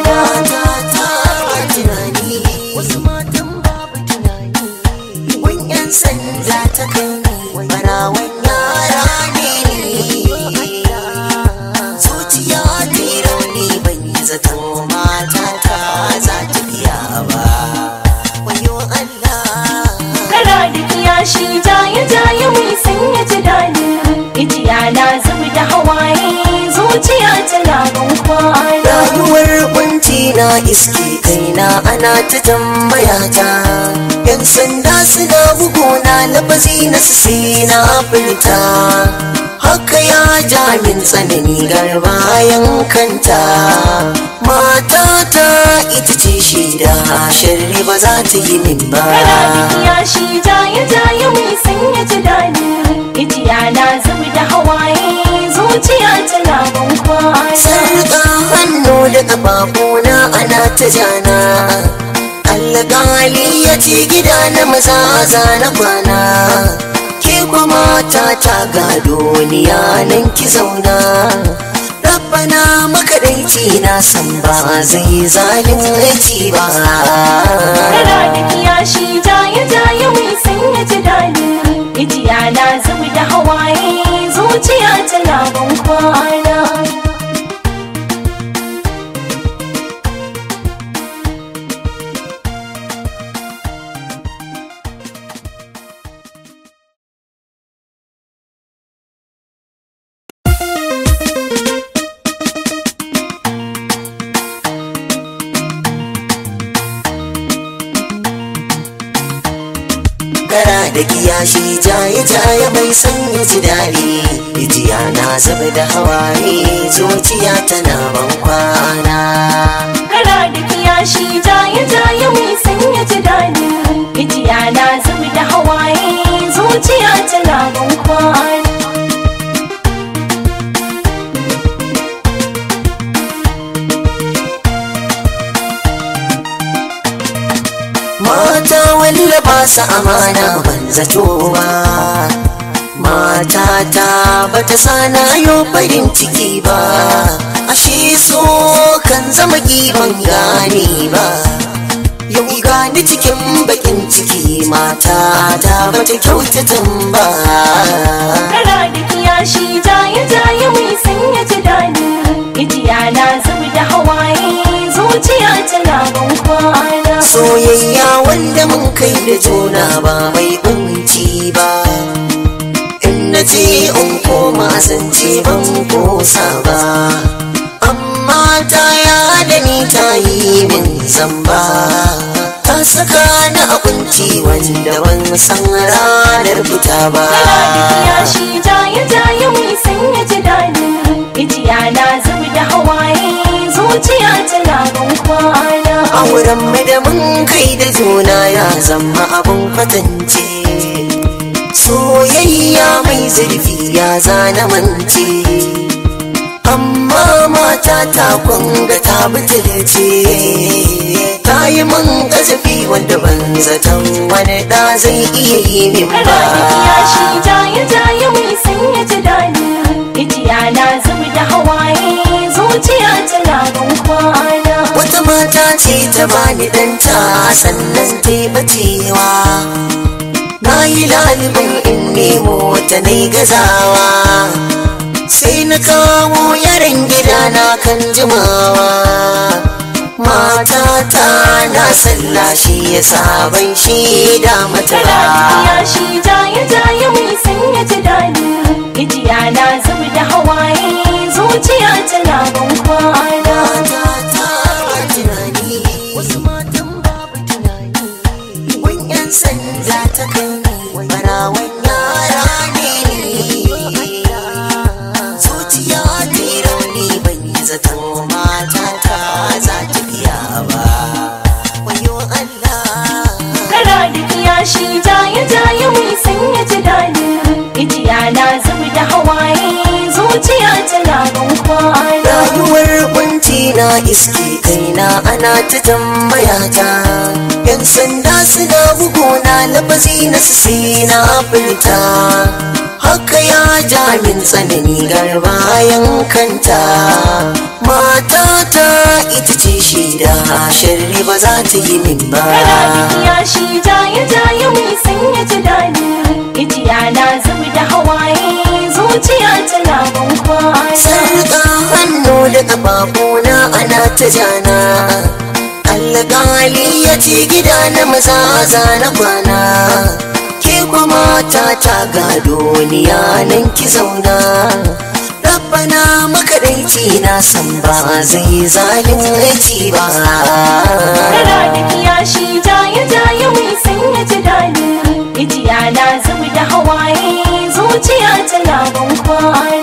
zuciya tana bankwana raguwar kunci na iske kaina ana ta tambaya ta yan sanda suna na lafazi na su sai na furta haka ya jamin tsanani garba yankanta matata ita ce shida sharri ba za ta yi min ba ya shi jaya jaya mai sanya tunani itiya na zubi da hawa zuciya tana bankwana sarka hannu da ƙafafuna ana ta jana alƙali ya ci gida na maza zana kwana ke kuma ta ta ga duniya nan ki zauna rabbana makaɗaici na san ba zai aiki ba Kana da kiyashi jaye jaye mai sanya ji daɗi ijiya na zama da hawa zuciya tana bin kwana shi jaye jaye mai san ya ji daɗi ijiya na zama da hawaye zuciya tana ban kwana kara da shi jaye jaye mai san ya ji daɗi ijiya na zama da hawaye zuciya tana ban kwana masu amana ban zato ba matata bata sana yo farin ciki ba ashe so kan zama ban gane ba yau gani cikin bakin ciki matata bata kyauta ba kara da kiyashi jaye jaye mai sanya ji daɗi ijiya na zub da hawaye zuciya tana ban soyayya wanda mun kai da juna ba mai umci ba in na ce in koma zance ban kosa ba amma ta ya da ni ta yi min zamba ta saka na a wanda ban san ranar fita ba ya sanya na zub da hawaye zuciya tana ban auren mai da mun kai da juna ya zama abun kwatance soyayya mai zurfi ya zana mance amma mata ta kunga ta butulce ta yi min kasafi wanda ban zaton wani da zai iya yi min ba Ijiya na da hawaye zuciya tana ban kwana mata ce ta bani danta sannan taimacewa na yi lalibin in nemo ta ne gazawa sai na kawo yaren gida na kan jimawa matata na salla shi ya sabon shi da matara ya shi jaye jaye mai sanya ta dani ijiya na zubi da hawaye zuciya tana ban kwana za ta kai barawan yara ne zuciya ne rauni ban yi zato, mata ta za ba wayo Allah kana da kiyashi jaye jaye mai sanya ji daɗin ijiya na zub da hawaye zuciya tana ban na iske kaina ana ta tambaya ta yan sanda suna na lafazi na su na furta haka ya jamin tsanani garba kanta. mata ta ita ce shida sharri ba za ta yi min ba ya shi jaye jaye mai sanya na zubi da hawaye zuciya tana bunkwa sarka hannu da kafafuna ana ta jana alƙali ya ci gida na maza zana kwana ke kuma ta ta ga duniya nan ki zauna rabbana makaɗaici na san ba zai aiki ba Rara da kiyashi jaya jaya mai sanya tunani Ijiya na zubi da hawaye 情爱在摇动，花。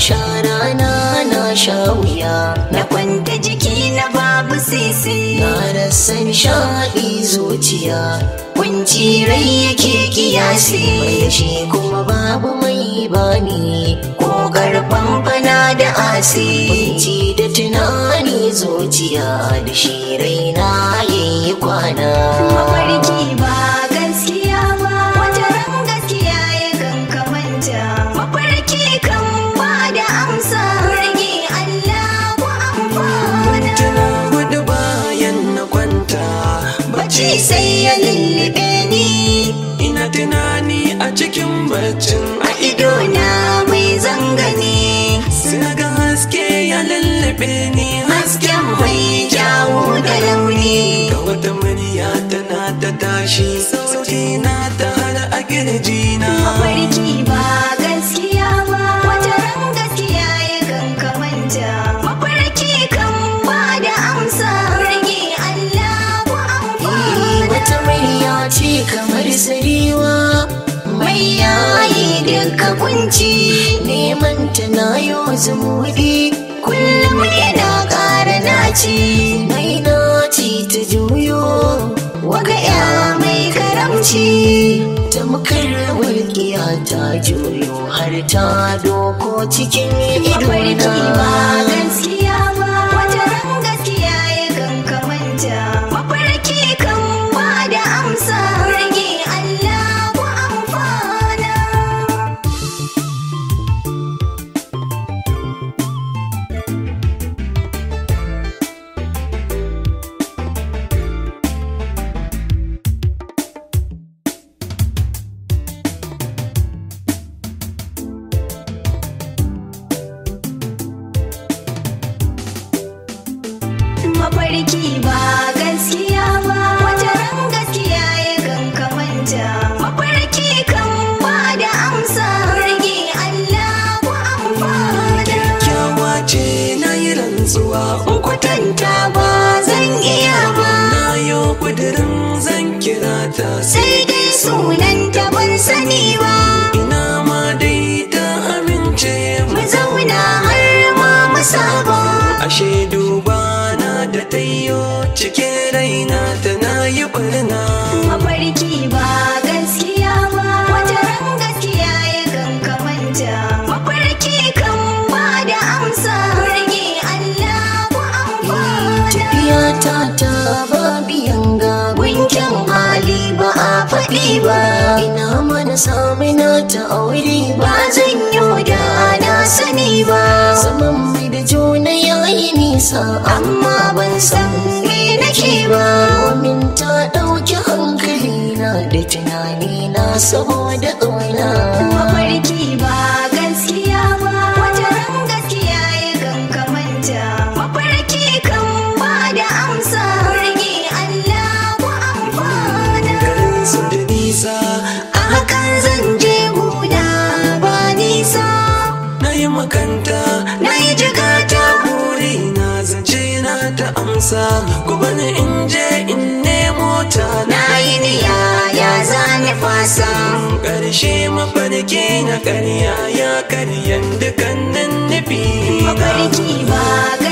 sha na na sha wuya na kwanta jiki na babu sisi na rasa nishaɗi zuciya kwanci rai yake kiyasi shi kuma babu mai bani ko karfan fana da asi kunci da tunani zuciya da shi raina yayi kwana mafarki ba birni hasken mai jawo da launi ga wata murya tana ta tashi sauti na ta har a girji na mafarki ba gaskiya ba wata ran gaskiya ya kan manja mafarki kan ba da amsa rage Allah ku amfani eh, wata murya ce kamar sariwa mai yayi duka kunci neman ta na yau zumuɗi ce mai naci ta juyo waga ya mai karamci ta mukar walƙiya ta juyo har ta doko cikin ido na gaskiya karshe mafarki na karya ya karyan dukannin nufi mafarki ba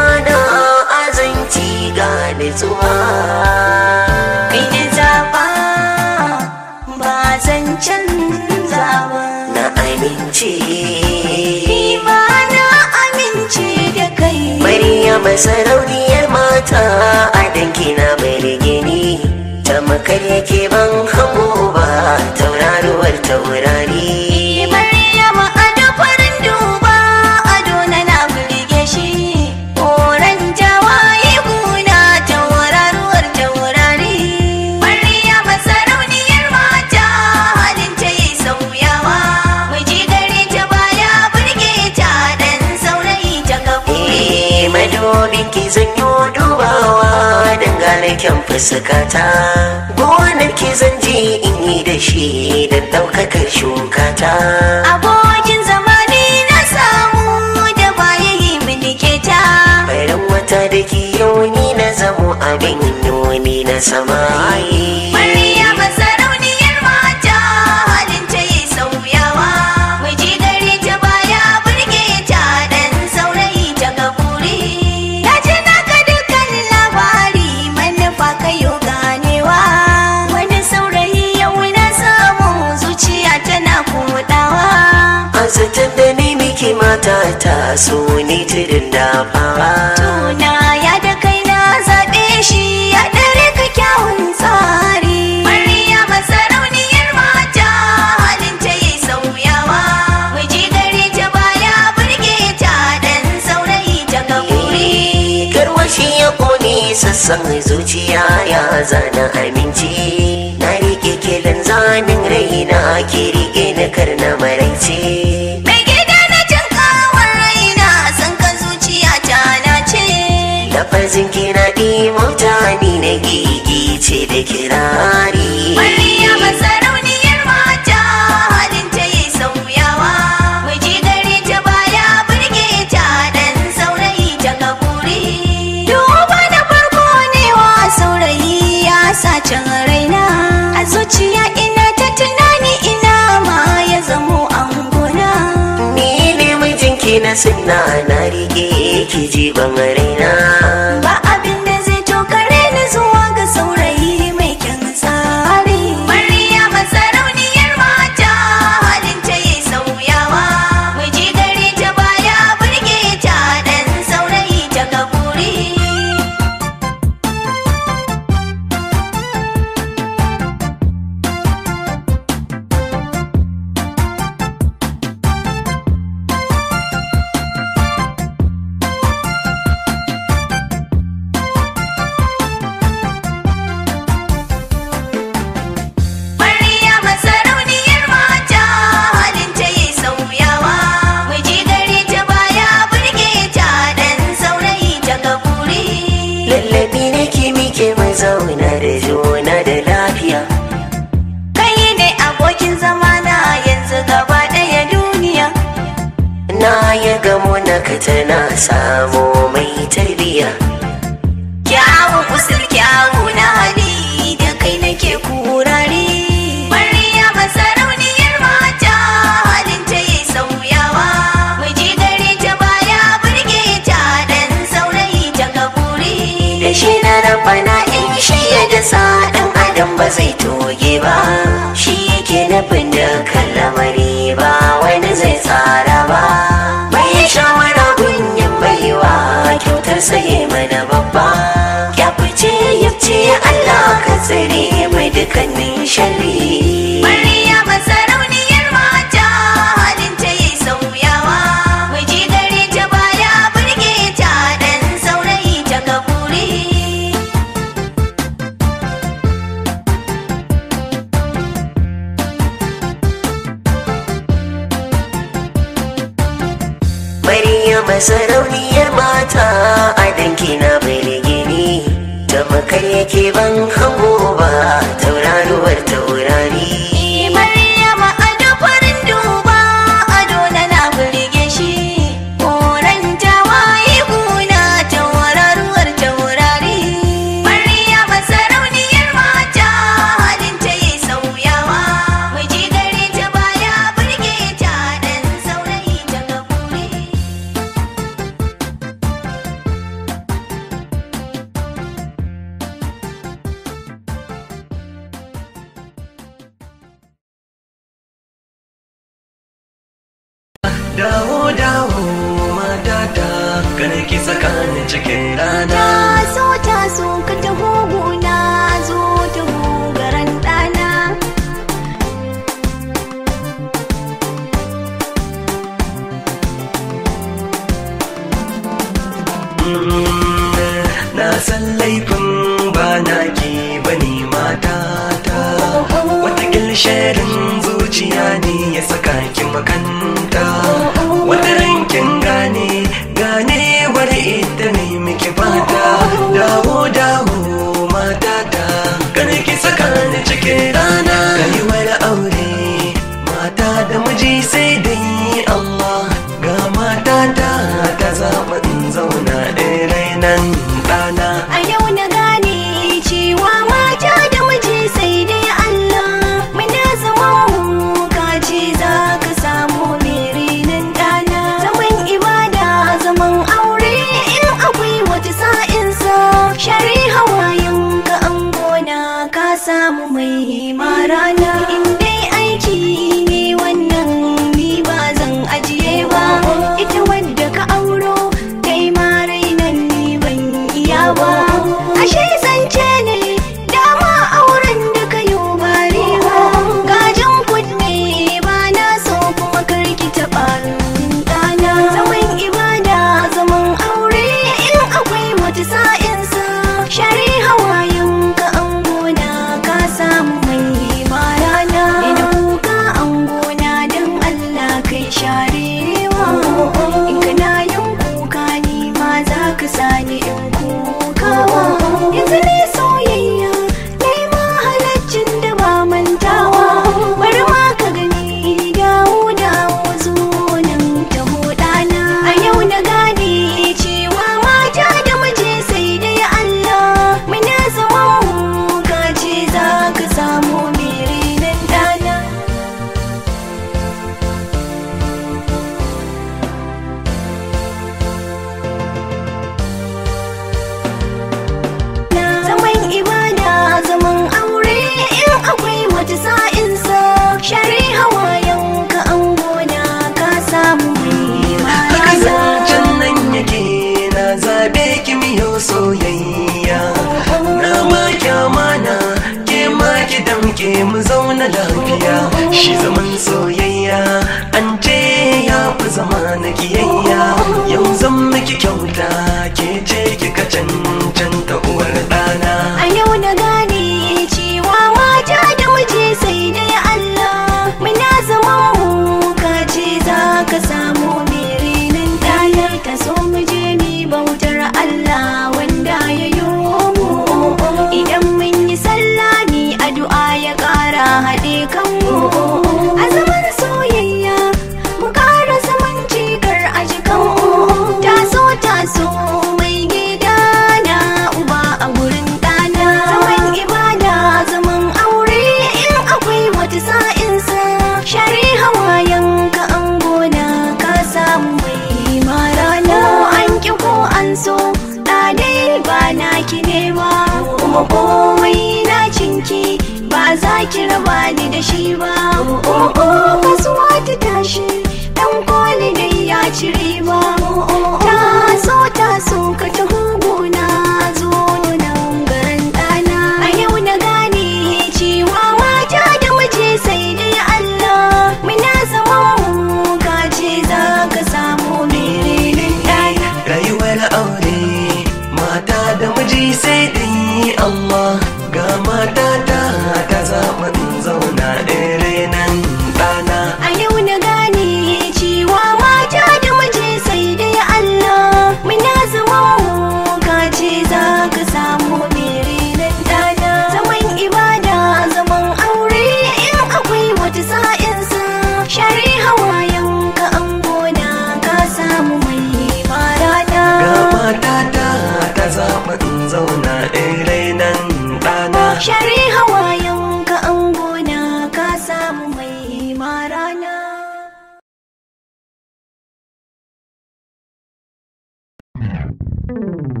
Thank you.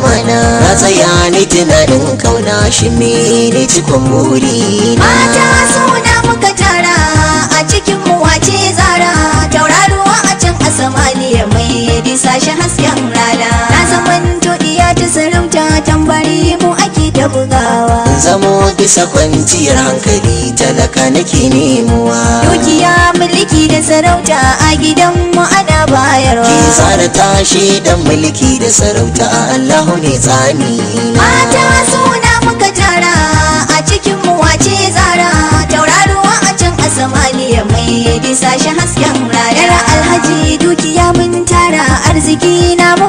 bana na tsaya ni tunanin kauna shi mene cikon muri mata suna muka tara a cikin mu wace zara tauraruwa a can asamaniya mai bisa shi hasken rana na zaman iya ta sarauta tambari mu ake ta bugawa zamo bisa kwanciyar hankali talaka nake nemuwa dukiya da sarauta a mu ana bayarwa ki tsara tashi da mulki da sarauta Allahu ne tsani mata suna muka tara a cikin mu wace zara tauraruwa a can a samaniya mai bisa shi hasken rayar alhaji dukiya mun tara arziki na mu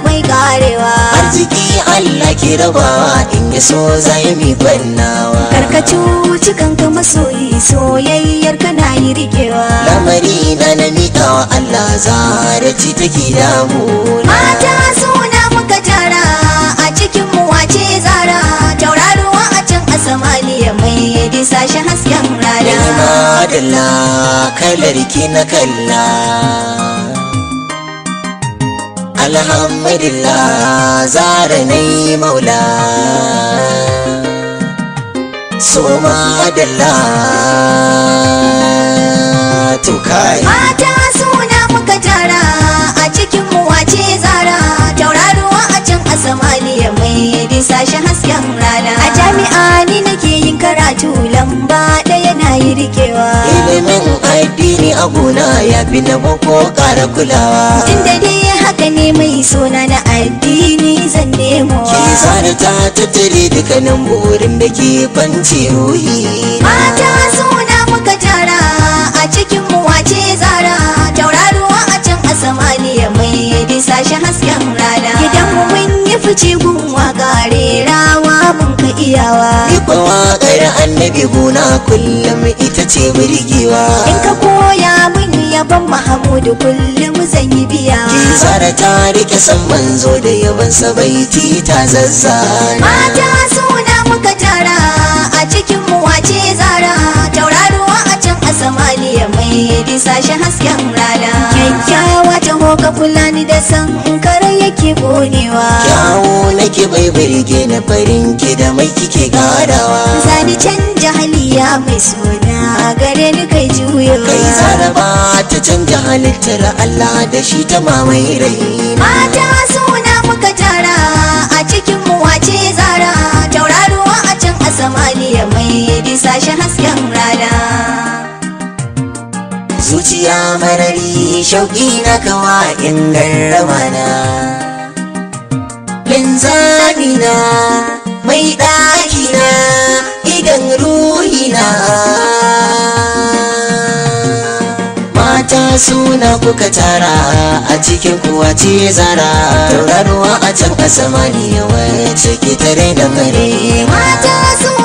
arziki Allah ki raba in ya so zai mi bannawa karkacu cikan ka masoyi soyayyar ka na yi rikewa lamari na na miƙa wa Allah zaraci take damu mata suna muka tara a cikin mu wace zara tauraruwa a can a mai yadi sashi hasken rana. da kalar ki na kalla. alhamdulillah zara ne maula so madalla to kai mata suna muka tara a cikin mu wace zara tauraruwa a can asamaliya mai bisa shi hasken rana a jami'a ni nake yin karatu lamba ɗaya na yi rikewa ilimin addini a gona ya fi na boko kara kulawa ta mai suna na addini zan nemo ki da ta tattare dukkanin burin da ke fanci ruhi mata suna muka tara a cikin mu wace zara tauraruwa a can a mai yadda sashi hasken rana gidan mu mun yi fice gun gare rawa mun ka iyawa Ibawa ƙarar annabi guna kullum ita ce birgewa in ka koya sabon mahamudu kullum zan yi biya zara ta rike san manzo da yaban sabaiti ta zazza mata suna muka tara a cikin mu wace zara tauraruwa a can a mai bisa shi hasken rana kyakkyawa ta hoka fulani da san kare yake konewa kyawo nake bai birge na farin ki da mai kike gadawa zani canja haliya mai suna gare ni juya kai zaraba ta canja halittar Allah da shi ta mamaye rai mata suna muka tara a cikin mu wace zara tauraruwa a can a samaniya mai bisa shi hasken rana zuciya marari shauƙi na kawa in garrama na linzami mai ɗaki na idan ruhina. na suna kuka tara a cikin kuwa ce zara tauraruwa a can a samaniya wacce ke tare da kare mata suna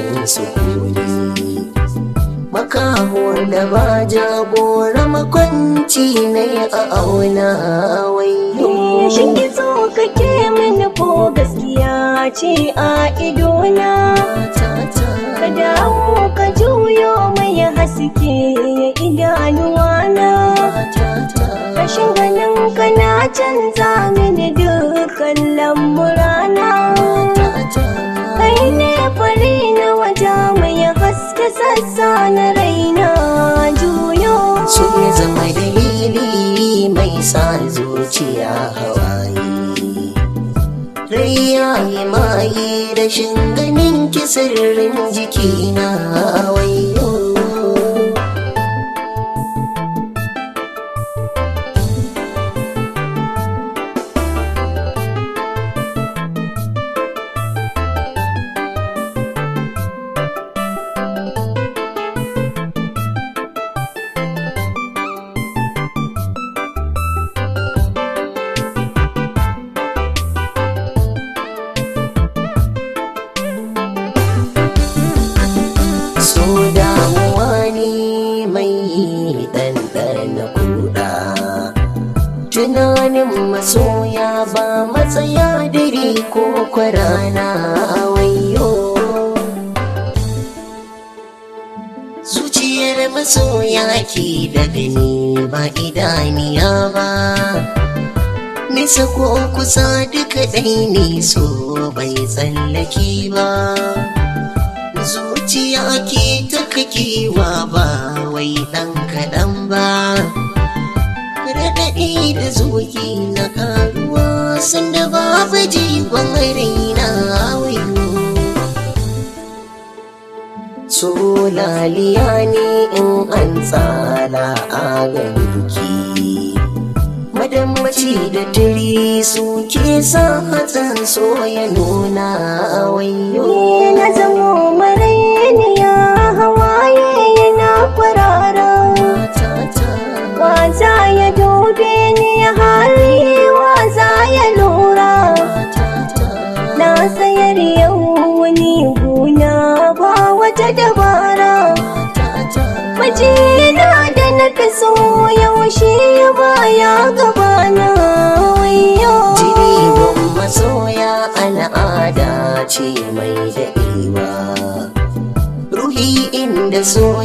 rashin makaho da ba jagora makwanci ne a auna wai shi ki zo kake mini ko gaskiya ce a na. ka dawo ka juyo mai haske idanuwana rashin ganin kana canza mini dukkan lamura na raina juyo Sun ya zama dalili mai sa zuciya hawaye rai ya yi maye rashin ganin ki sirrin jikina wai so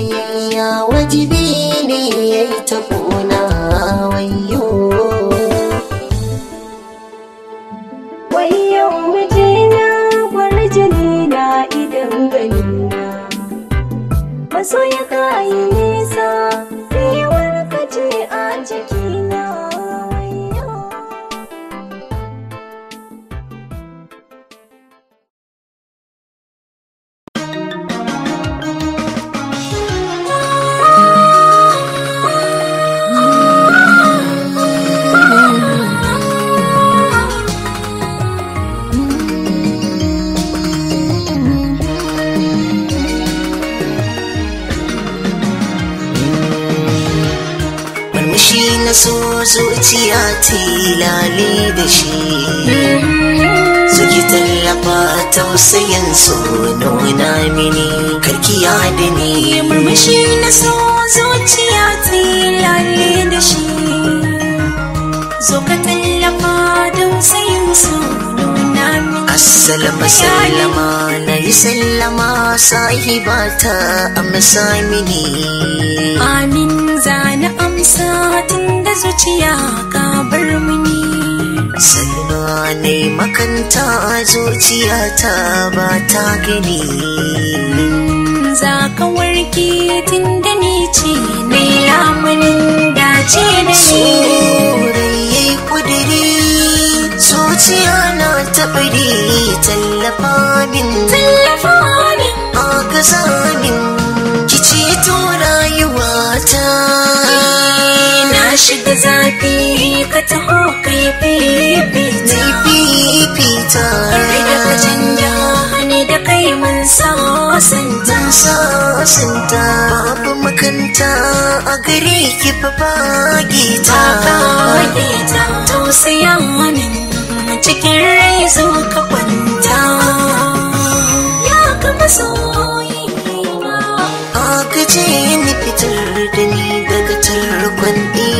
ta ba ta gani za ka warke tun da ni ce ne lamunin dace da sorayyai kudiri zuciya na taɓari tallafa min tallafa min kasa min kici to ta. Eh, na shiga zafi ka taho fifita da ka canja ni da kai mun sosanta sosanta babu makanta a gare ki fa bagita bagita tausaya mani cikin rai zo ka ya kama soyi a gaje ni fitar da ni daga tarkon ɗi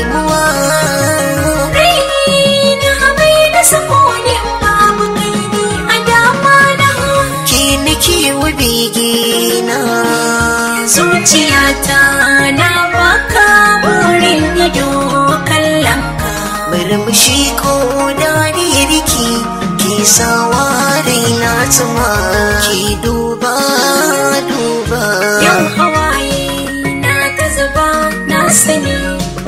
begina zuciyata na baka burin ido kallon ka murmushi ko dariyar ki ki sawa raina tuma ki duba duba yan hawaye na ta zuba na sani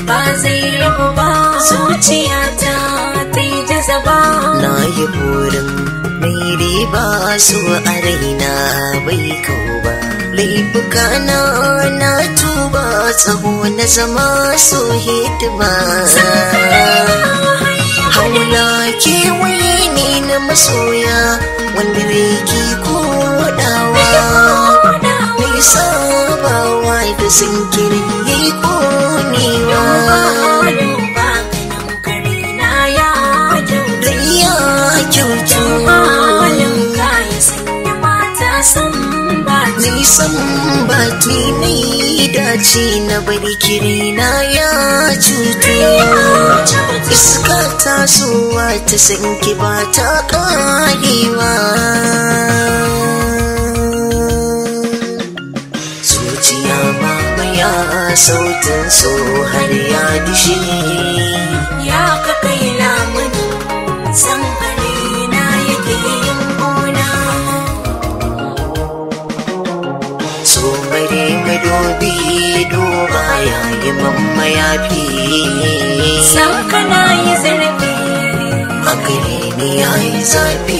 ba zai rabu ba zuciyata ta yi jazaba na yi burin ba su a raina bai kawo ba laifuka na na tuba tsaho na zama su hidima haula kewaye ne na masoya wanda reki kodawa nisa ba wa da zinkiri ya yi konewa sai san baki mai dace na bari kirina ya cutu iska ta sowa ta sanki ba ta karewa zuciya mamaya sautin so har ya dushe ya ka kai san yafi san kana yi zurfi a gare ni yayi zafi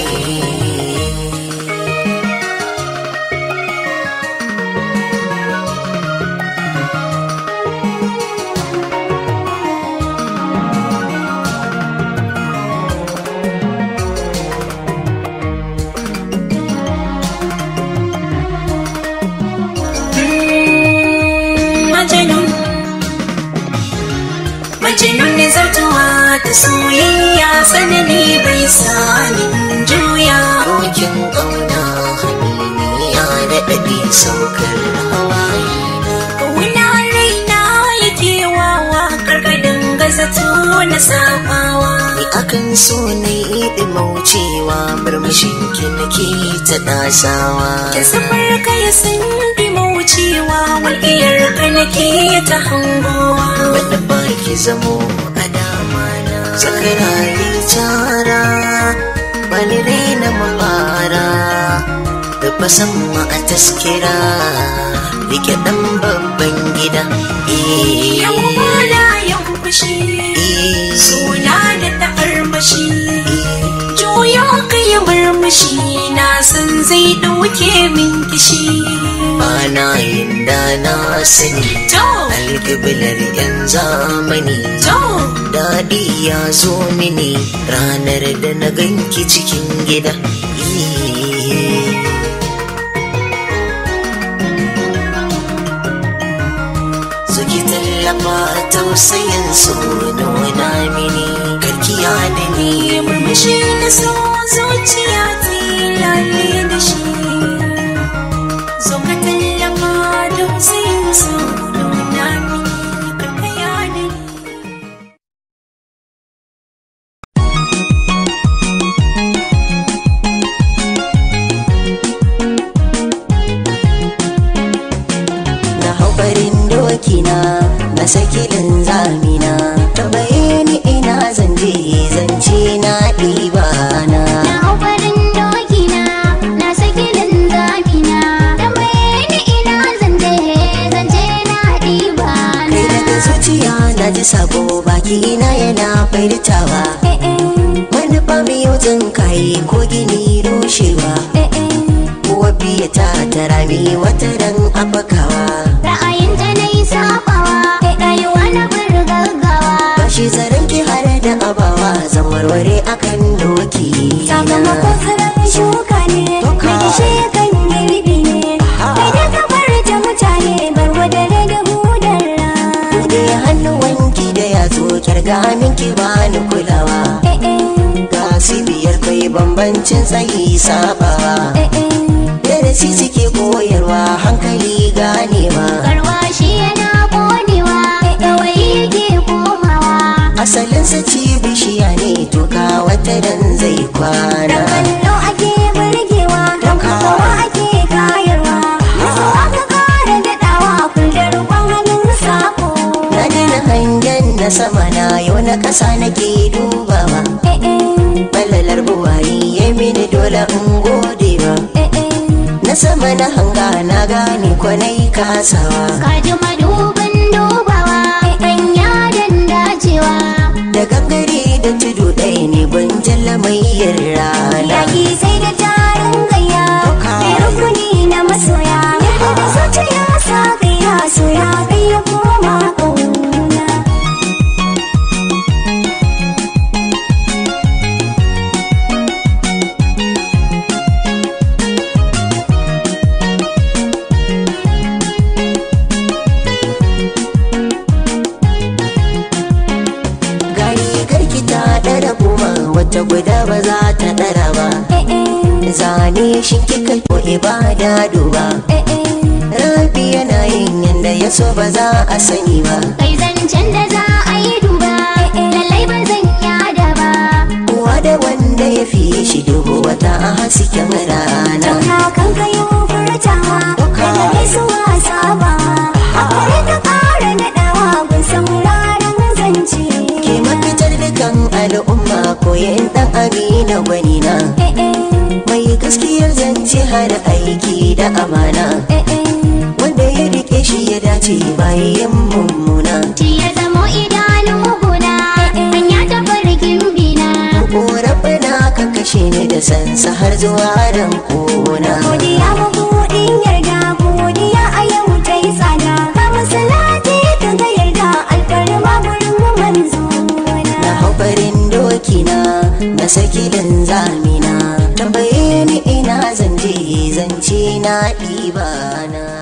saukar hawaye wuna raina yake wawa karkadin gazato na samawa akan so na yi maucewa murmushin nake ta dasawa da safar ka ya san bi maucewa walƙiyar ka nake ta hangowa wanda ba ki zamo a dama na sakarari tara bani raina mabara ma a taskira rike dan babban gida eh. yau bala fushi eh. suna da ta'armashi. Eh. juyo ka murmushi na san zai dauke min kishi bana yin na sani Alkibilar yan zamani daɗi ya zo mini ranar da na ganki cikin gida tausayin su nuna mini karkiya da ni murmushi na zuciya ta yi na ƙasa nake dubawa balalar buwari ya mini dole in gode ba na sama na hanga na gane kwanai kasawa ba za a sani ba kai zancen da za a yi duba eh, lallai ba zan yada ba uwa da wanda ya fi shi dubu wata a hasken rana don kan ka yi furtawa daga wasa ba a kare ka kara nadawa gun sauraron zance ke mafitar dukan al'umma koyan dan abi na gwani na eh, eh. mai gaskiyar zance har aiki da amana eh, eh. ce bayan mummuna ci ya zamo idanuguna hanya ta farkin bina korafina ka kashe ni da sansa har zuwa ran kona godiya mabuɗin yarda godiya a yau ta yi tsada ba masalati ta ga yarda alfarma gurin mu na hau farin dokina na saki dan zamina tambaye ni ina zanje zance na ɗiba na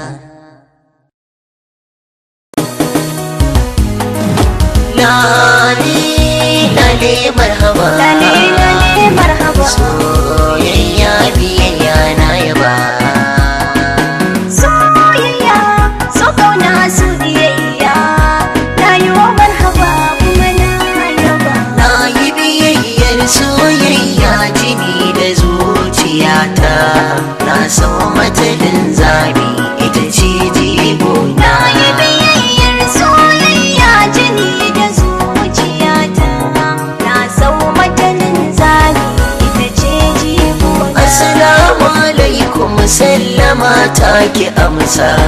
myself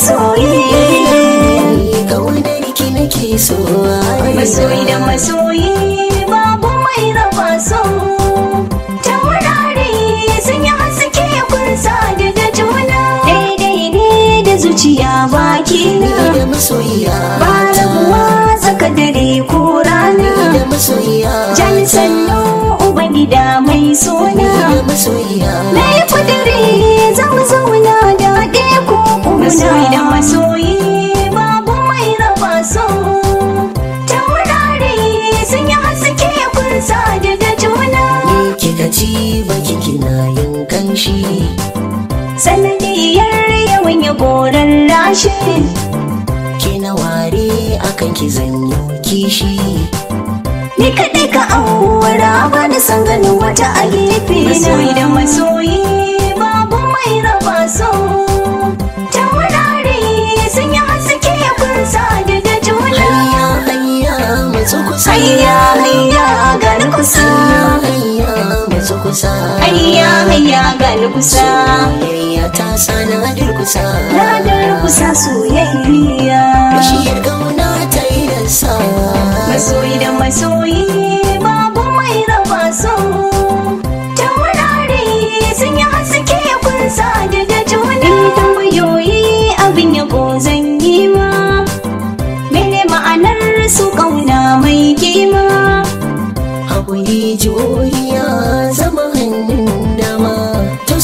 masoyi ga wanda nake nake so masoyi da masoyi babu mai raba so ta wurare sun yi haske kunsa daga juna daidai ne da zuciya baki na da masoyiya goran lashe kina ware akan ki zanyo kishi ni kaɗai ka aura ba na san ganin wata a gefe na masoyi da masoyi babu mai raba so ta wurare sun yi haske kunsa da da juna hayya hayya matsu kusa hayya gani kusa durkusa hayya hayya ga ni kusa soyayya ta sa na durkusa na durkusa soyayya gauna ta yi da sa masoyi da masoyi babu mai raba so ta wurare sun yi haske kun sa da da juna tambayoyi abin ya zan yi ma mene ma'anar su kauna mai kima haƙuri jori.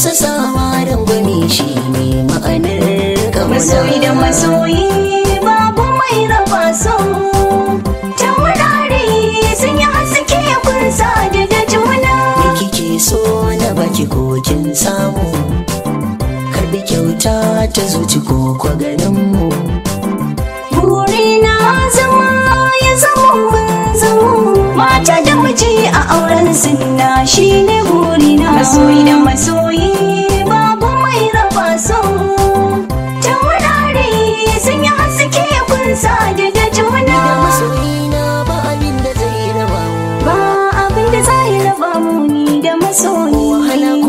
tausasawa rangwame shi ne ma'anar kamar masoyi da masoyi babu mai raba so ta wurare sun yi haske kunsa da da juna da kike so na baki kokin samu karbi kyauta ta zuci ko kwa ganin auren sinna shine burina masoyi da masoyi babu mai raba so ta wurare sun yi haske kun sa da juna ba abin da zai raba mu ba abin da zai raba mu ni da masoyi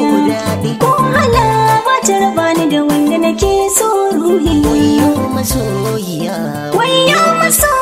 ko hala ba ta raba ni da wanda nake so ruhi wayo masoyiya wayo masoyi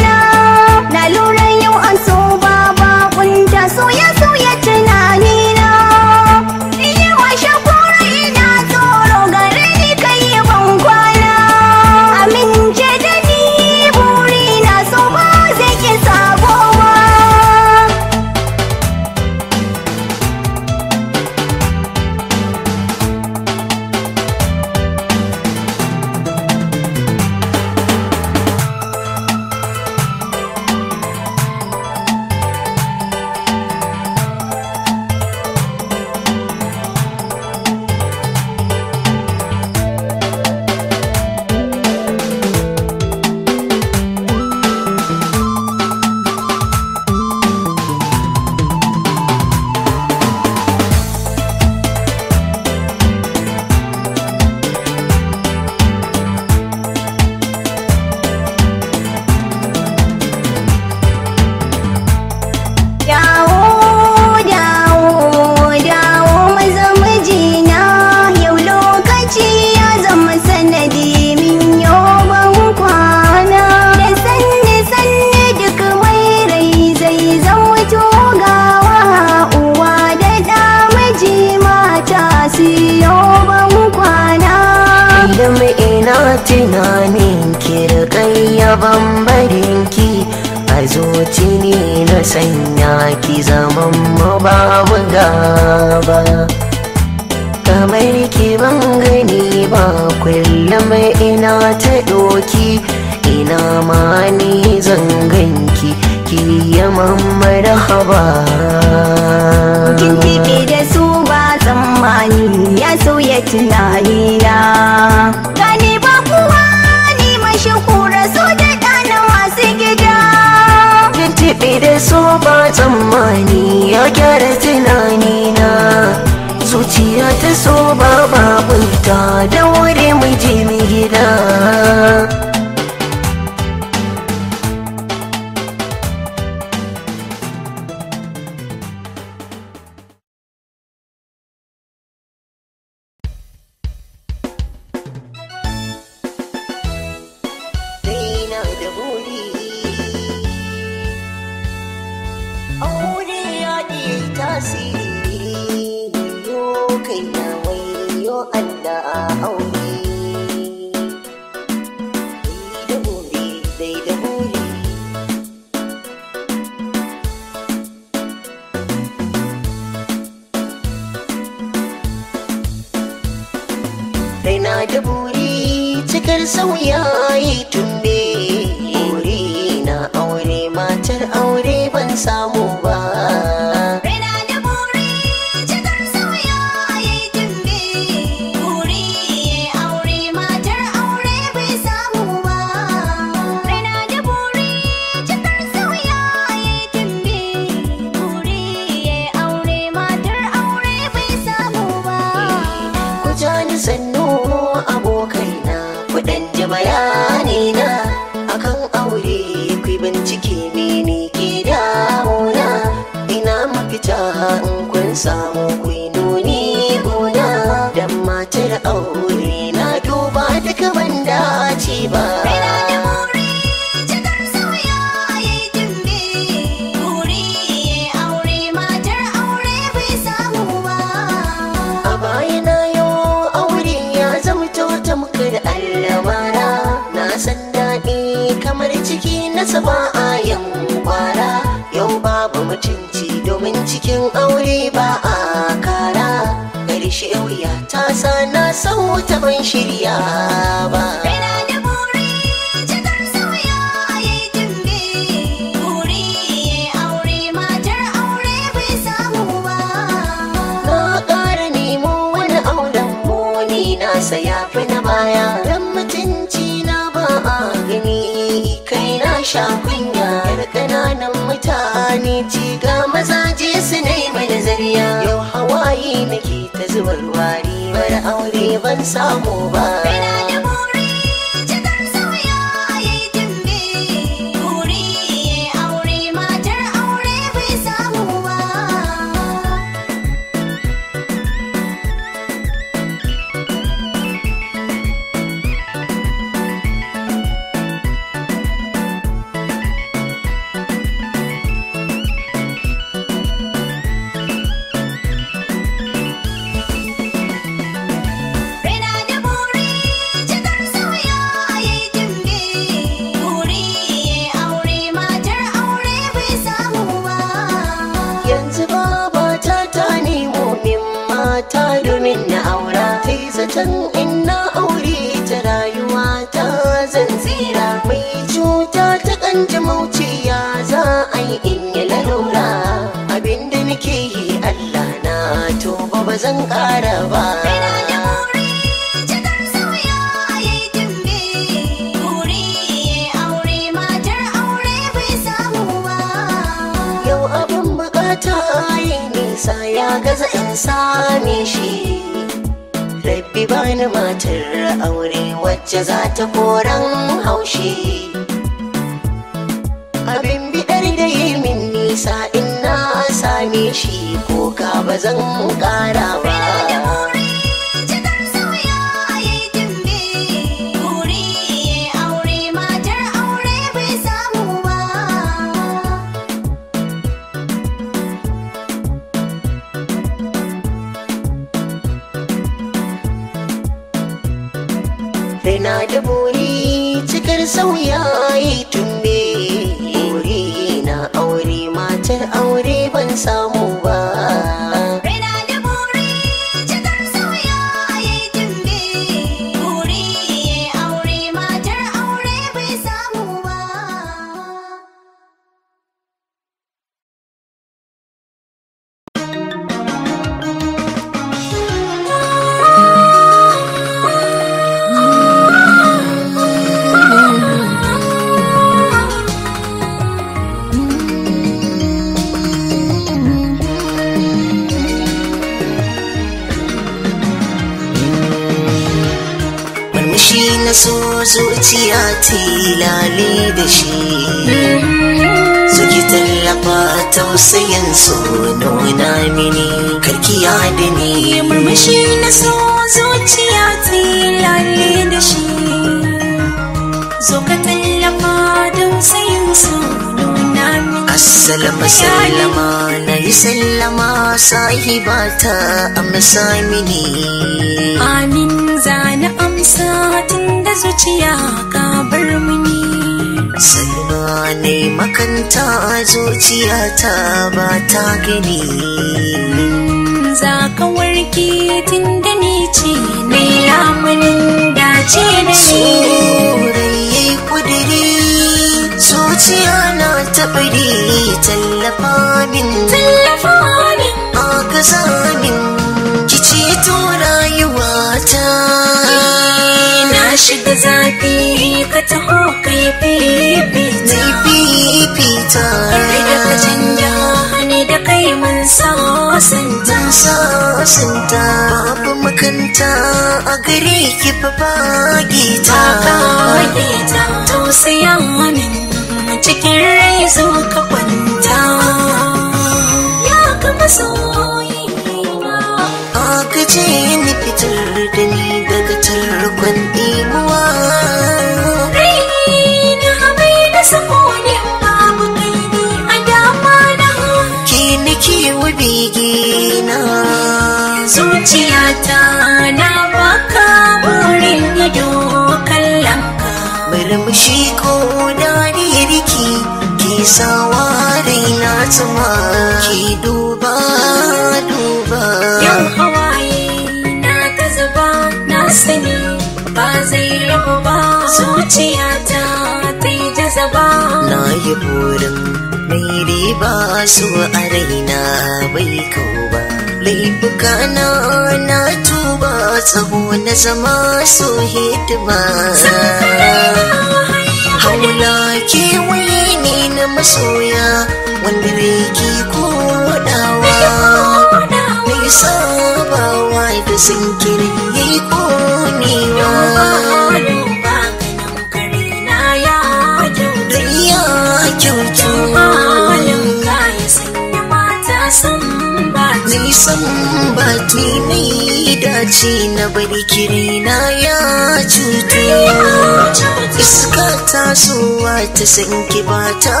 ta san ki ba ta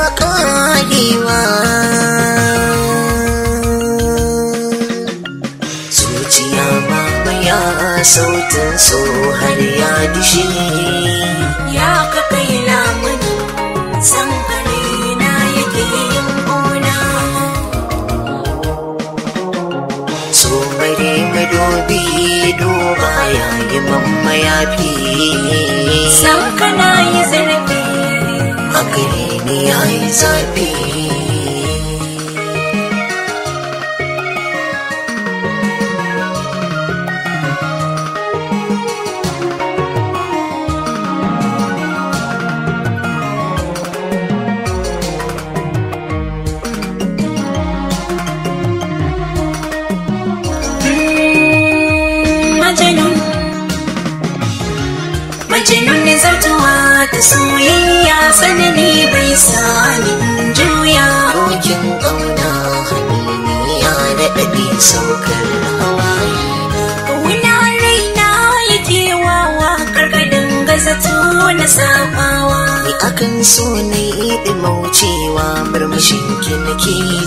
hankali ne ya yi zafi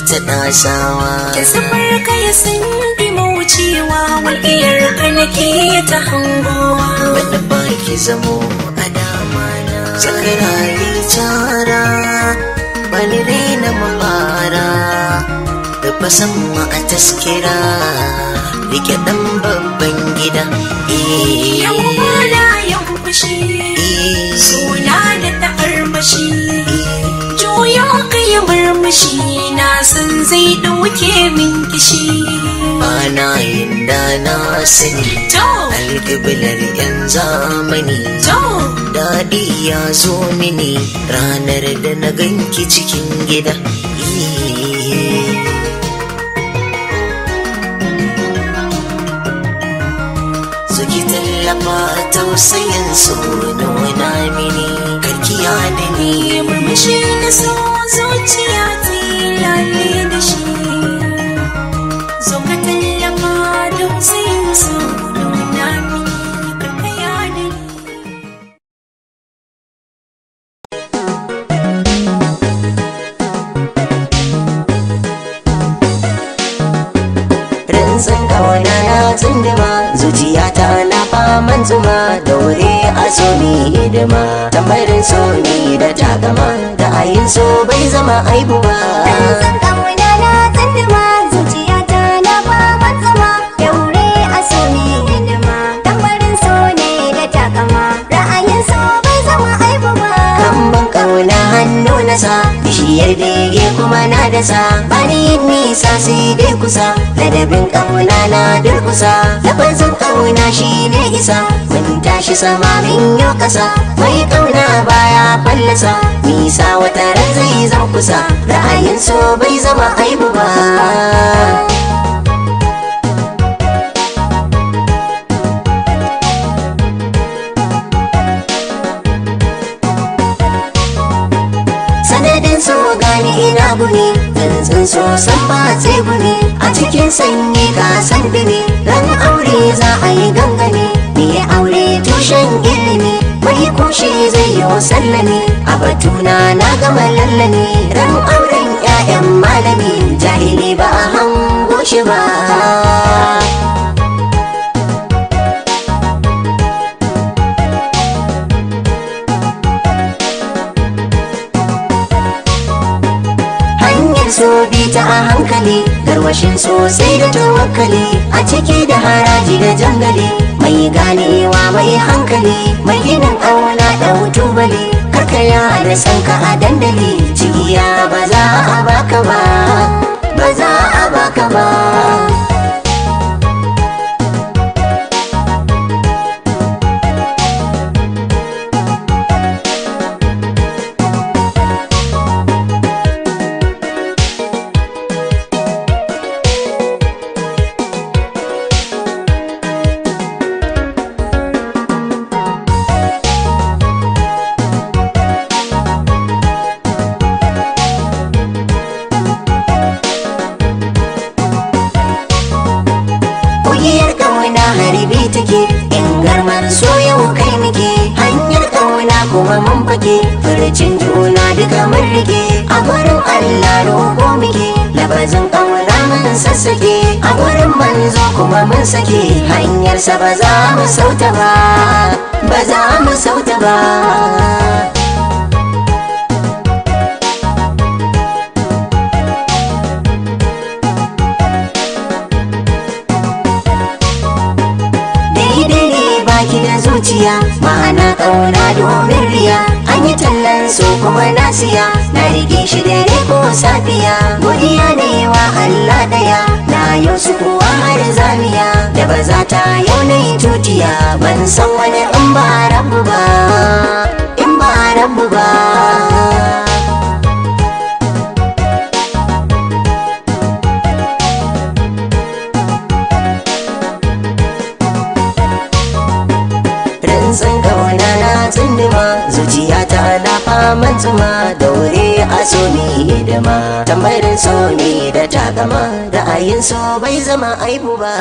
ta dasawa da safar ka ya san maucewa walƙiyar anake ta hangowa wanda ba ki zamo a dama na yi tara bani na mabara da fasan ma a taskira rike ɗan babban gida eh. yau bala yau fushi eh. suna da ta armashi kai murmushi na san zai ɗauke min kishi bana inda na sani alƙiblar yan zamani daɗi ya zo mini ranar da na ganki cikin gida Suki tallafa tausayin su na mini karkiya da ni murmushi da so zuciya da shi nasa bani yin nisa sai dai kusa ladabin ƙauna na durkusa lafazin ƙauna shi ne isa mun tashi sama min yo ƙasa mai ƙauna baya fallasa nisa wata ran zai zama kusa ra'ayin so bai zama aibu ba so san ba a cikin sanyi ka san bini ran aure za a yi gangane me aure tushen ilimi mai kushe zai yi ne a batuna na gama lallani ran auren 'ya'yan malami jahili ba a hango shi ba ta a hankali garwashin sosai da tawakkali a ciki da haraji da jangali mai ganewa mai hankali mai ginin aula da hutubali ya da sanka a dandali cigiya ba za a baka ba ba za a baka ba so ni da takama ra'ayin so bai zama aibu ba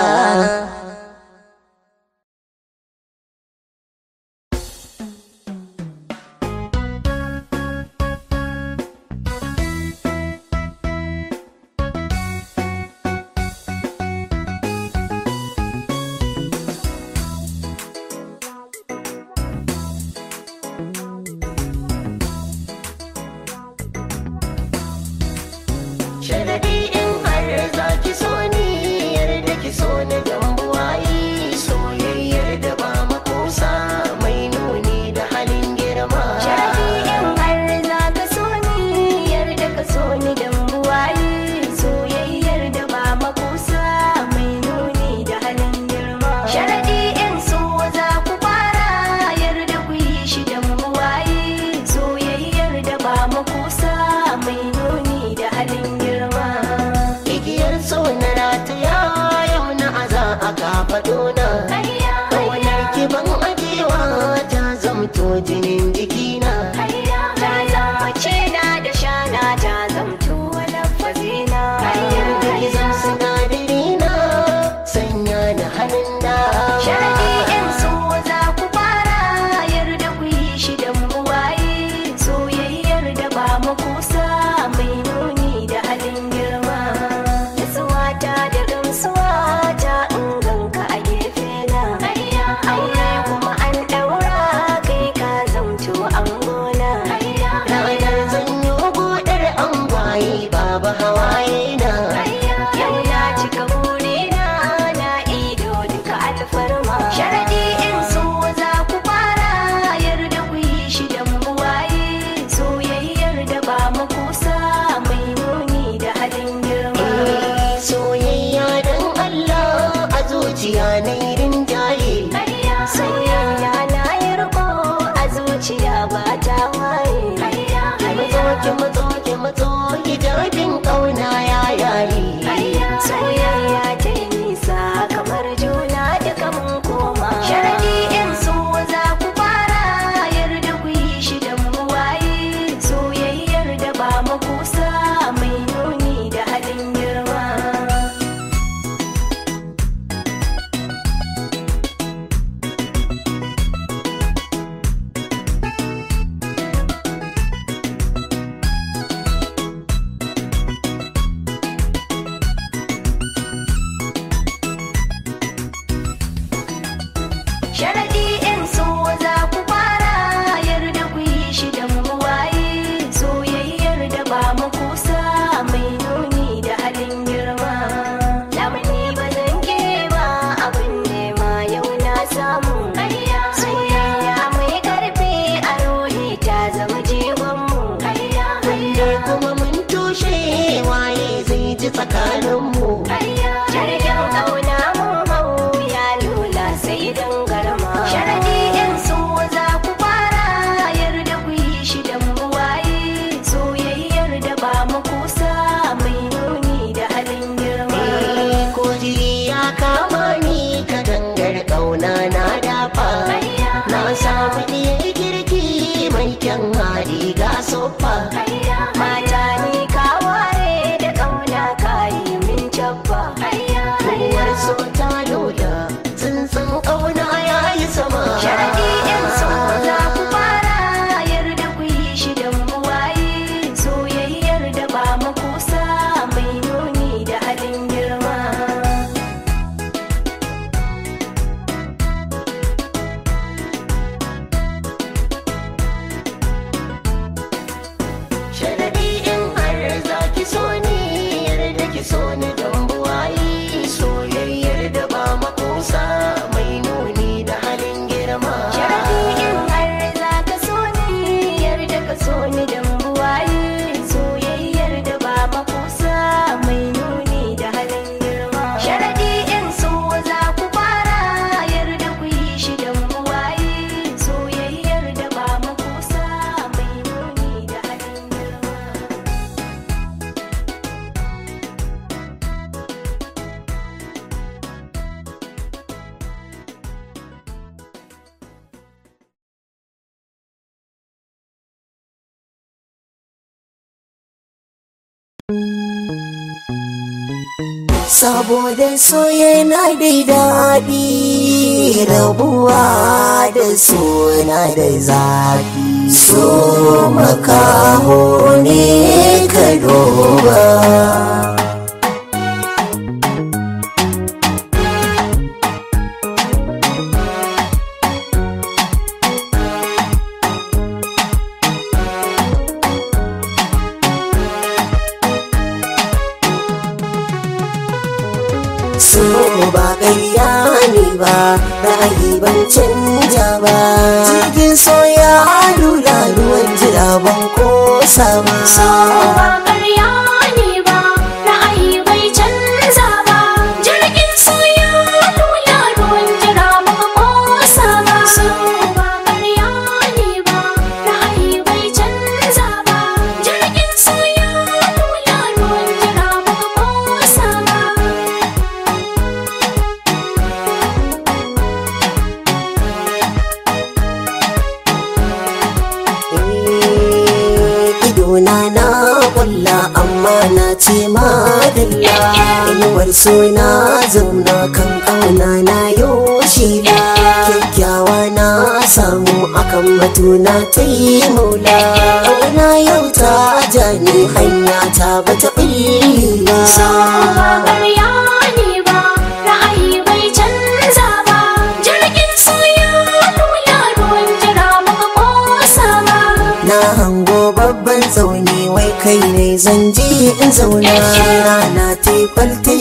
dai daɗi rabuwa da suna da zafi so makaho ne ka doba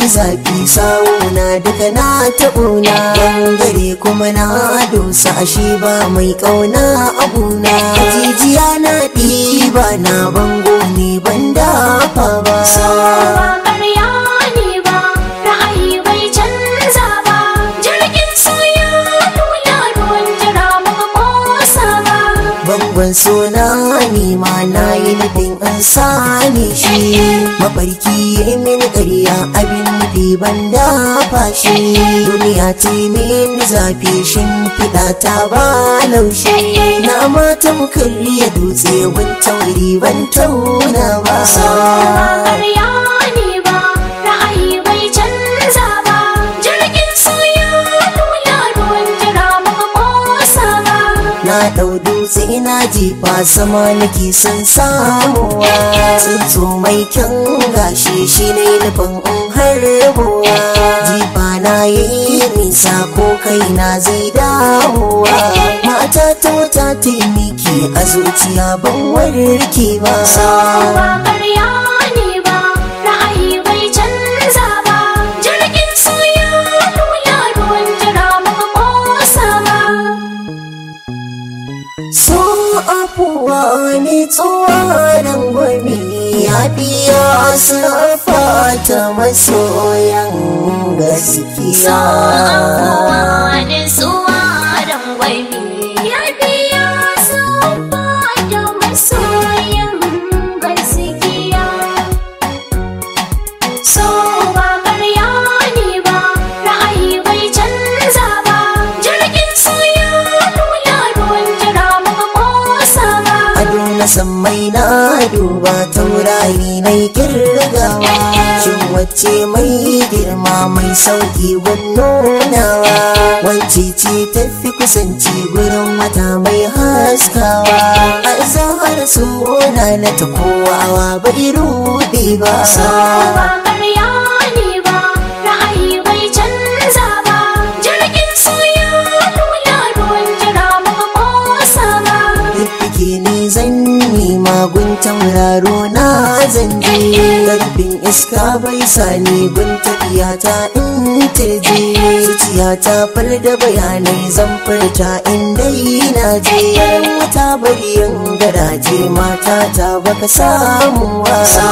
zafi sauna duka na taɓuna gare kuma na dosa ashe ba mai ƙauna abuna jijiya na ɗiba na bango ne ban dafa ba mugun suna ni ma na yi nufin an ni shi mafarki ya yi mini ƙarya abin nufi ban dafa shi duniya ce min zafi shin fiɗa ta ba laushi na mata mukalli ya dutse wancan wuri ban tauna ba. Na na ji ba sama nake son samuwa tsuntsu mai kyan gashi shi ne nufin in harbuwa jifa na yi nisa ko kai na zai dawowa mata ta wata taimaki a zuciya ban warke ba. tsoron gwami ya biya asafa ta masoyan gaskiya. Ba taurari na kirgawa shin wacce mai girma mai sauki nunawa? wacce ce tafi kusanci gurin mata mai haskawa a zahar suna na ta kowawa bai rubi ba tauraro na je eh, eh. rabin iska bai sani tafiya ta, in tirje eh, Zuciyata fal da bayanai zan furta in dai na je Wata bariyan gadaje mata ta baka samun wasa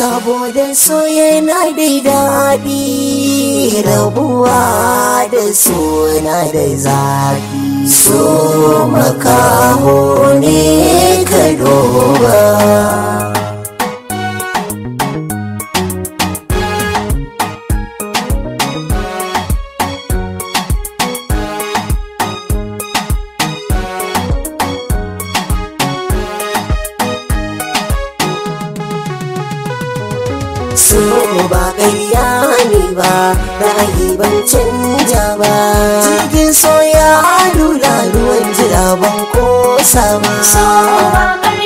saboda so yana da daɗi rabuwa da so na da zafi so makaho ne ka doba ban canja ba cikin soya lula ruwan jira ban sama. ba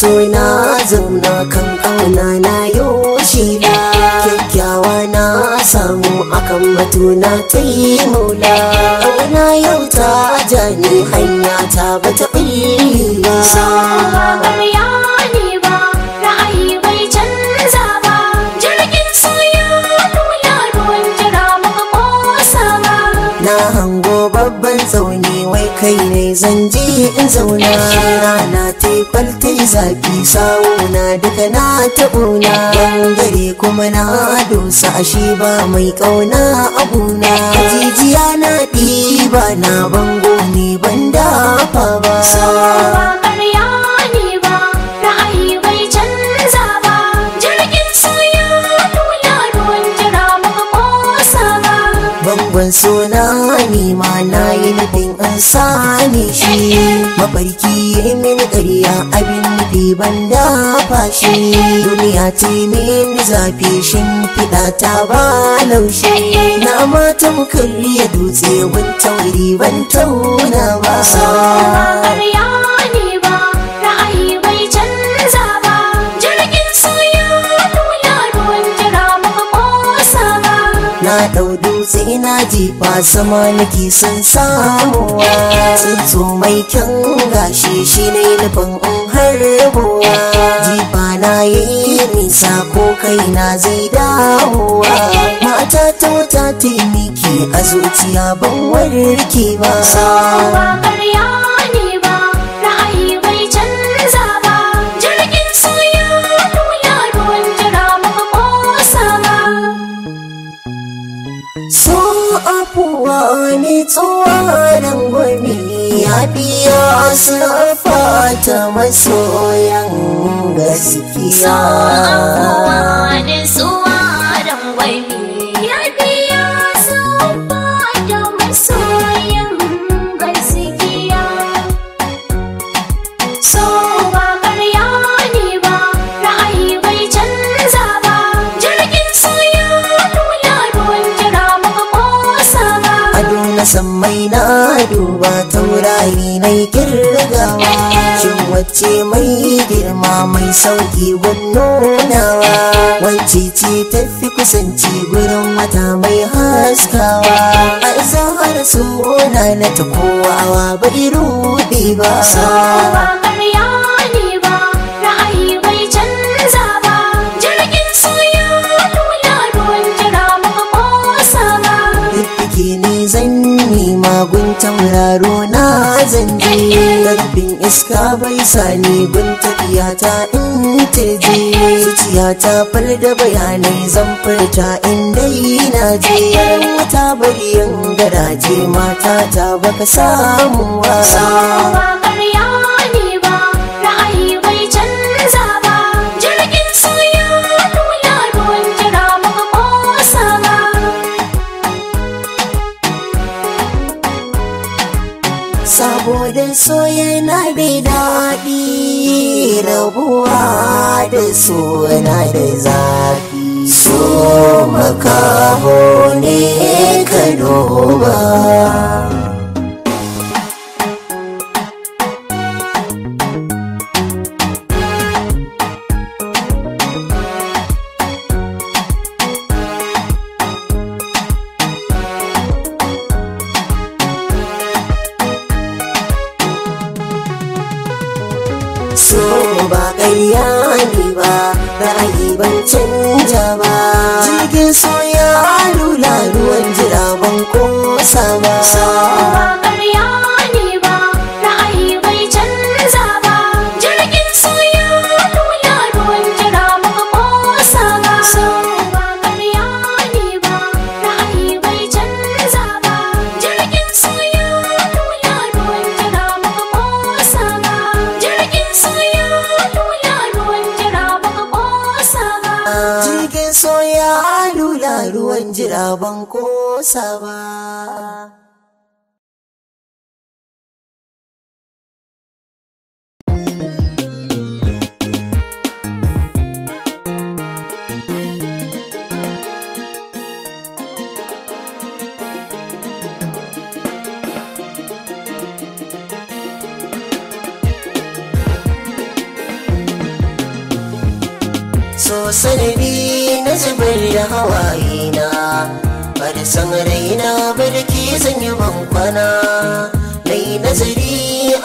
so na zauna kan ƙauna na yoshi ba kyakkyawa na samu akan batu na ta yi maula ƙauna yau ta jani hanya ta bata ɓulli ba kai ne zan je in zauna rana ta kwalta zafi sawuna duka na taɓuna gare kuma na dosa ashe ba mai ƙauna abuna jijiya na ɗi ba na bango ne ban dafa ba bangon suna ni ma na yi nufin an sami shi mafarki ya yi mini ƙarya abin nufi ban dafa shi duniya ce min zafi shin fiɗa ta ba laushi na mata mukan riya dutse wancan wuri ban tauna ba. na ɗau dutse ina ba sama nake sun samuwa tsuntsu mai kyan gashi shi ne nufin in harbuwa jifa na yi nisa ko kaina zai dawowa mata ta yi miki a zuciya ban warke ba. wani tsawaran gwani ya biya asrafa ta masoyan gaskiya. sammai na duba taurari na kirgawa shin wacce mai girma mai sauki wannonawa wacce ce tafi kusanci gurin mata mai haskawa a zahar suna na ta kowawa bai rubi ba sauraro na zanje rabin eh, eh. iska bai sani tafiya ta in teje eh, Zuciyata far da bayanai zan furta inda yi na je Wata bariyan garaje mata ta baka samuwa so yana da daɗi rabuwa da so na da zafi so makaho ne ka duba ƙosa ba. so sanadi na zubar da na. da san raina barki zan yi bankwana mai nazari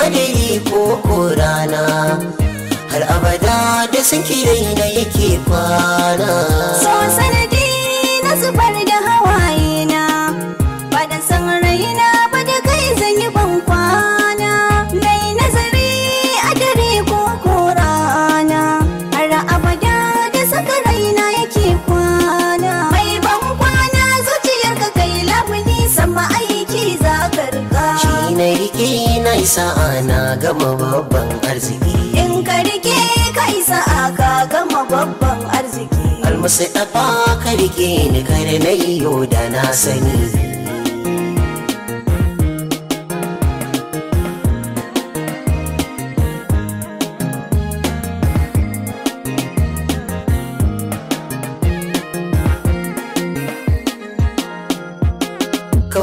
adari ko korana har abada da sanki raina yake kwana sanadi na zubar na rike na isa na gama babban arziki in ka rike ka isa ka gama babban arziki almasu ɗafa ka rike ni kare na iyo da na sani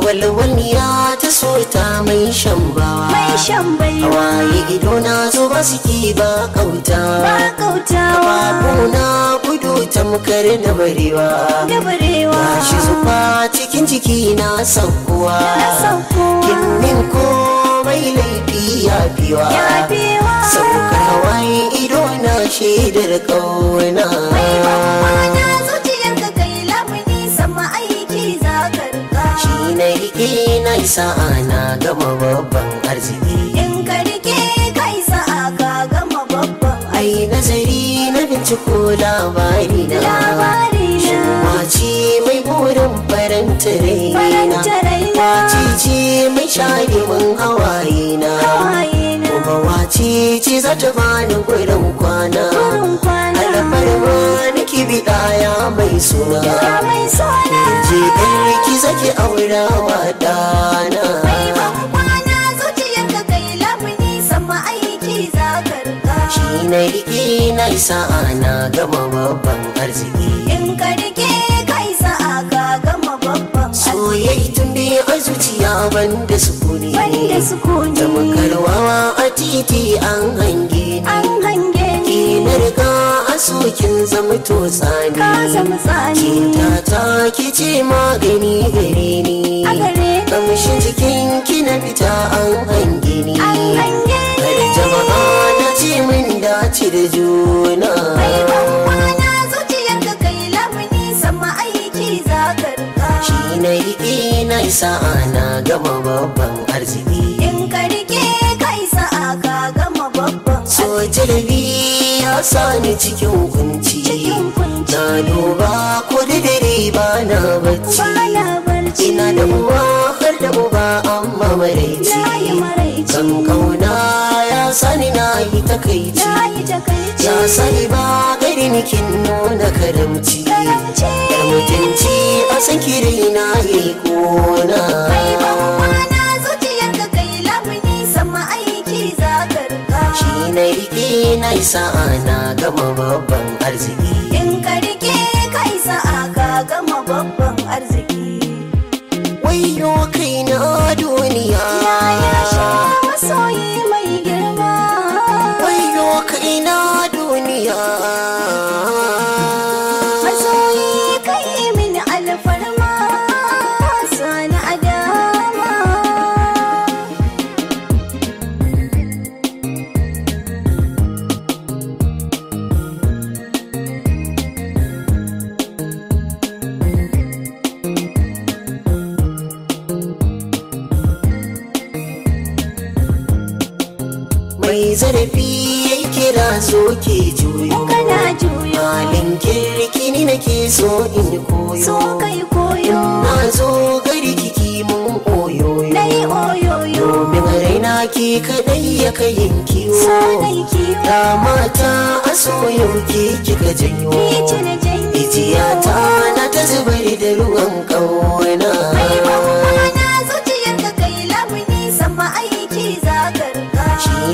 walwaliya so ta mai shambawa mai shambaiwa waye ido na su suke ba kauta ba kautawa kuna gudu tamkar da barewa da barewa shi zuba cikin jiki na saukowa ko komai laifi ya biwa saukar hawaye ido na shaidar kauna mai E, na riƙe na isa ana gama babban arziki in ka rike ka isa ka gama babban ai nazari na binciko labari na labari na mun farin tare na wacici mun shaɗi mun hawaye na kuma wacici za ta bani gurin kwana alamar wani kibi ɗaya mai suna je ɗarki zaki aura wa ɗana Shi na riƙe na isa ana gama babban arziki. In ka riƙe. yi sa'a ka gama babba. soyayya tun da ya zuciya banda sukuni banda sukuni da makarwawa a titi an hange ni an hange ni riga a sokin zama to tsani ka zama tsani ta ki ce magani gare ni a gare ni kamshin jikin ki na fita an hange ni an hange ni jama'a na ce min dace da juna na yi eh, na isa na gama babban arziki in ka rike kai sa'a ka gama babban so jirbi ya sani cikin kunci na duba ko da dare ba na bacci ina da uwa har da uba amma maraici kan kauna sani na yi takaici ya sani ba gari nikin nuna karamci da mutunci a sakiri na yi kona shi na rike na isa na gama babban arziki in ka rike ka isa ka gama babban arziki wayo kai na duniya ya ya sha masoyi mai girma. zarafi ya yi kira so ke juyo kana juyo halin kirki na ke so in koyo so kai koyo na zo gari kiki mun oyo oyoyo domin raina ki kadai ya kayin kiwo kiwo. ya mata a soyo ki kika janyo ijiya ta na ta zubar da ruwan kauna Mai kuma na zuciyar ka kai labuni sama aiki za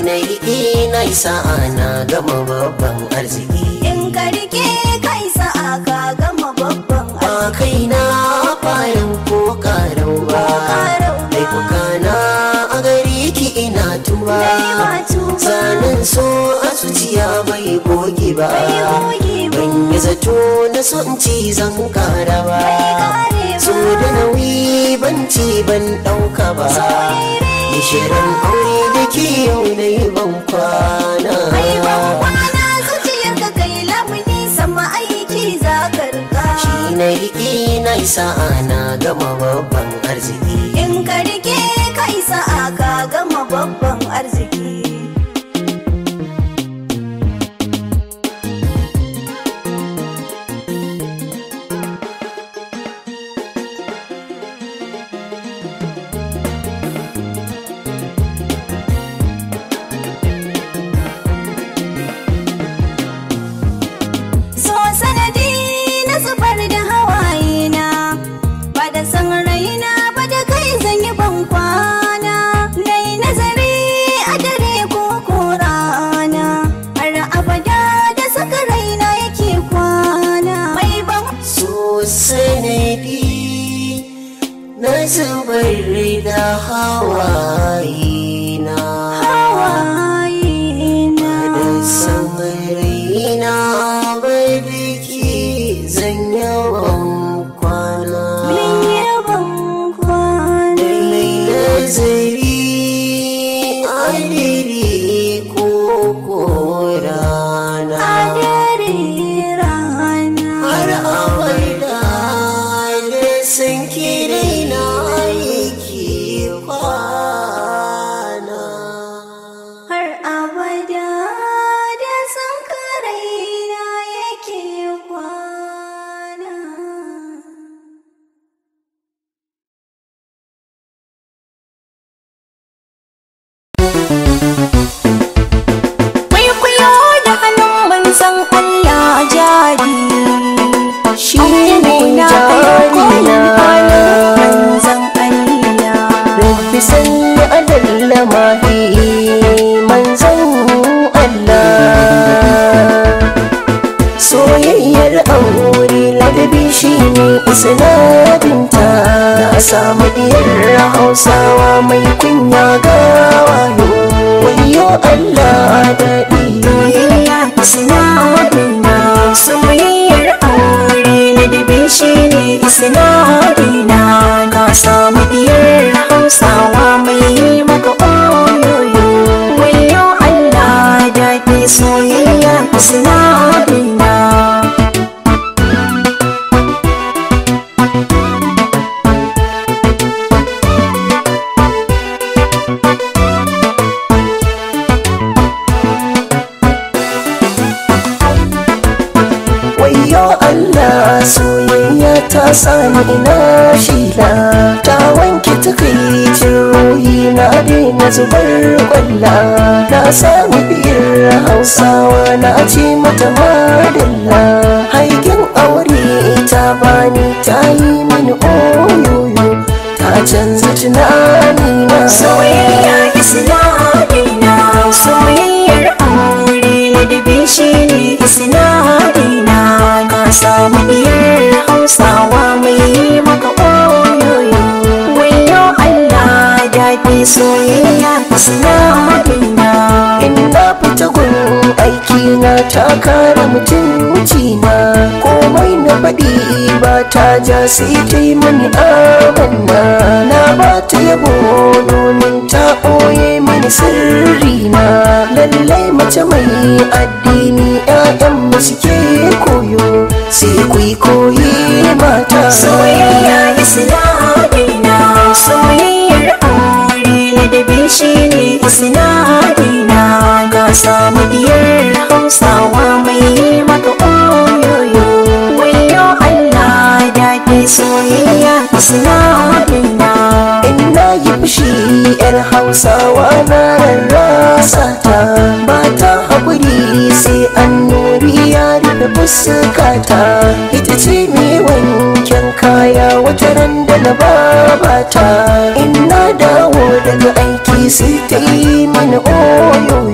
ni eh, na sa'a na gama babban arziki in ka riƙe kai sa'a ka gama babban arziki ba kai na farin ko karau ba mai kukana a gari ki ina tuba sanin so a zuciya bai goge ba ban yi zato na son ci zan kara ba so da nauyi ban ci ban ɗauka ba gishirin aure ki yau na yi ban kwana na riƙe na sa'a na gama babban arziki in ka rike ka sa'a ka gama babban na zubar da hawaye Sinadinta na hausawa mai kunya ga wayo wayo allah daɗi soyayya na hausawa mai yi maka oyoyo wayo allah daɗi soyayya ta sani ina shila ta wanke takaicin ruhi na daina zubar kwalla na sami biyar hausawa na ce mata madalla haikin aure ta bani ta yi min oyoyo ta canza na sauye wasa mabiyar hausawa mai yi maka oyoyo wayo allah daɗi soyayya isna madina in na fita gurin kina ta mutum na. komai na faɗi ba ta ja sai ta yi mani amanna na ba ta yabo nonin ta ɓoye mani na. lallai mace mai addini 'ya'yanmu suke koyo sai ku yi koyi mata soyayya islamina soyayyar aure na dabi shi ne islamina ga samu biyar amsawa mai yi maka oyoyo wayo Allah da ke soyayya islamin na in na yi fushi yar hausawa na rasa ta ba haƙuri sai an nuri yari da fuskata ita ce me wanken kaya wata ran da na babata in na dawo daga aiki sai ta yi mana oyoyo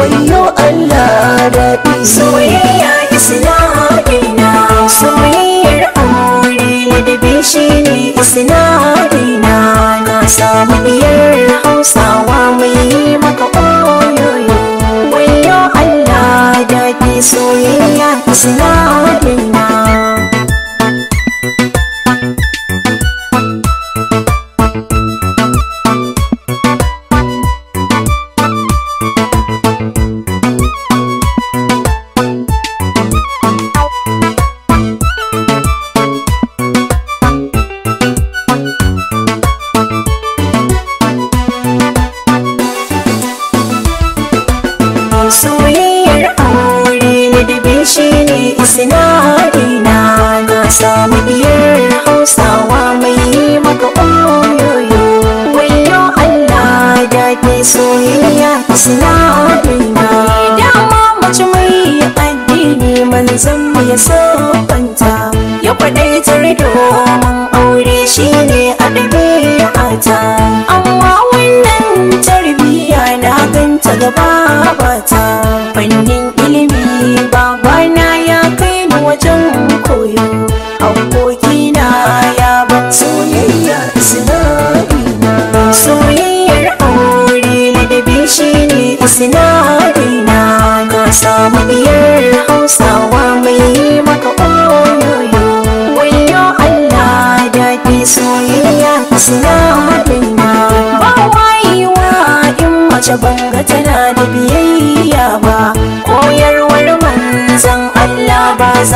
wayo Allah daɗi soyayya na soyayyar aure ladabi shi ne isna'ina na samu biyar hausawa mai maka oyoyo wayo Allah daɗi soyayya isna'ina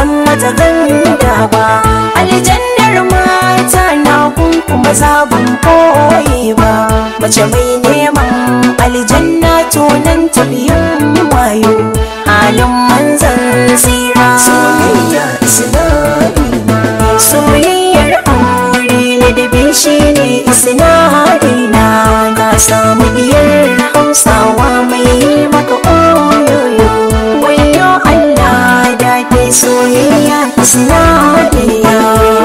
san mata ba aljandar mata na kun kuma sabon koyi ba mace mai neman aljanna to nan tafiyan wayo halin manzan sirri isnadi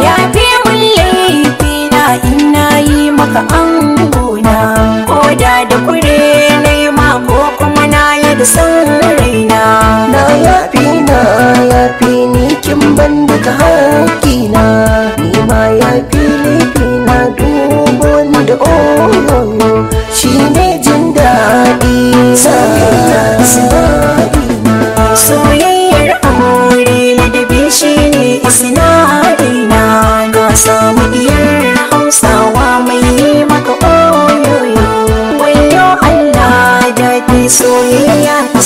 ya fi mun laifi na ina yi maka an gona ko da da kure na yi ma ko kuma na yi da san raina na yafi na yafi ni kin ban daga haƙƙi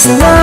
So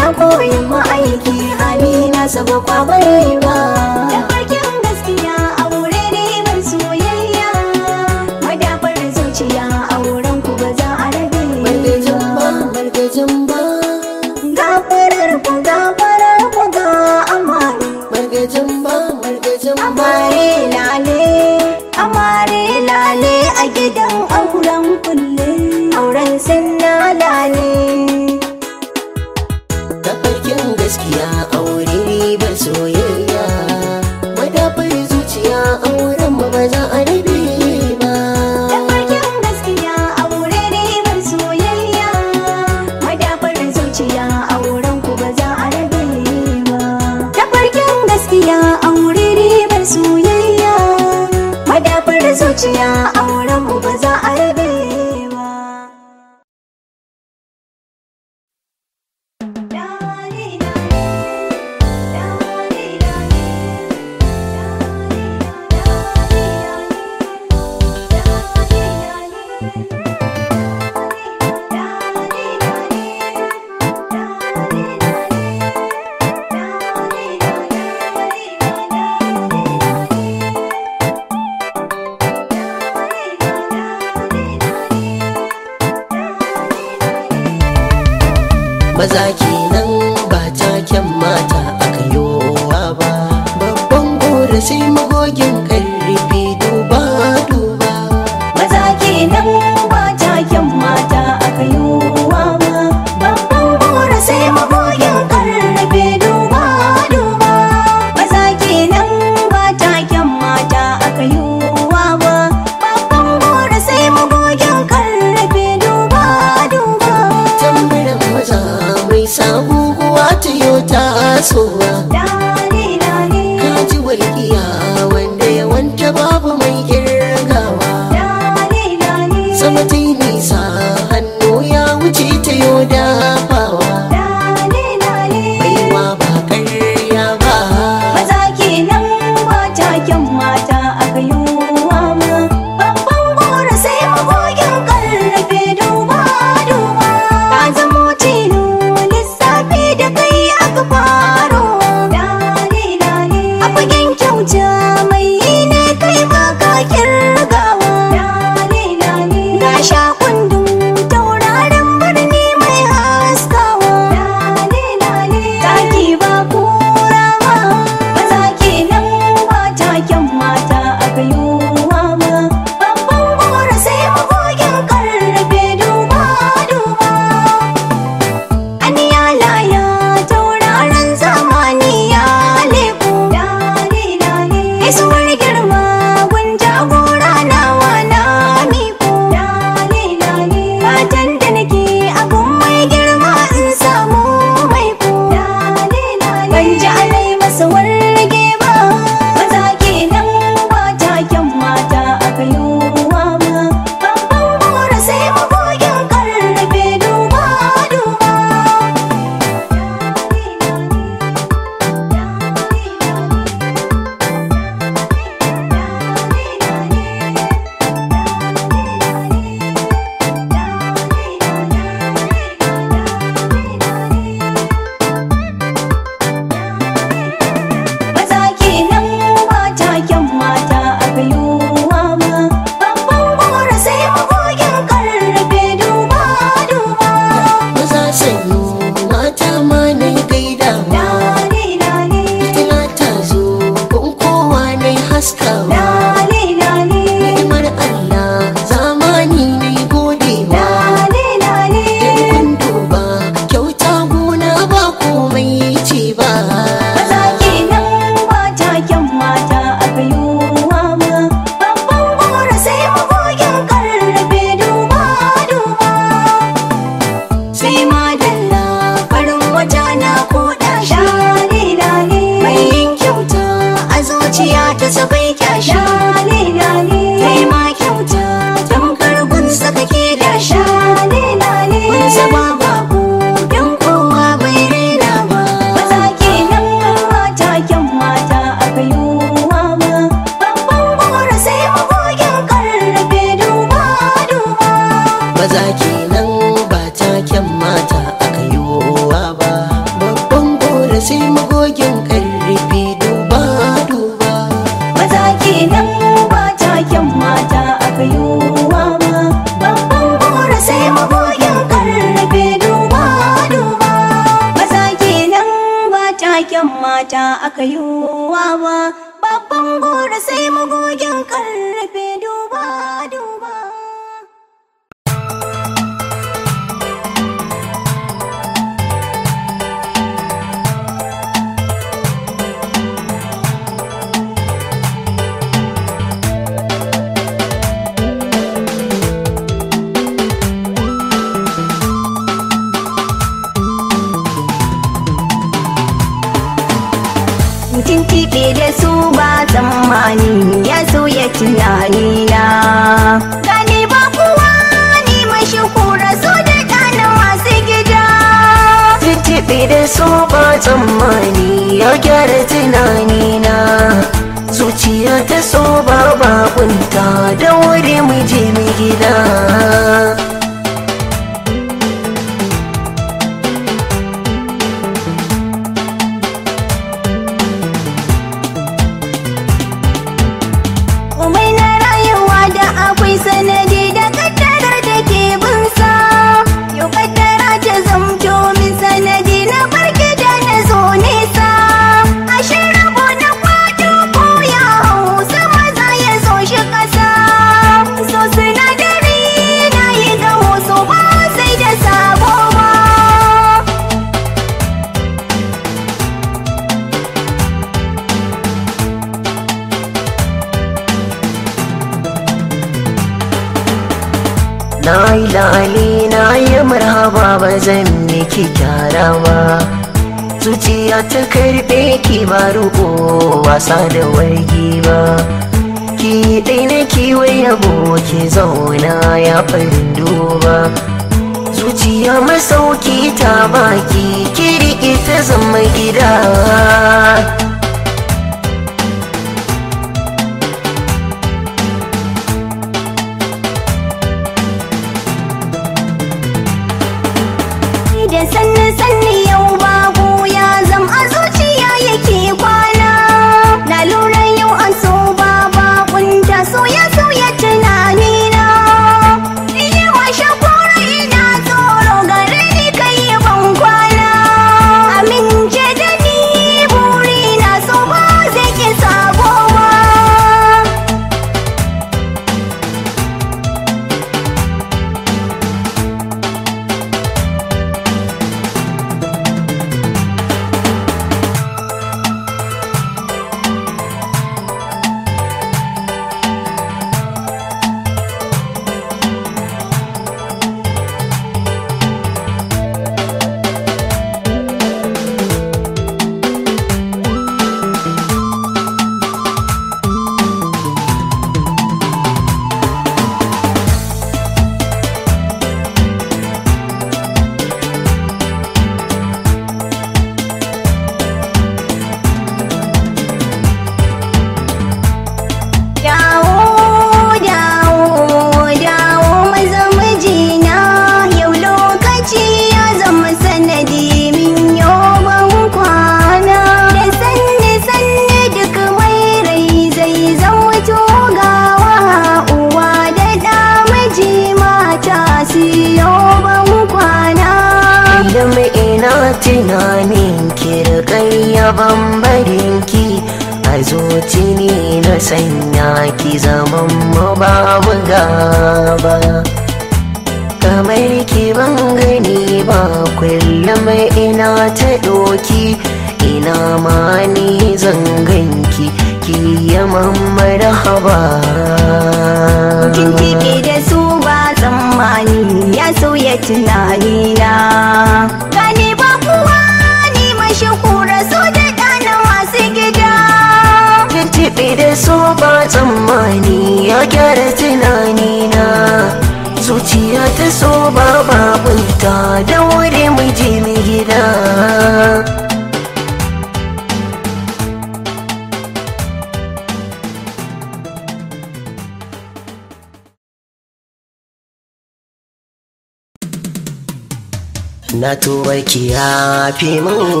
马蹄梦。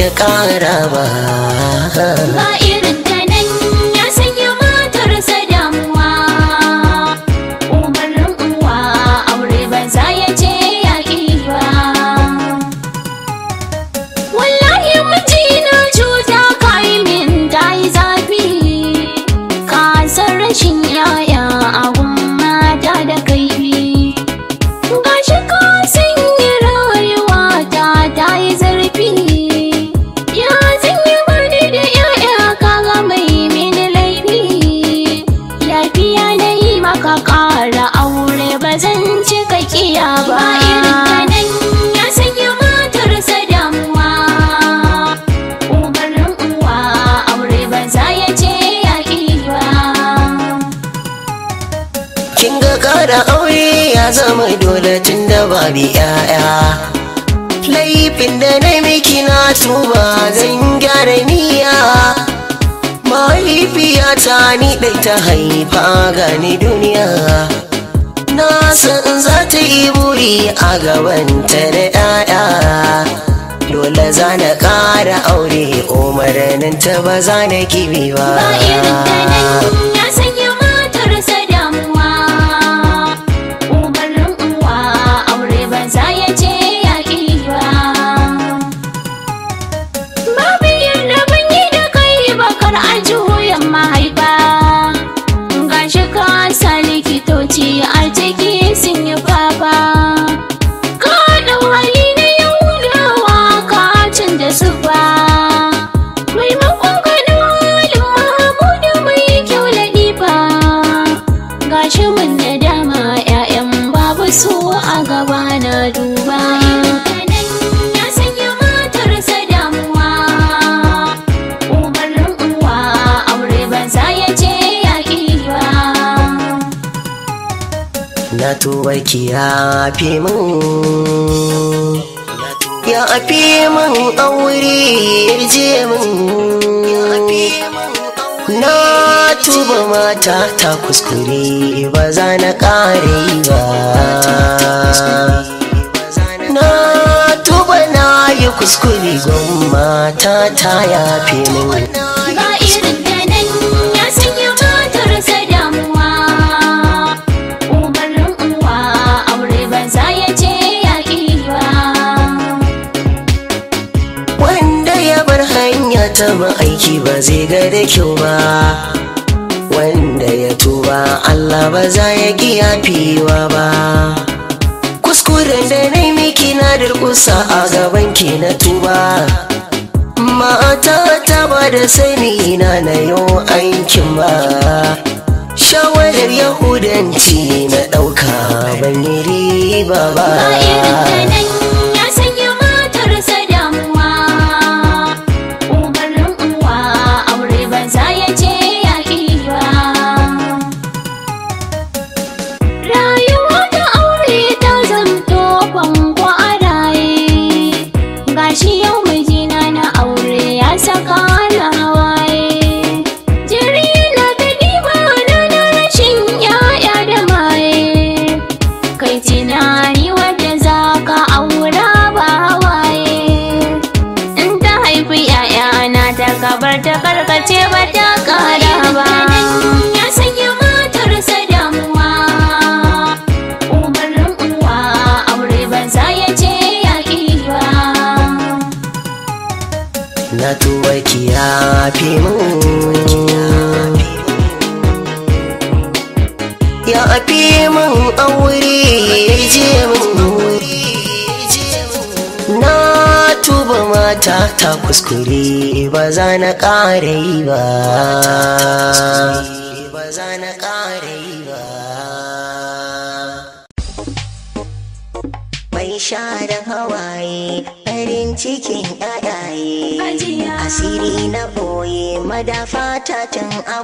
ki ƙara ba ta haifa gani duniya na san za ta yi buri a gabanta da ɗaya dole za na ƙara aure umarnin ta ba za na kibi ba ki yafe min ya fi min aure yarje min na tuba mata ta kuskure ba za na kare ba na tuba na yi kuskure gwamma ta ta yafe min taba aiki ba zai ga da kyau ba wanda ya tuba Allah ba za ya giya fiwa ba kuskuren da na miki na durkusa a gaban ki na tuba mata ta ba da sani na na yau aikin ba shawarar yahudanci na ɗauka ban yi riba ba ta kuskure ba za na ƙara yi ba ba na ba mai share hawaye farin cikin ɗaɗaye asiri na ɓoye madafa ta can a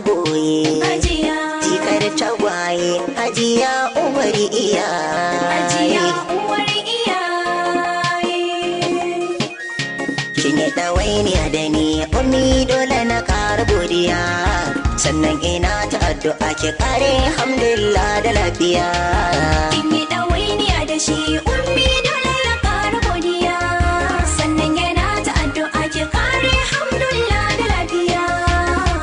ki kare hamdulillah da lafiya kin yi dawainiya da shi ummi da ya kara godiya sannan yana ta addu'a ki kare hamdulillah da lafiya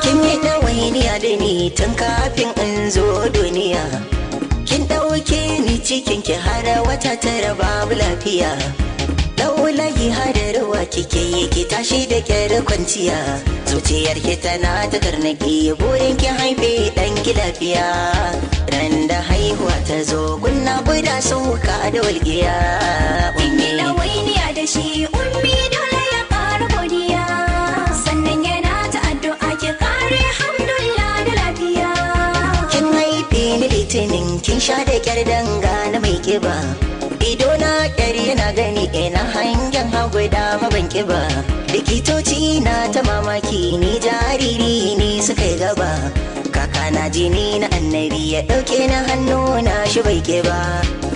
kin yi dawainiya da ni tun kafin in zo duniya kin dauke ni cikin ki har wata tara babu lafiya laulayi har kike yi ki tashi da kyar kwanciya zuciyar ki tana ta karnaki, burin ki haife dan ki lafiya ran da haihuwa ta zo kunna guda suka da walƙiya ummi da wainiya da shi ummi dole ya ƙara godiya sannan yana ta addu'a ki kare alhamdulillah da lafiya kin haife ni litinin kin sha da kyar danga na mai kiba na gani ina eh, hangen hagu dama ban kiba likitoci na ta mamaki ni jariri ne suka gaba kaka na jini na annabi ya dauke na hannu na shi bai ba,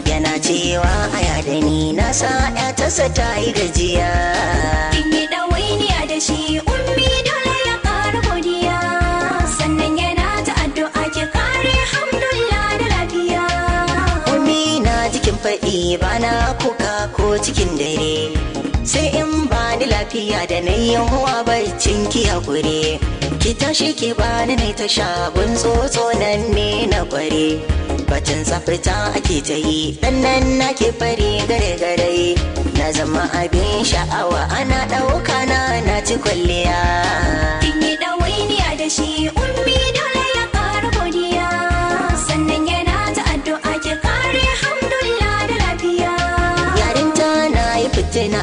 yana cewa a da ni na sa ya tasa ta gajiya kin yi da shi faɗi na kuka ko cikin dare sai in ba ni lafiya da na yi huwa barcin ki gure ki tashi ki bani ne ta shagun tsotso nan ne na kware batun tsafta ake ta yi Ɗannan nan na ke fari gare gare na zama abin sha'awa ana ɗauka na na ci kwalliya kin yi ɗawainiya da shi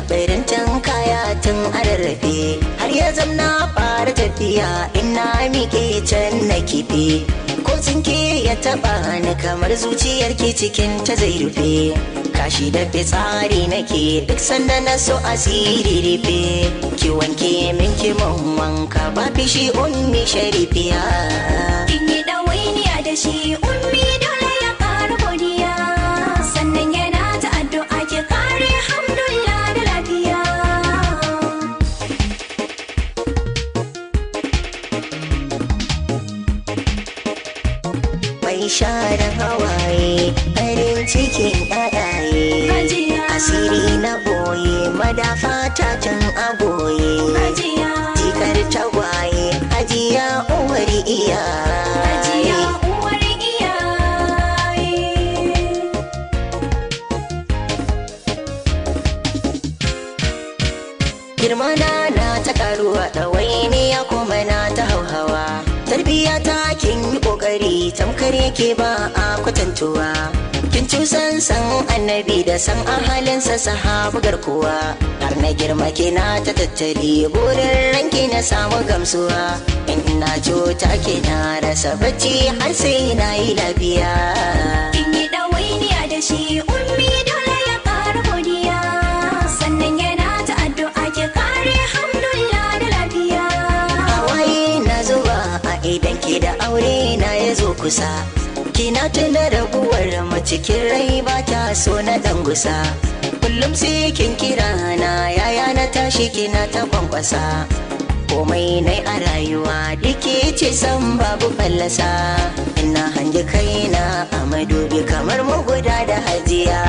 tun kaya tun ararrafe har ya zamna fara tafiya ina miƙe can na kife ko tsinke ya taɓa ni kamar zuciyar ke cikin ta zai rufe kashi da fitsari nake duk sanda na so asiri rufe ki wanke min ki mun wanka ba fishi sharifiya da san ahalinsa sahabu kuwa. har na girma kina ta tattari Borin ranki na samu gamsuwa Inna na cuta ke na rasa bacci har sai na yi lafiya in yi ɗawainiya da shi ummi dole ya ƙara godiya sannan yana ta addu'a ke kare hamdulillah da lafiya hawaye na zuba a idan ki da aurena ya zo kusa kina tuna rabuwar da macikin rai ba ta so na dangusa kullum sai kin kira na yaya na tashi kina ta kwankwasa komai nai a rayuwa dike ce san babu fallasa ina hangi kaina a madubi kamar maguda da hajiya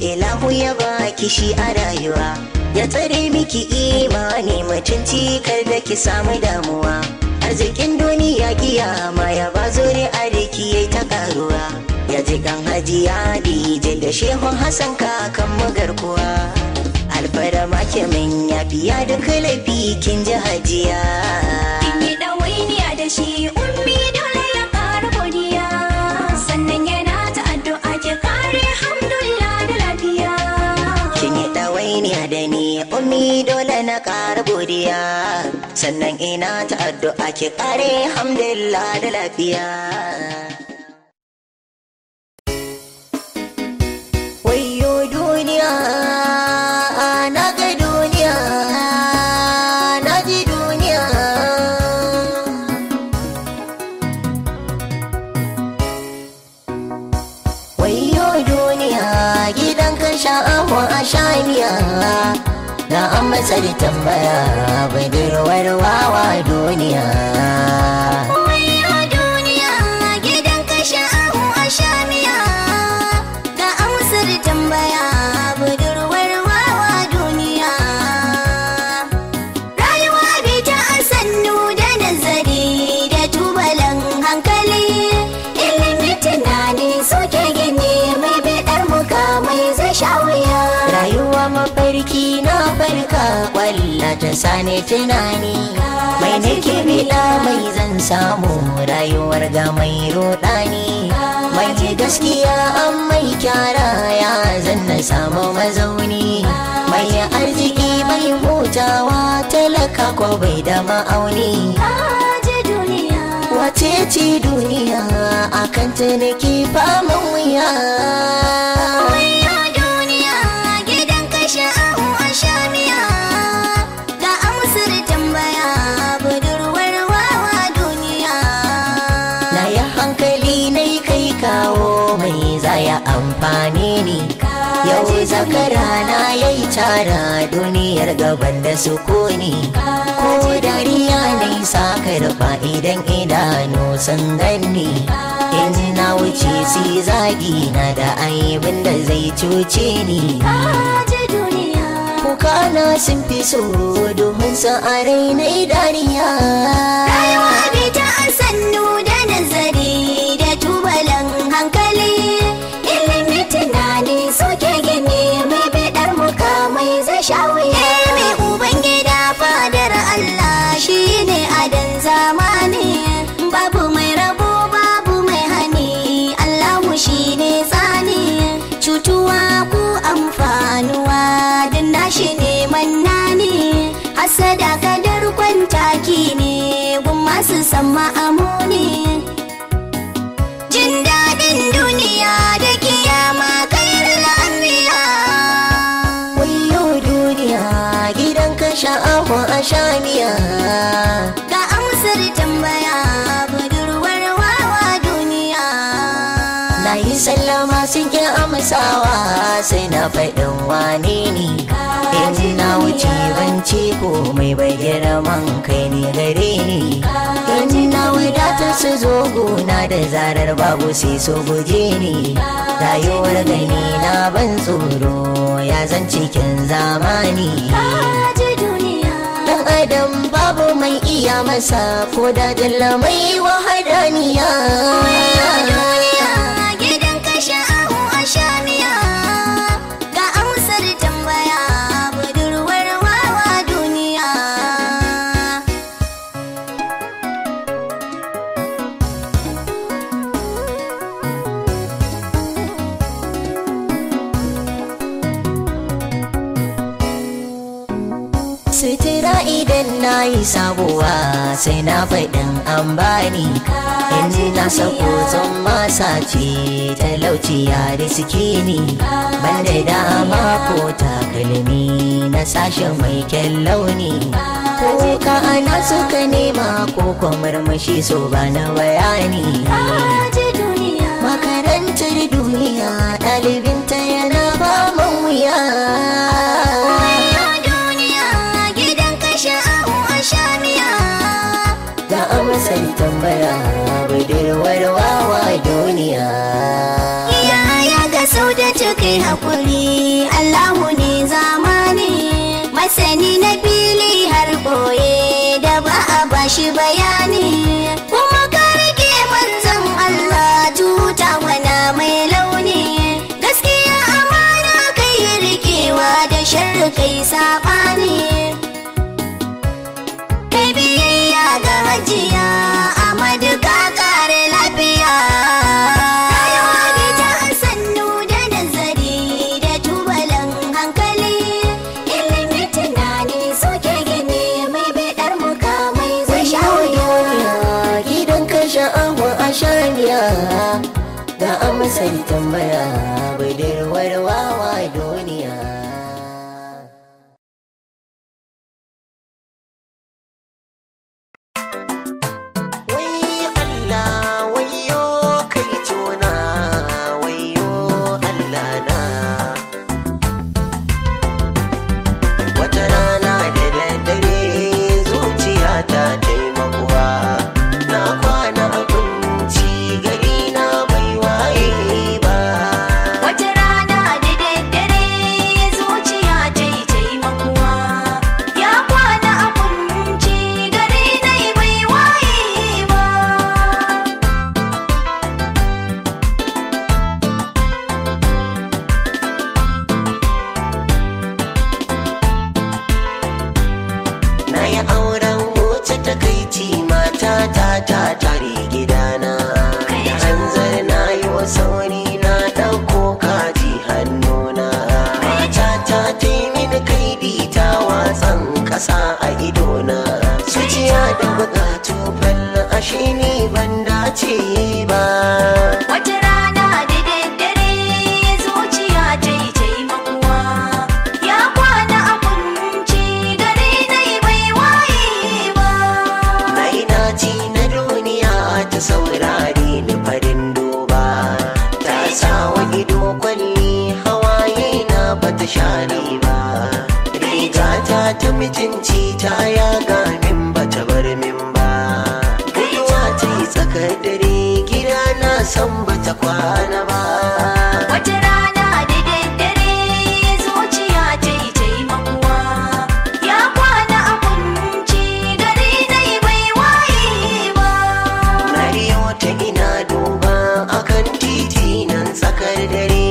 ilahu ya baki shi a rayuwa ya tsare miki imani mutum kar da ki samu damuwa arzikin duniya kiyama ya ba zuri a riki ya ta karuwa ya ji kan haji ya dije da shehun hassan kakan magarkuwa alfara make min ya biya duk laifi kin ji hajiya kin yi dawainiya da shi godiya sannan ina ta addu'a ki kare hamdulillah da lafiya asali tambaya bai budurwar wawa duniya Sane tunani mai nake bila mai zan samu rayuwar ga mai rudani mai ji gaskiya an mai kyara ya zan na samu mazauni mai arziki mai hutawa talaka ko bai da ma'auni wace ce duniya akan ta nake faman wuya gyara duniyar gaban da kone, ko dariya ne sa karba idan idanu sun ganni yanzu na wuce si zagi na da ayyabin da zai cuce ni na sun fi so domin sun a na dariya rayuwa bai ta sannu da nazari sawa sai na faɗin wane ne in na wuce banci ko mai bayyana man kai ne gare ni in na wadatar su zo gona da zarar babu sai so guje ni rayuwar gani na ban tsoro ya zan cikin zamani dan adam babu mai iya masa ko da dalla mai wahadaniya плечами yi sabuwa sai na faɗin an bani in na sako zan masa ce talauci ya riski ni ban da dama ko takalmi na sashen mai kyan launi ko ka ana suka nema ko kwamar mashi so ba na bayani makarantar duniya ɗalibinta yana ba wuya tambaya budurwar wawa duniya da bukatu ban ashe ne ban dace ba wata rana da daddare zuciya ta yi taimakuwa ya kwana a kunci gare na yi bai waye ba raina ci na duniya ta saurari ni farin duba ta sawa ido kwalli hawaye na bata share ba riga ta ta mijinci ta yaga san ba ta kwana ba wata rana da daddare zuciya ta yi taimakuwa ya kwana a kunci gari zai bai waye ba mariyo ta ina duba akan titi nan tsakar dare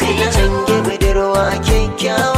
sai na hange budurwa kyakkyawa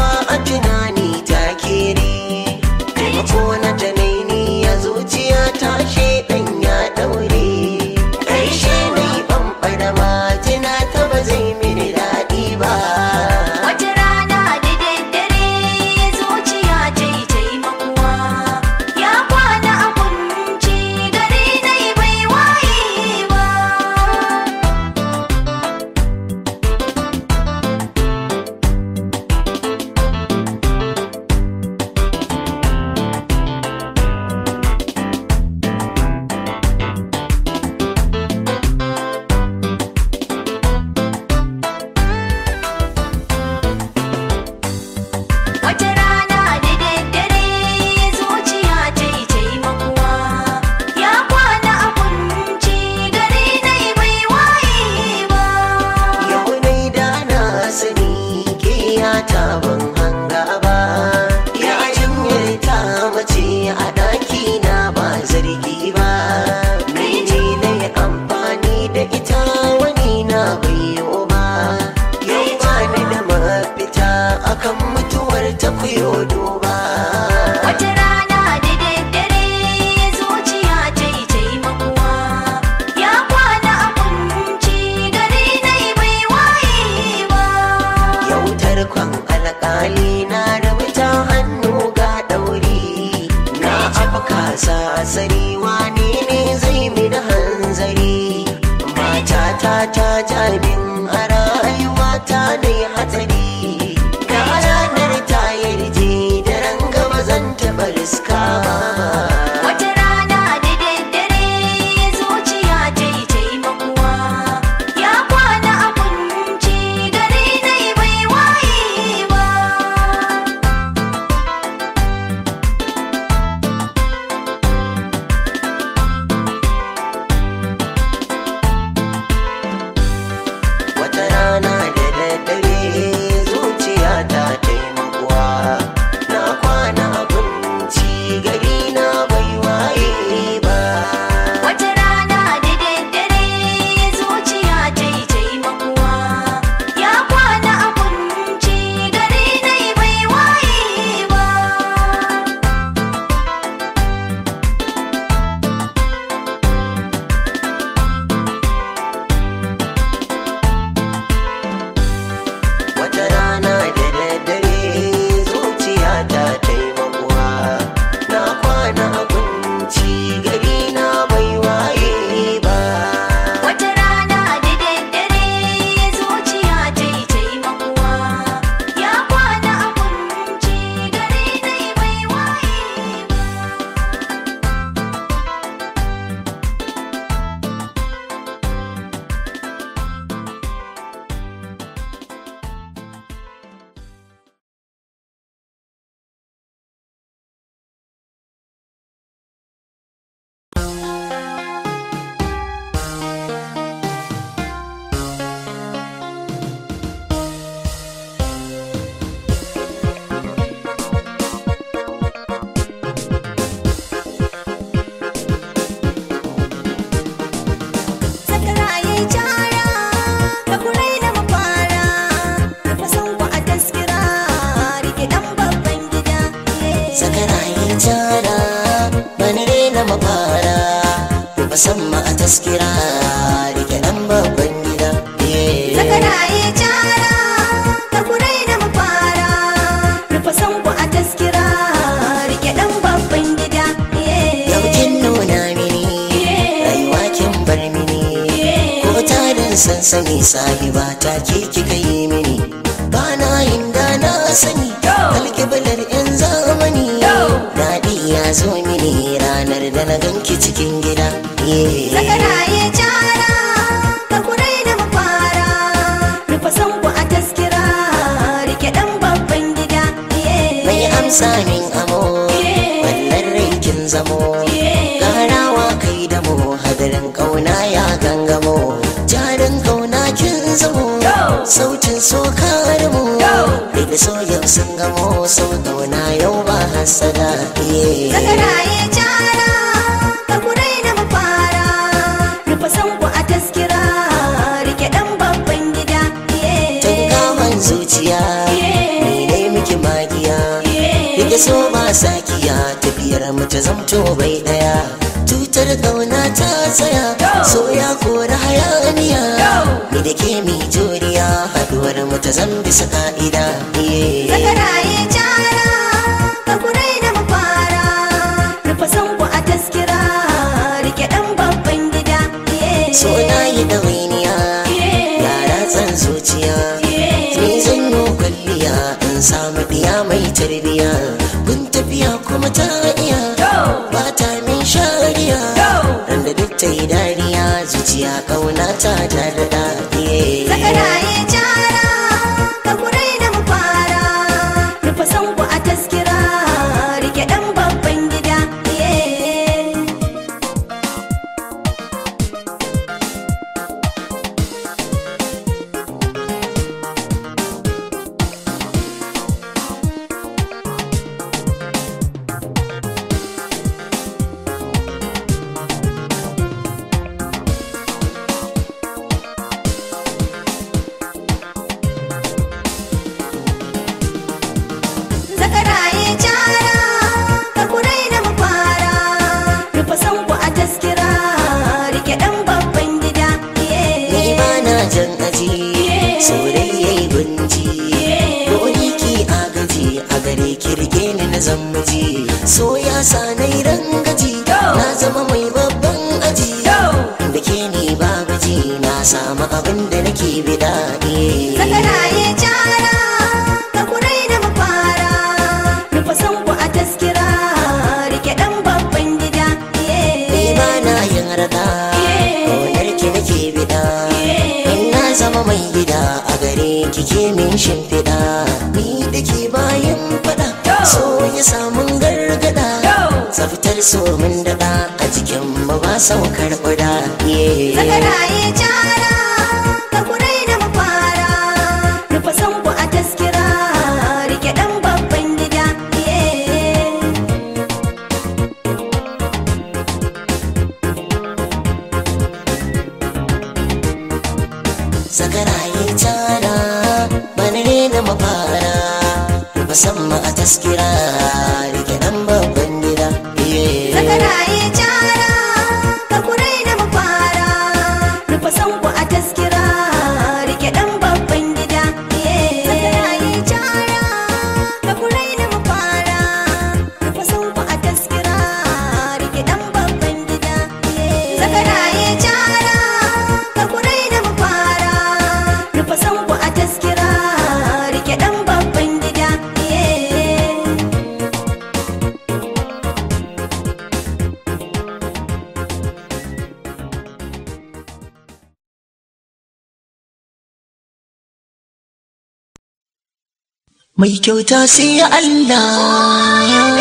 mai kyauta sai Allah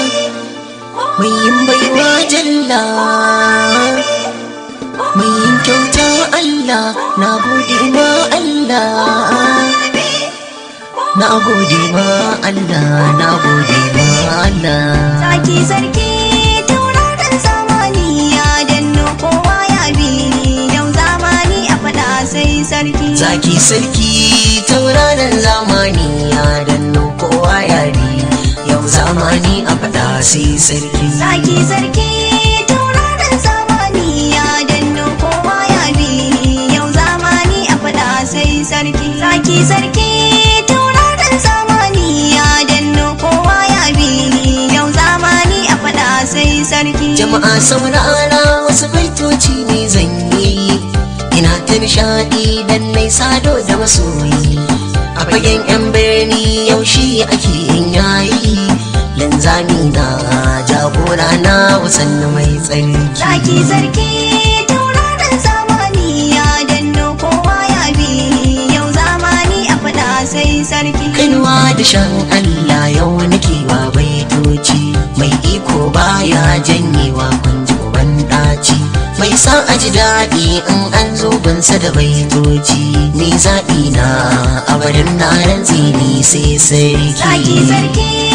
mai yin baiwa jalla mai yin kyauta Allah na gode ma Allah na gode ma Allah na gode ma Allah sarki sarki tauraron zamani ya danno kowa ya zamani a sai sarki sarki sarki tauraron zamani ya danno zamani a faɗa sai sarki sarki sarki tauraron zamani ya danno kowa ya bi yau zamani a faɗa sai sarki sarki sarki tauraron zamani ya danno kowa ya bi yau zamani a faɗa sai sarki jama'a saurara wasu baitoci ne zan yi ina ta nishadi dan mai sado da masoyi a fagen 'yan birni yaushe ake yin yayi linzami na jagora na wasanni mai tsarki zaki sarki tauraron zamani ya danno kowa ya bi yau zamani a fada sai sarki kalwa da shan Allah yau nake wa baitoci mai iko baya janyewa kunji uban daci mai sa a ji daɗi in an zo bansa da baitoci ni zaɗi na a barin na rantsi sai sarki sarki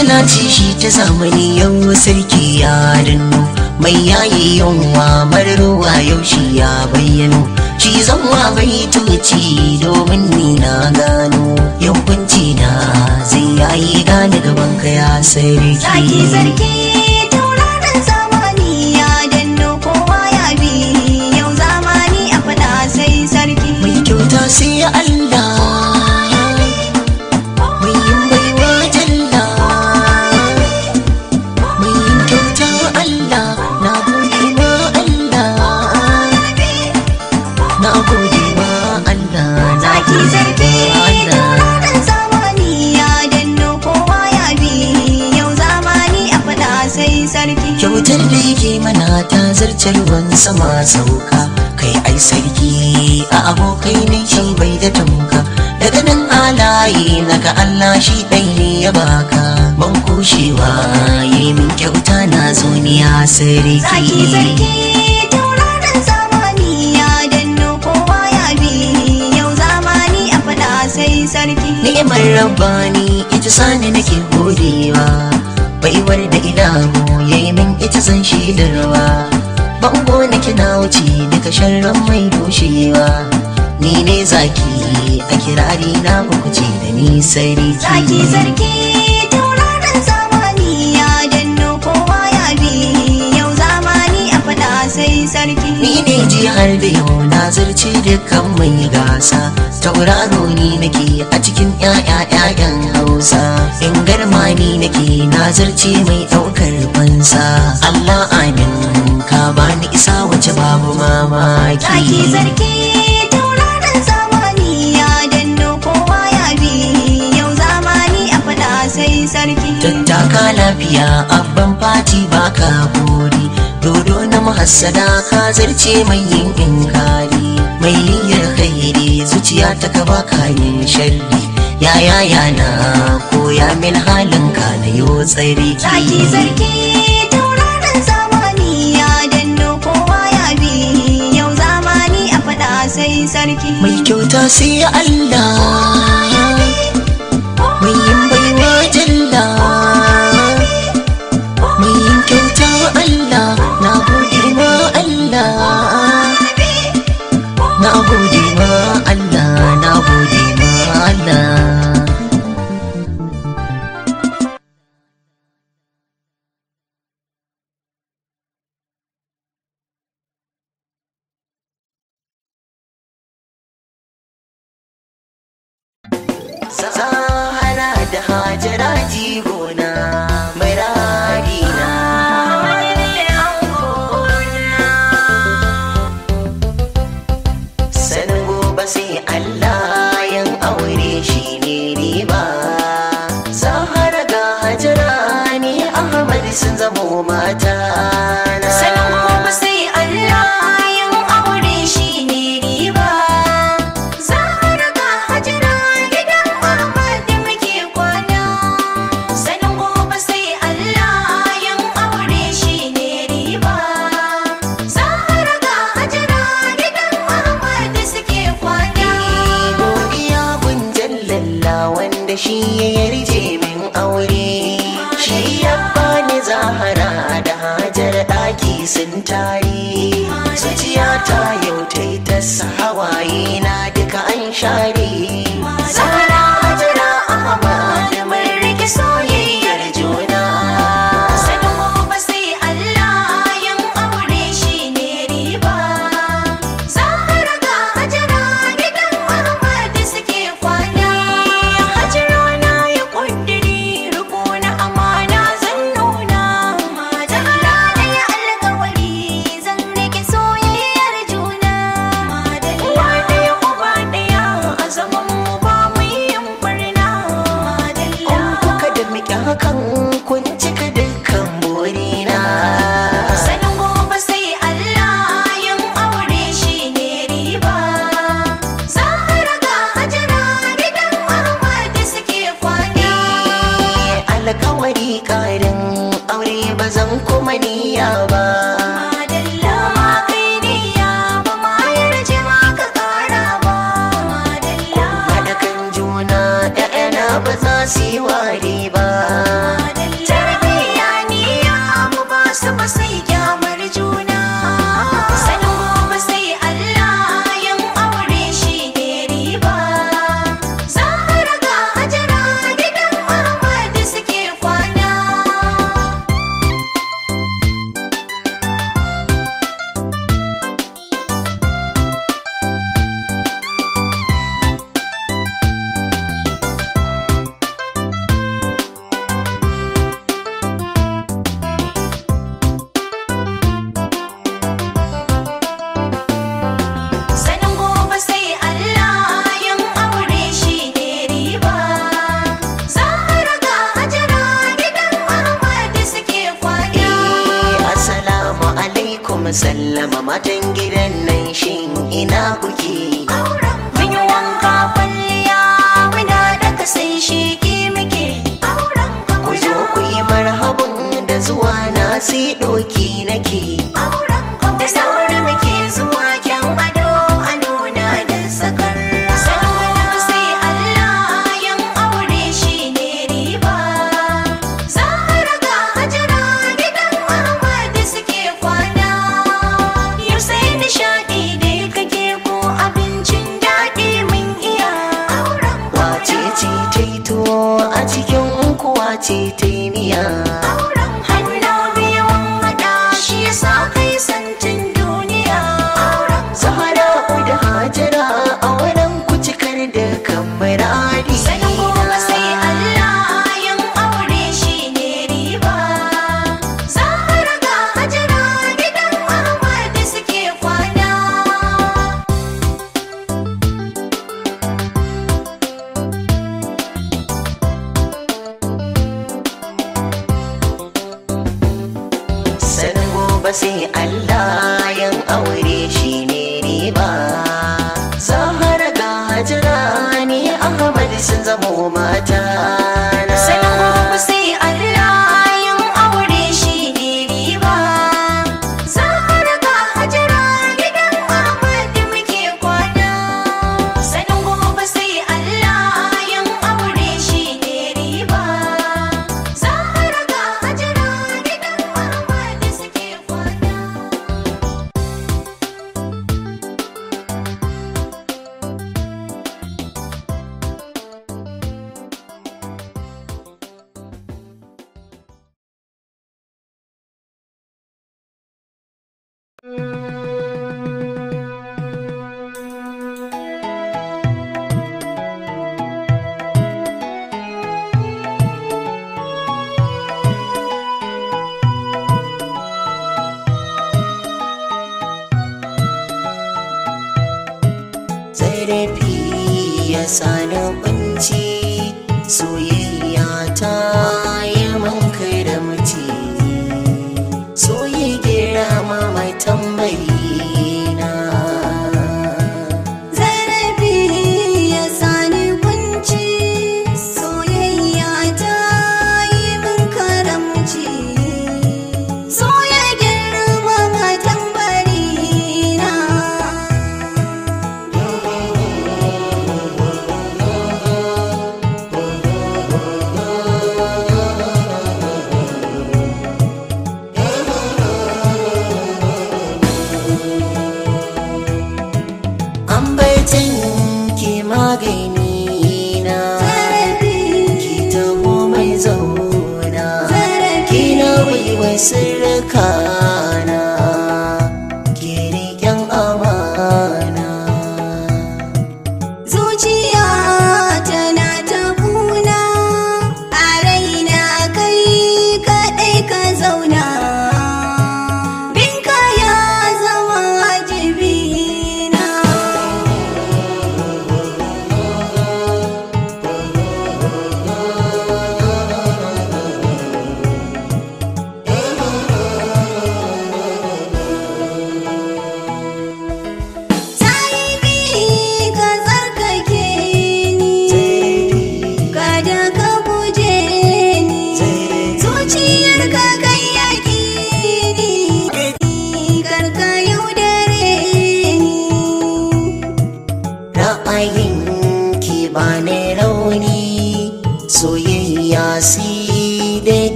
fitina ce shi ta zamani yau sarki ya danno mai yayi yunwa ruwa yau shi ya bayyano shi zama bai tuci domin ni na gano kunci na zai yayi gane gaban ka ya sarki ce ruwan sama sauka kai ai sarki a abokai ne shi bai da tamka daga nan alaye ga Allah shi ɗai ne ya baka ban kushewa yi min kyauta na zo ni ya sarki sarki sarki rabbani ita sani nake godewa baiwar da ilamu yayi min ita zan shi da rawa bango nake na wuce daga sharran mai dushewa ni ne zaki a kirari na uku ce da ni sarki zaki sarki tauraron zamani ya danno kowa ya bi yau zamani a fada sai sarki ni ne ji har da yau na dukkan mai gasa tauraro ni nake a cikin 'yaya yayan hausa in garma ni nake nazarci mai ɗaukar fansa allah amin ka bani isa wace babu mamaki sarki sai sarki tattaka lafiya abban fati baka bori dodo na muhassada ka zarce mai yin inkari mai yin khairi zuciya ta ka baka yin sharri ya ya ya na koya min halin ka na yo tsari ki zarki tauraron zamani ya danno kowa ya bi yau zamani a faɗa sai sarki mai kyauta sai Allah mai yin baiwa jalla tari zuciya ta yau ta yi ta hawaye